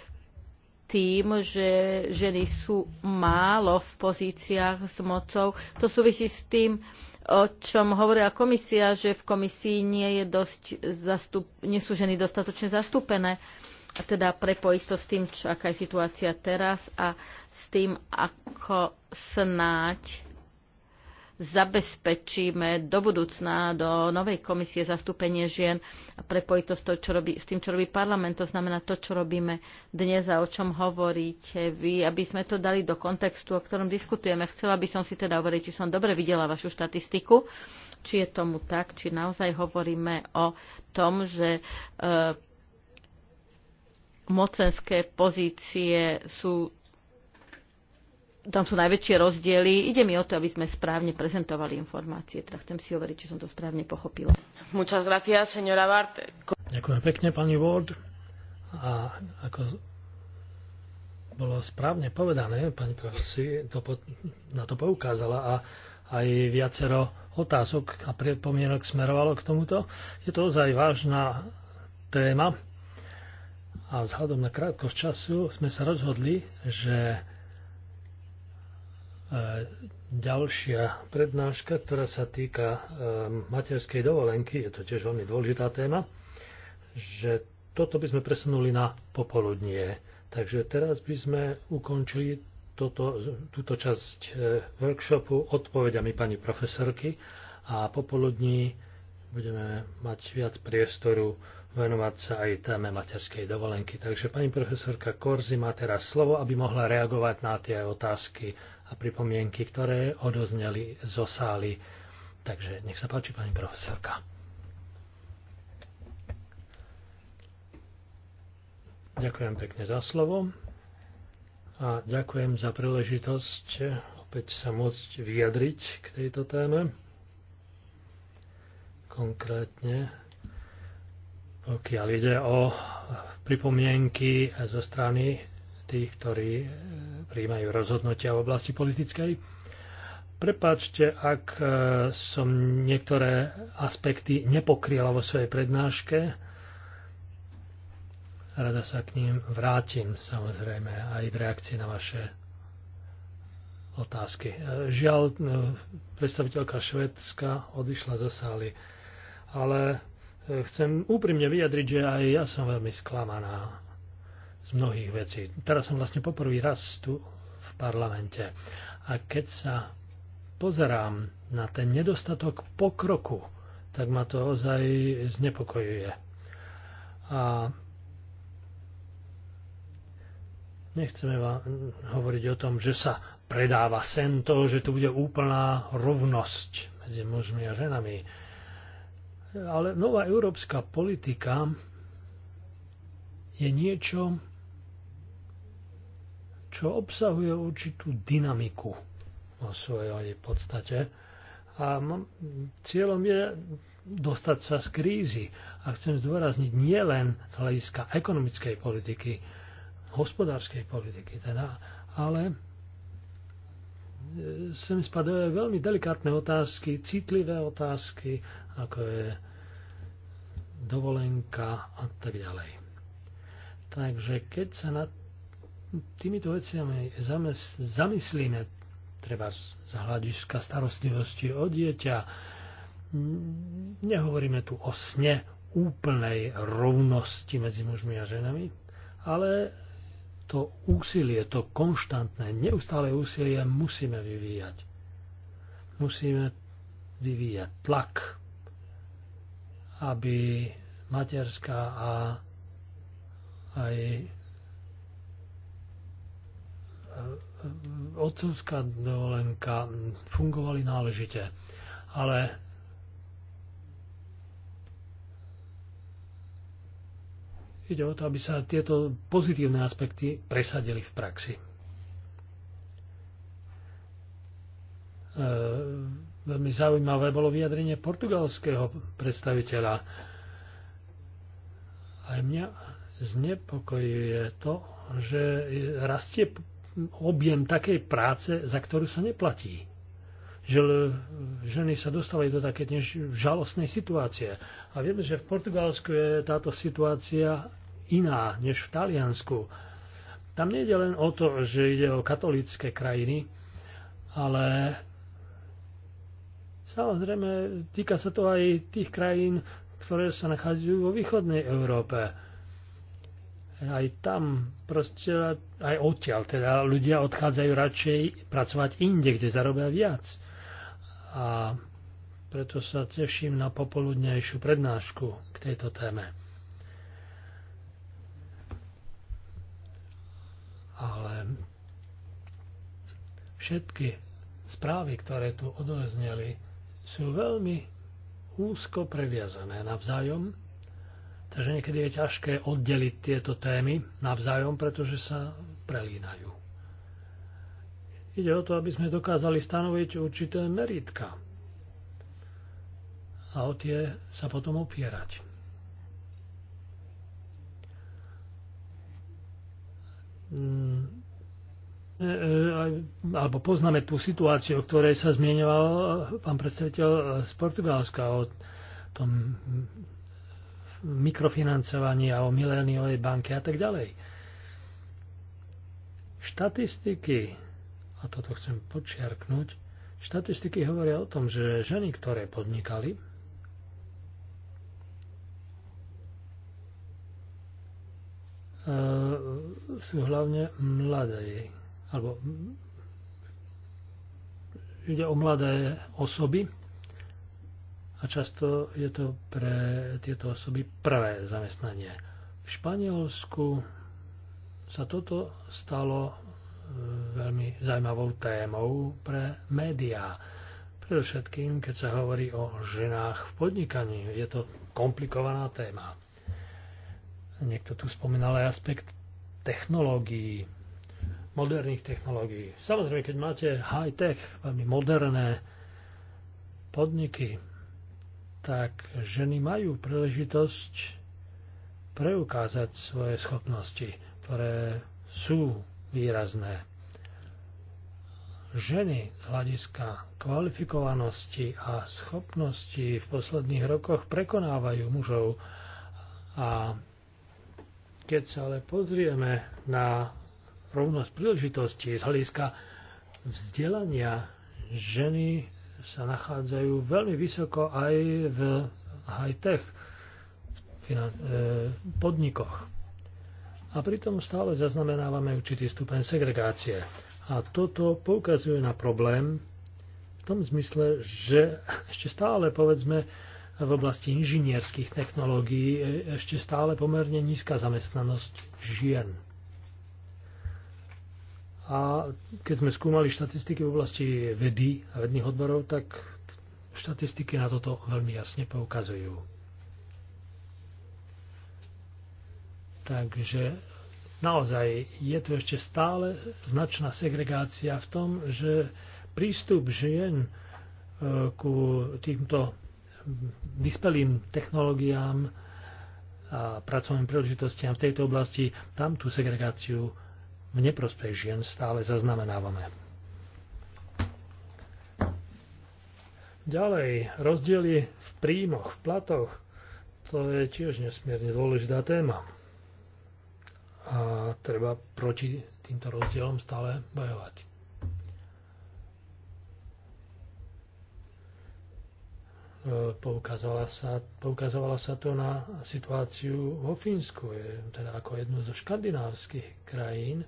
tým, že ženy sú málo v pozíciách s mocou. To súvisí s tým, o čom hovorila komisia, že v komisii nie, je dosť zastup, nie sú ženy dostatočne zastúpené. A teda prepojiť to s tým, čo, aká je situácia teraz a s tým, ako snáď zabezpečíme do budúcna, do novej komisie zastúpenie žien a prepojiť to s, to, čo robí, s tým, čo robí parlament, to znamená to, čo robíme dnes a o čom hovoríte vy, aby sme to dali do kontextu, o ktorom diskutujeme. Chcela by som si teda overiť, či som dobre videla vašu štatistiku, či je tomu tak, či naozaj hovoríme o tom, že e, mocenské pozície sú tam sú najväčšie rozdiely. Ide mi o to, aby sme správne prezentovali informácie. Teda chcem si overiť, či som to správne pochopila. Muchas gracias, señora Bart. Ďakujem pekne, pani Ward. A ako bolo správne povedané, pani profesor to po, na to poukázala a aj viacero otázok a predpomienok smerovalo k tomuto. Je to ozaj vážna téma a vzhľadom na krátkosť času sme sa rozhodli, že ďalšia prednáška, ktorá sa týka e, materskej dovolenky, je to tiež veľmi dôležitá téma, že toto by sme presunuli na popoludnie. Takže teraz by sme ukončili toto, túto časť e, workshopu odpovediami pani profesorky a popoludní budeme mať viac priestoru venovať sa aj téme materskej dovolenky. Takže pani profesorka Korzi má teraz slovo, aby mohla reagovať na tie otázky a pripomienky, ktoré odozneli zo sály. Takže nech sa páči, pani profesorka. Ďakujem pekne za slovo a ďakujem za príležitosť opäť sa môcť vyjadriť k tejto téme. Konkrétne pokiaľ ide o pripomienky zo strany tých, ktorí e, príjmajú rozhodnutia v oblasti politickej. Prepačte, ak e, som niektoré aspekty nepokryla vo svojej prednáške. Rada sa k ním vrátim, samozrejme, aj v reakcii na vaše otázky. E, žiaľ, predstaviteľka Švedska odišla zo sály, ale chcem úprimne vyjadriť, že aj ja som veľmi sklamaná z mnohých vecí. Teraz som vlastne poprvý raz tu v parlamente a keď sa pozerám na ten nedostatok pokroku, tak ma to ozaj znepokojuje. A nechceme vám hovoriť o tom, že sa predáva sen to, že tu bude úplná rovnosť medzi mužmi a ženami. Ale nová európska politika je niečo, čo obsahuje určitú dynamiku o svojej podstate. A cieľom je dostať sa z krízy. A chcem zdôrazniť nie len z hľadiska ekonomickej politiky, hospodárskej politiky, teda, ale e, sem spadajú veľmi delikátne otázky, citlivé otázky, ako je dovolenka a tak ďalej. Takže keď sa nad týmito veciami zamyslíme, treba z hľadiska starostlivosti o dieťa, nehovoríme tu o sne úplnej rovnosti medzi mužmi a ženami, ale to úsilie, to konštantné, neustále úsilie musíme vyvíjať. Musíme vyvíjať tlak, aby materská a aj E, e, otcovská dovolenka fungovali náležite. Ale ide o to, aby sa tieto pozitívne aspekty presadili v praxi. E, veľmi zaujímavé bolo vyjadrenie portugalského predstaviteľa. Aj mňa znepokojuje to, že rastie objem takej práce, za ktorú sa neplatí. Že ženy sa dostávajú do také než žalostnej situácie. A vieme, že v Portugalsku je táto situácia iná než v Taliansku. Tam nejde len o to, že ide o katolické krajiny, ale samozrejme týka sa to aj tých krajín, ktoré sa nachádzajú vo východnej Európe aj tam proste, aj odtiaľ, teda ľudia odchádzajú radšej pracovať inde, kde zarobia viac. A preto sa teším na popoludnejšiu prednášku k tejto téme. Ale všetky správy, ktoré tu odozneli, sú veľmi úzko previazané navzájom Takže niekedy je ťažké oddeliť tieto témy navzájom, pretože sa prelínajú. Ide o to, aby sme dokázali stanoviť určité meritka a o tie sa potom opierať. Mm. E, e, alebo poznáme tú situáciu, o ktorej sa zmienoval pán predstaviteľ z Portugalska, o tom a o miléniovej banke a tak ďalej. Štatistiky, a toto chcem počiarknúť, štatistiky hovoria o tom, že ženy, ktoré podnikali, e, sú hlavne mladé, alebo ide o mladé osoby, a často je to pre tieto osoby prvé zamestnanie. V Španielsku sa toto stalo e, veľmi zaujímavou témou pre médiá. Predovšetkým, keď sa hovorí o ženách v podnikaní, je to komplikovaná téma. Niekto tu spomínal aj aspekt technológií, moderných technológií. Samozrejme, keď máte high-tech, veľmi moderné podniky, tak ženy majú príležitosť preukázať svoje schopnosti, ktoré sú výrazné. Ženy z hľadiska kvalifikovanosti a schopnosti v posledných rokoch prekonávajú mužov a keď sa ale pozrieme na rovnosť príležitosti z hľadiska vzdelania ženy sa nachádzajú veľmi vysoko aj v high-tech e, podnikoch. A pritom stále zaznamenávame určitý stupeň segregácie. A toto poukazuje na problém v tom zmysle, že ešte stále, povedzme, v oblasti inžinierských technológií e, ešte stále pomerne nízka zamestnanosť žien. A keď sme skúmali štatistiky v oblasti vedy a vedných odborov, tak štatistiky na toto veľmi jasne poukazujú. Takže naozaj je tu ešte stále značná segregácia v tom, že prístup žien e, ku týmto vyspelým technológiám a pracovným príležitostiam v tejto oblasti, tam tú segregáciu v neprospech žien stále zaznamenávame. Ďalej, rozdiely v príjmoch, v platoch, to je tiež nesmierne dôležitá téma. A treba proti týmto rozdielom stále bojovať. E, poukazovala sa, poukazovala sa to na situáciu vo Fínsku, je, teda ako jednu zo škandinávskych krajín,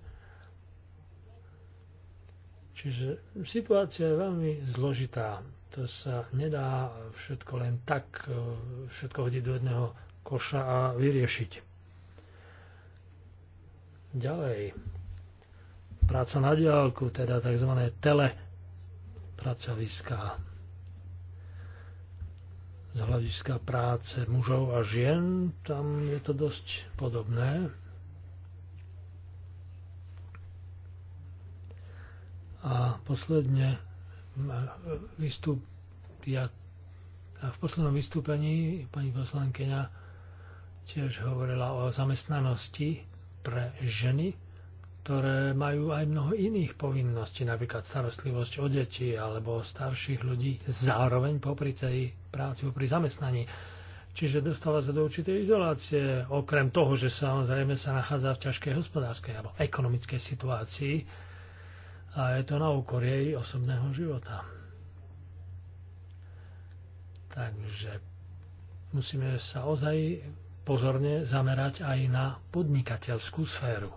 Čiže situácia je veľmi zložitá. To sa nedá všetko len tak, e, všetko hodiť do jedného koša a vyriešiť. Ďalej. Práca na diálku, teda tzv. tele pracoviská. Z hľadiska práce mužov a žien tam je to dosť podobné. A posledne ja, a v poslednom vystúpení pani poslankyňa tiež hovorila o zamestnanosti pre ženy, ktoré majú aj mnoho iných povinností, napríklad starostlivosť o deti alebo o starších ľudí, zároveň popri tej práci, pri zamestnaní. Čiže dostala sa do určitej izolácie, okrem toho, že samozrejme sa nachádza v ťažkej hospodárskej alebo ekonomickej situácii, a je to na úkor jej osobného života. Takže musíme sa ozaj pozorne zamerať aj na podnikateľskú sféru.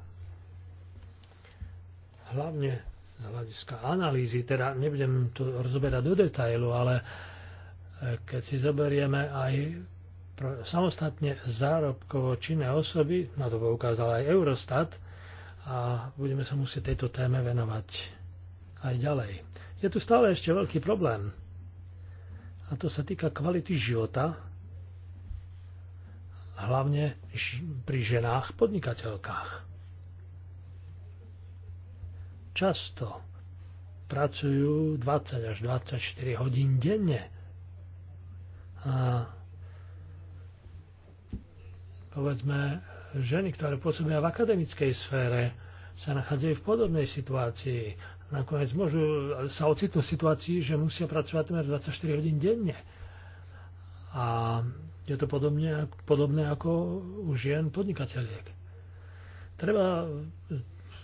Hlavne z hľadiska analýzy, teda nebudem to rozoberať do detailu, ale e, keď si zoberieme aj samostatne zárobkovo činné osoby, na to ukázal aj Eurostat, a budeme sa musieť tejto téme venovať aj ďalej. Je tu stále ešte veľký problém a to sa týka kvality života, hlavne pri ženách podnikateľkách. Často pracujú 20 až 24 hodín denne. A povedzme, ženy, ktoré pôsobia v akademickej sfére, sa nachádzajú v podobnej situácii. Nakoniec môžu sa ocitnú v situácii, že musia pracovať 24 hodín denne. A je to podobne, podobné ako u žien podnikateľiek. Treba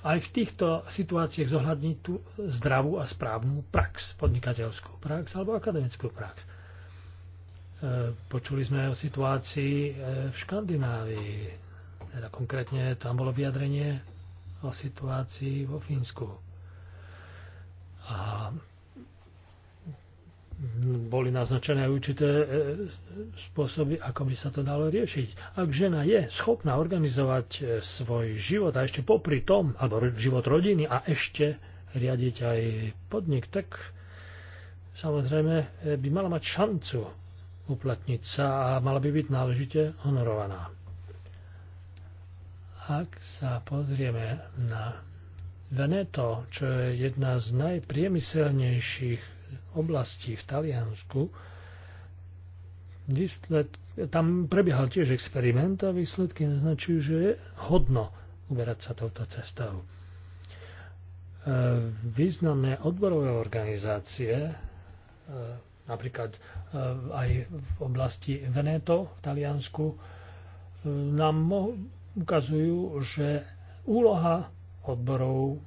aj v týchto situáciách zohľadniť tú zdravú a správnu prax, podnikateľskú prax alebo akademickú prax. E, počuli sme o situácii e, v Škandinávii, teda konkrétne tam bolo vyjadrenie o situácii vo Fínsku. A boli naznačené určité e, spôsoby, ako by sa to dalo riešiť. Ak žena je schopná organizovať e, svoj život a ešte popri tom, alebo život rodiny a ešte riadiť aj podnik, tak samozrejme e, by mala mať šancu uplatniť sa a mala by byť náležite honorovaná. Ak sa pozrieme na Veneto, čo je jedna z najpriemyselnejších oblastí v Taliansku, výsled, tam prebiehal tiež experiment a výsledky naznačujú, že je hodno uberať sa touto cestou. E, významné odborové organizácie, e, napríklad e, aj v oblasti Veneto v Taliansku, nám ukazujú, že úloha odborov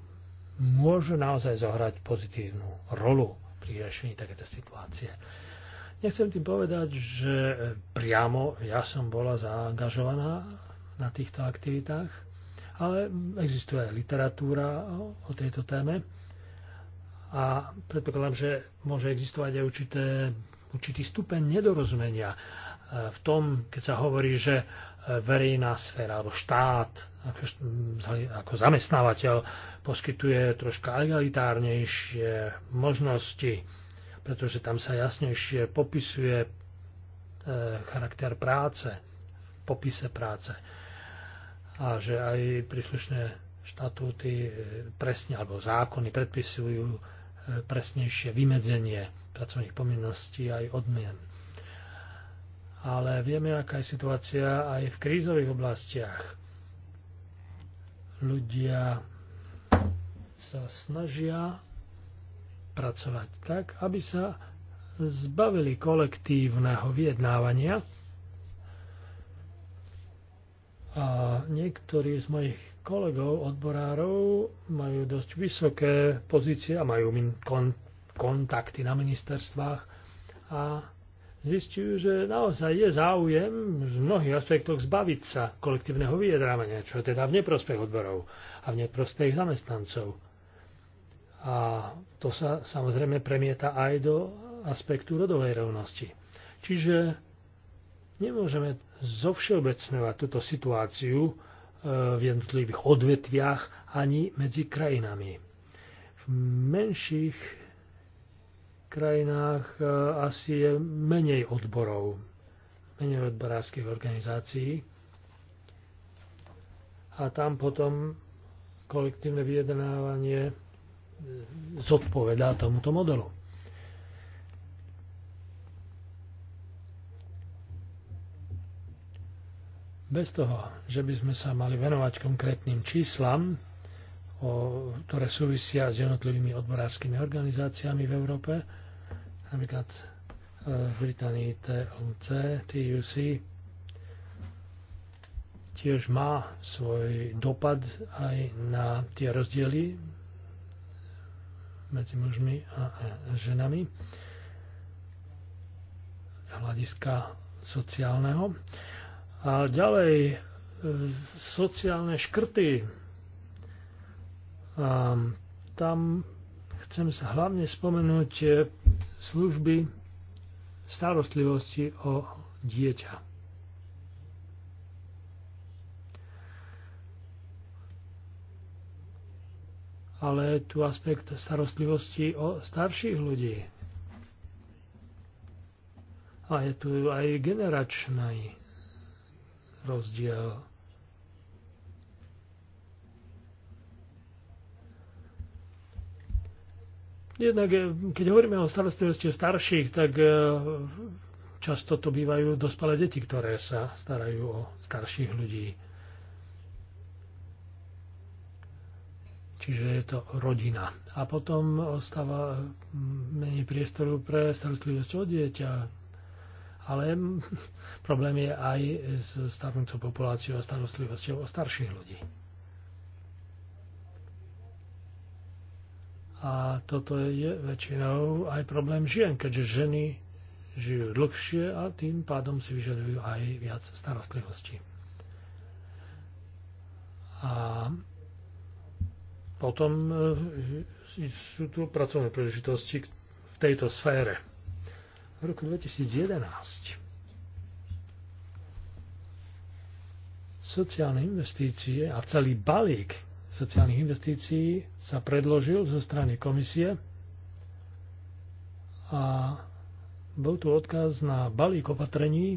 môže naozaj zohrať pozitívnu rolu pri riešení takéto situácie. Nechcem tým povedať, že priamo ja som bola zaangažovaná na týchto aktivitách, ale existuje aj literatúra o tejto téme a predpokladám, že môže existovať aj určité, určitý stupeň nedorozumenia e, v tom, keď sa hovorí, že verejná sféra alebo štát ako, ako zamestnávateľ poskytuje troška egalitárnejšie možnosti, pretože tam sa jasnejšie popisuje e, charakter práce, v popise práce. A že aj príslušné štatúty e, presne alebo zákony predpisujú e, presnejšie vymedzenie pracovných povinností aj odmien ale vieme, aká je situácia aj v krízových oblastiach. Ľudia sa snažia pracovať tak, aby sa zbavili kolektívneho vyjednávania. A niektorí z mojich kolegov, odborárov, majú dosť vysoké pozície a majú kontakty na ministerstvách a zistiu, že naozaj je záujem v mnohých aspektoch zbaviť sa kolektívneho vyjedrávania, čo je teda v neprospech odborov a v neprospech zamestnancov. A to sa samozrejme premieta aj do aspektu rodovej rovnosti. Čiže nemôžeme zovšeobecňovať túto situáciu e, v jednotlivých odvetviach ani medzi krajinami. V menších krajinách e, asi je menej odborov, menej odborárskych organizácií. A tam potom kolektívne vyjednávanie e, zodpovedá tomuto modelu. Bez toho, že by sme sa mali venovať konkrétnym číslam, ktoré súvisia s jednotlivými odborárskymi organizáciami v Európe, napríklad e, v Británii TUC, TUC tiež má svoj dopad aj na tie rozdiely medzi mužmi a ženami z hľadiska sociálneho. A ďalej e, sociálne škrty. A tam chcem hlavne spomenúť e, služby starostlivosti o dieťa. Ale tu aspekt starostlivosti o starších ľudí. A je tu aj generačný rozdiel Jednak, eh, keď hovoríme o starostlivosti starších, tak eh, často to bývajú dospelé deti, ktoré sa starajú o starších ľudí. Čiže je to rodina. A potom ostáva mm, menej priestoru pre starostlivosť o dieťa. Ale mm, problém je aj s starnúcou populáciou a starostlivosťou o starších ľudí. A toto je väčšinou aj problém žien, keďže ženy žijú dlhšie a tým pádom si vyžadujú aj viac starostlivosti. A potom e, sú tu pracovné príležitosti v tejto sfére. V roku 2011 sociálne investície a celý balík sociálnych investícií sa predložil zo strany komisie a bol tu odkaz na balík opatrení,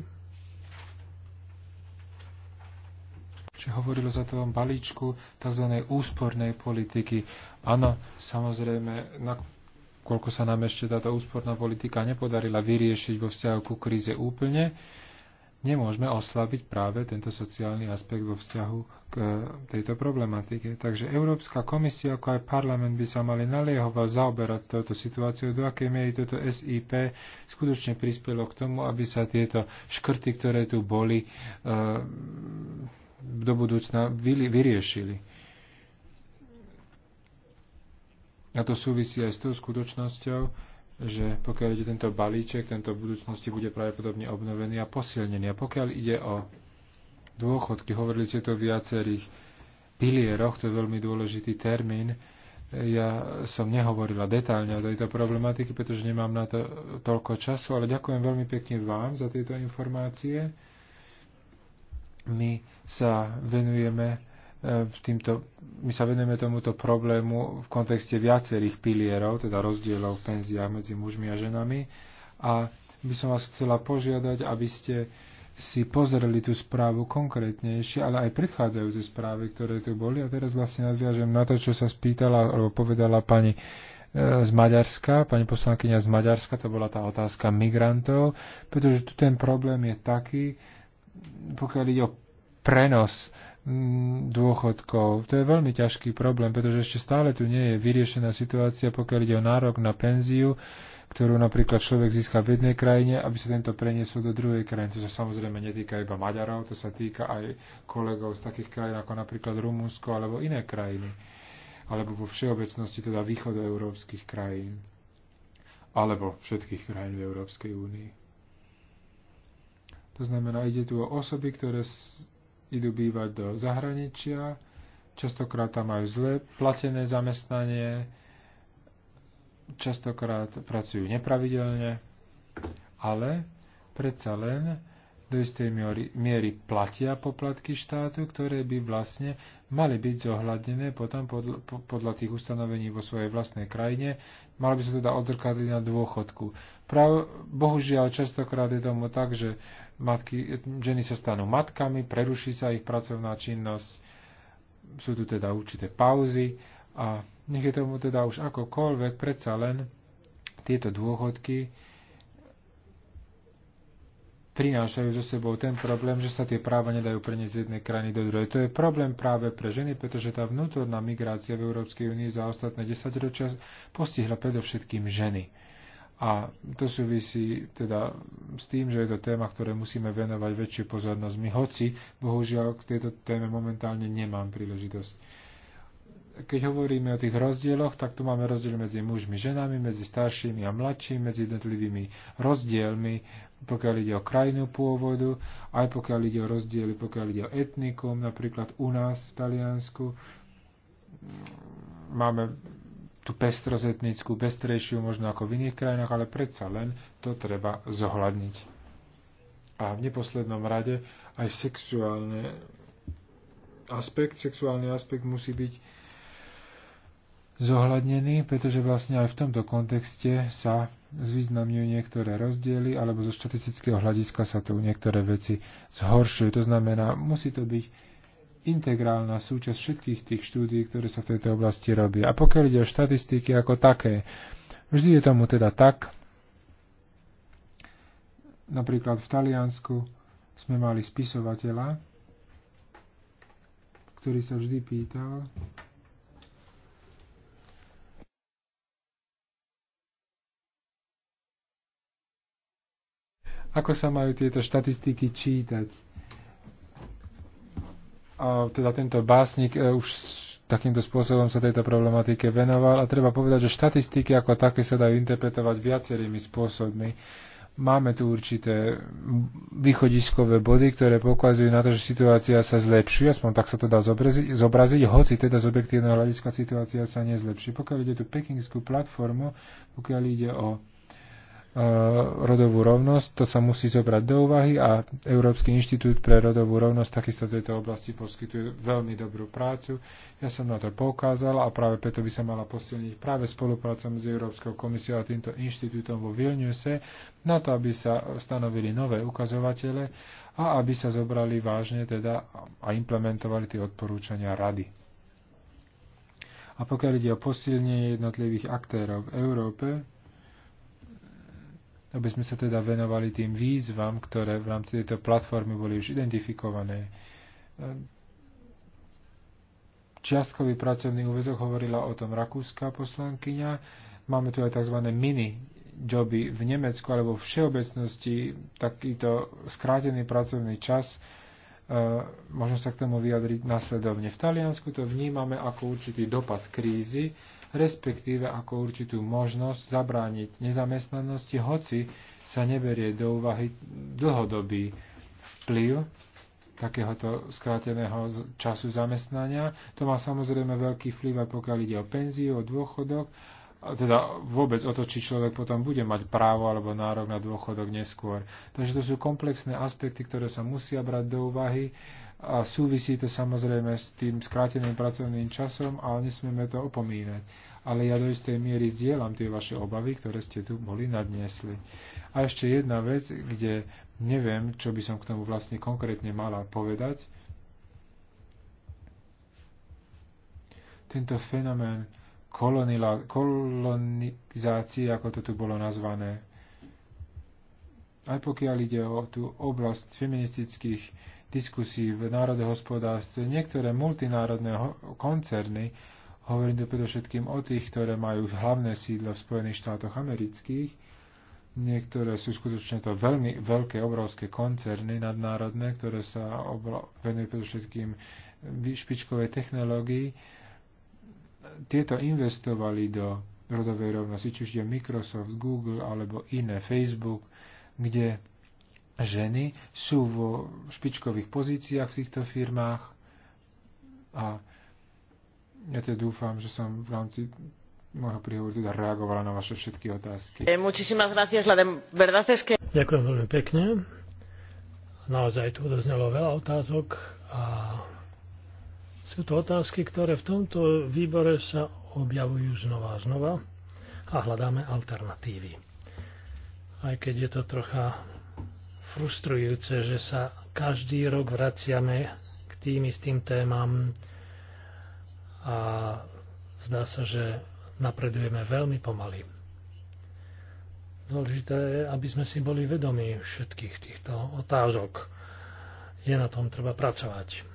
čo hovorilo za tom balíčku tzv. úspornej politiky. Áno, samozrejme, koľko sa nám ešte táto úsporná politika nepodarila vyriešiť vo vzťahu ku kríze úplne, nemôžeme oslabiť práve tento sociálny aspekt vo vzťahu k e, tejto problematike. Takže Európska komisia ako aj parlament by sa mali naliehovať zaoberať touto situáciou, do akej miery toto SIP skutočne prispelo k tomu, aby sa tieto škrty, ktoré tu boli, e, do budúcna vyriešili. A to súvisí aj s tou skutočnosťou, že pokiaľ ide tento balíček, tento v budúcnosti bude pravdepodobne obnovený a posilnený. A pokiaľ ide o dôchodky, hovorili ste to o viacerých pilieroch, to je veľmi dôležitý termín, ja som nehovorila detálne o tejto problematiky, pretože nemám na to toľko času, ale ďakujem veľmi pekne vám za tieto informácie. My sa venujeme týmto, my sa venujeme tomuto problému v kontexte viacerých pilierov, teda rozdielov v penziách medzi mužmi a ženami. A by som vás chcela požiadať, aby ste si pozreli tú správu konkrétnejšie, ale aj predchádzajúce správy, ktoré tu boli. A teraz vlastne nadviažem na to, čo sa spýtala, alebo povedala pani e, z Maďarska, pani poslankyňa z Maďarska, to bola tá otázka migrantov, pretože tu ten problém je taký, pokiaľ ide o prenos Mm, dôchodkov. To je veľmi ťažký problém, pretože ešte stále tu nie je vyriešená situácia, pokiaľ ide o nárok na penziu, ktorú napríklad človek získa v jednej krajine, aby sa tento preniesol do druhej krajiny. To sa samozrejme netýka iba Maďarov, to sa týka aj kolegov z takých krajín ako napríklad Rumunsko alebo iné krajiny, alebo vo všeobecnosti teda východoeurópskych krajín, alebo všetkých krajín v Európskej únii. To znamená, ide tu o osoby, ktoré idú bývať do zahraničia, častokrát tam majú zle platené zamestnanie, častokrát pracujú nepravidelne, ale predsa len do istej miery, miery platia poplatky štátu, ktoré by vlastne mali byť zohľadnené potom podľa, podľa tých ustanovení vo svojej vlastnej krajine. Malo by sa teda odzrkadliť na dôchodku. Prav, bohužiaľ, častokrát je tomu tak, že matky, ženy sa stanú matkami, preruší sa ich pracovná činnosť, sú tu teda určité pauzy a nech je tomu teda už akokoľvek, predsa len tieto dôchodky prinášajú so sebou ten problém, že sa tie práva nedajú preniesť z jednej krajiny do druhej. To je problém práve pre ženy, pretože tá vnútorná migrácia v Európskej únii za ostatné desaťročia postihla predovšetkým ženy. A to súvisí teda s tým, že je to téma, ktoré musíme venovať väčšiu pozornosť. My hoci, bohužiaľ, k tejto téme momentálne nemám príležitosť. Keď hovoríme o tých rozdieloch, tak tu máme rozdiel medzi mužmi, ženami, medzi staršími a mladšími, medzi jednotlivými rozdielmi, pokiaľ ide o krajinu pôvodu, aj pokiaľ ide o rozdiely, pokiaľ ide o etnikum, napríklad u nás v Taliansku, máme tú pestrozetnickú, etnickú, pestrejšiu možno ako v iných krajinách, ale predsa len to treba zohľadniť. A v neposlednom rade aj sexuálne aspekt, sexuálny aspekt musí byť zohľadnený, pretože vlastne aj v tomto kontexte sa zvýznamňujú niektoré rozdiely, alebo zo štatistického hľadiska sa tu niektoré veci zhoršujú. To znamená, musí to byť integrálna súčasť všetkých tých štúdií, ktoré sa v tejto oblasti robí. A pokiaľ ide o štatistiky ako také, vždy je tomu teda tak, napríklad v Taliansku sme mali spisovateľa, ktorý sa vždy pýtal, ako sa majú tieto štatistiky čítať a teda tento básnik e, už takýmto spôsobom sa tejto problematike venoval a treba povedať, že štatistiky ako také sa dajú interpretovať viacerými spôsobmi. Máme tu určité východiskové body, ktoré pokazujú na to, že situácia sa zlepšuje, aspoň tak sa to dá zobraziť, zobraziť hoci teda z objektívneho hľadiska situácia sa nezlepší. Pokiaľ ide tu pekingskú platformu, pokiaľ ide o Eh, rodovú rovnosť, to sa musí zobrať do úvahy a Európsky inštitút pre rodovú rovnosť takisto v tejto oblasti poskytuje veľmi dobrú prácu. Ja som na to poukázal a práve preto by sa mala posilniť práve spolupráca medzi Európskou komisiou a týmto inštitútom vo Vilniuse na to, aby sa stanovili nové ukazovatele a aby sa zobrali vážne teda a implementovali tie odporúčania rady. A pokiaľ ide o posilnenie jednotlivých aktérov v Európe, aby sme sa teda venovali tým výzvam, ktoré v rámci tejto platformy boli už identifikované. Čiastkový pracovný úvezok hovorila o tom rakúska poslankyňa. Máme tu aj tzv. mini joby v Nemecku, alebo v všeobecnosti takýto skrátený pracovný čas e, môžem sa k tomu vyjadriť nasledovne. V Taliansku to vnímame ako určitý dopad krízy, respektíve ako určitú možnosť zabrániť nezamestnanosti, hoci sa neberie do úvahy dlhodobý vplyv takéhoto skráteného času zamestnania. To má samozrejme veľký vplyv aj pokiaľ ide o penziu, o dôchodok teda vôbec o to, či človek potom bude mať právo alebo nárok na dôchodok neskôr. Takže to sú komplexné aspekty, ktoré sa musia brať do úvahy a súvisí to samozrejme s tým skráteným pracovným časom, ale nesmieme to opomínať. Ale ja do istej miery zdieľam tie vaše obavy, ktoré ste tu boli nadniesli. A ešte jedna vec, kde neviem, čo by som k tomu vlastne konkrétne mala povedať. Tento fenomén kolonizácii, ako to tu bolo nazvané. Aj pokiaľ ide o tú oblasť feministických diskusí v národohospodárstve, niektoré multinárodné koncerny, hovorím tu predovšetkým o tých, ktoré majú hlavné sídlo v Spojených štátoch amerických, Niektoré sú skutočne to veľmi veľké, obrovské koncerny nadnárodné, ktoré sa venujú predovšetkým špičkovej technológii tieto investovali do rodovej rovnosti, či už je Microsoft, Google alebo iné, Facebook, kde ženy sú vo špičkových pozíciách v týchto firmách a ja teda dúfam, že som v rámci môjho príhovoru teda reagovala na vaše všetky otázky. Eh, Ďakujem veľmi pekne. Naozaj tu odoznelo veľa otázok a sú to otázky, ktoré v tomto výbore sa objavujú znova a znova a hľadáme alternatívy. Aj keď je to trocha frustrujúce, že sa každý rok vraciame k tým istým témam a zdá sa, že napredujeme veľmi pomaly. Dôležité je, aby sme si boli vedomi všetkých týchto otázok. Je na tom treba pracovať.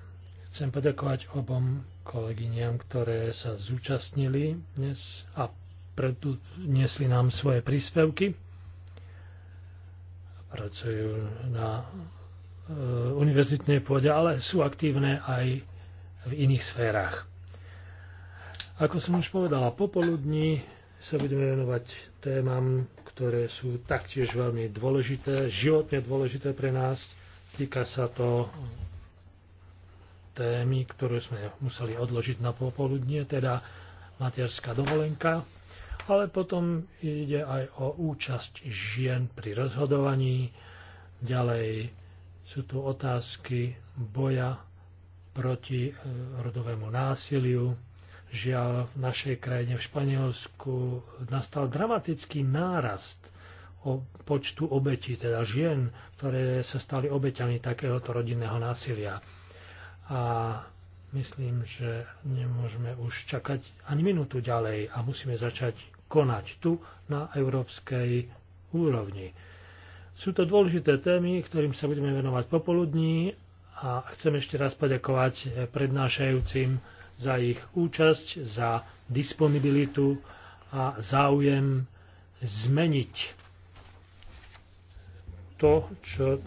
Chcem poďakovať obom kolegyňam, ktoré sa zúčastnili dnes a predniesli nám svoje príspevky. Pracujú na e, univerzitnej pôde, ale sú aktívne aj v iných sférach. Ako som už povedala, popoludní sa budeme venovať témam, ktoré sú taktiež veľmi dôležité, životne dôležité pre nás. Týka sa to témy, ktorú sme museli odložiť na popoludnie, teda materská dovolenka, ale potom ide aj o účasť žien pri rozhodovaní, ďalej sú tu otázky boja proti e, rodovému násiliu. Žiaľ, v našej krajine, v Španielsku, nastal dramatický nárast o počtu obetí, teda žien, ktoré sa stali obeťami takéhoto rodinného násilia a myslím, že nemôžeme už čakať ani minútu ďalej a musíme začať konať tu na európskej úrovni. Sú to dôležité témy, ktorým sa budeme venovať popoludní a chcem ešte raz poďakovať prednášajúcim za ich účasť, za disponibilitu a záujem zmeniť to, čo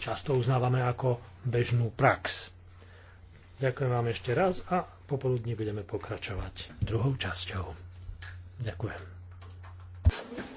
často uznávame ako bežnú prax. Ďakujem vám ešte raz a popoludní budeme pokračovať druhou časťou. Ďakujem.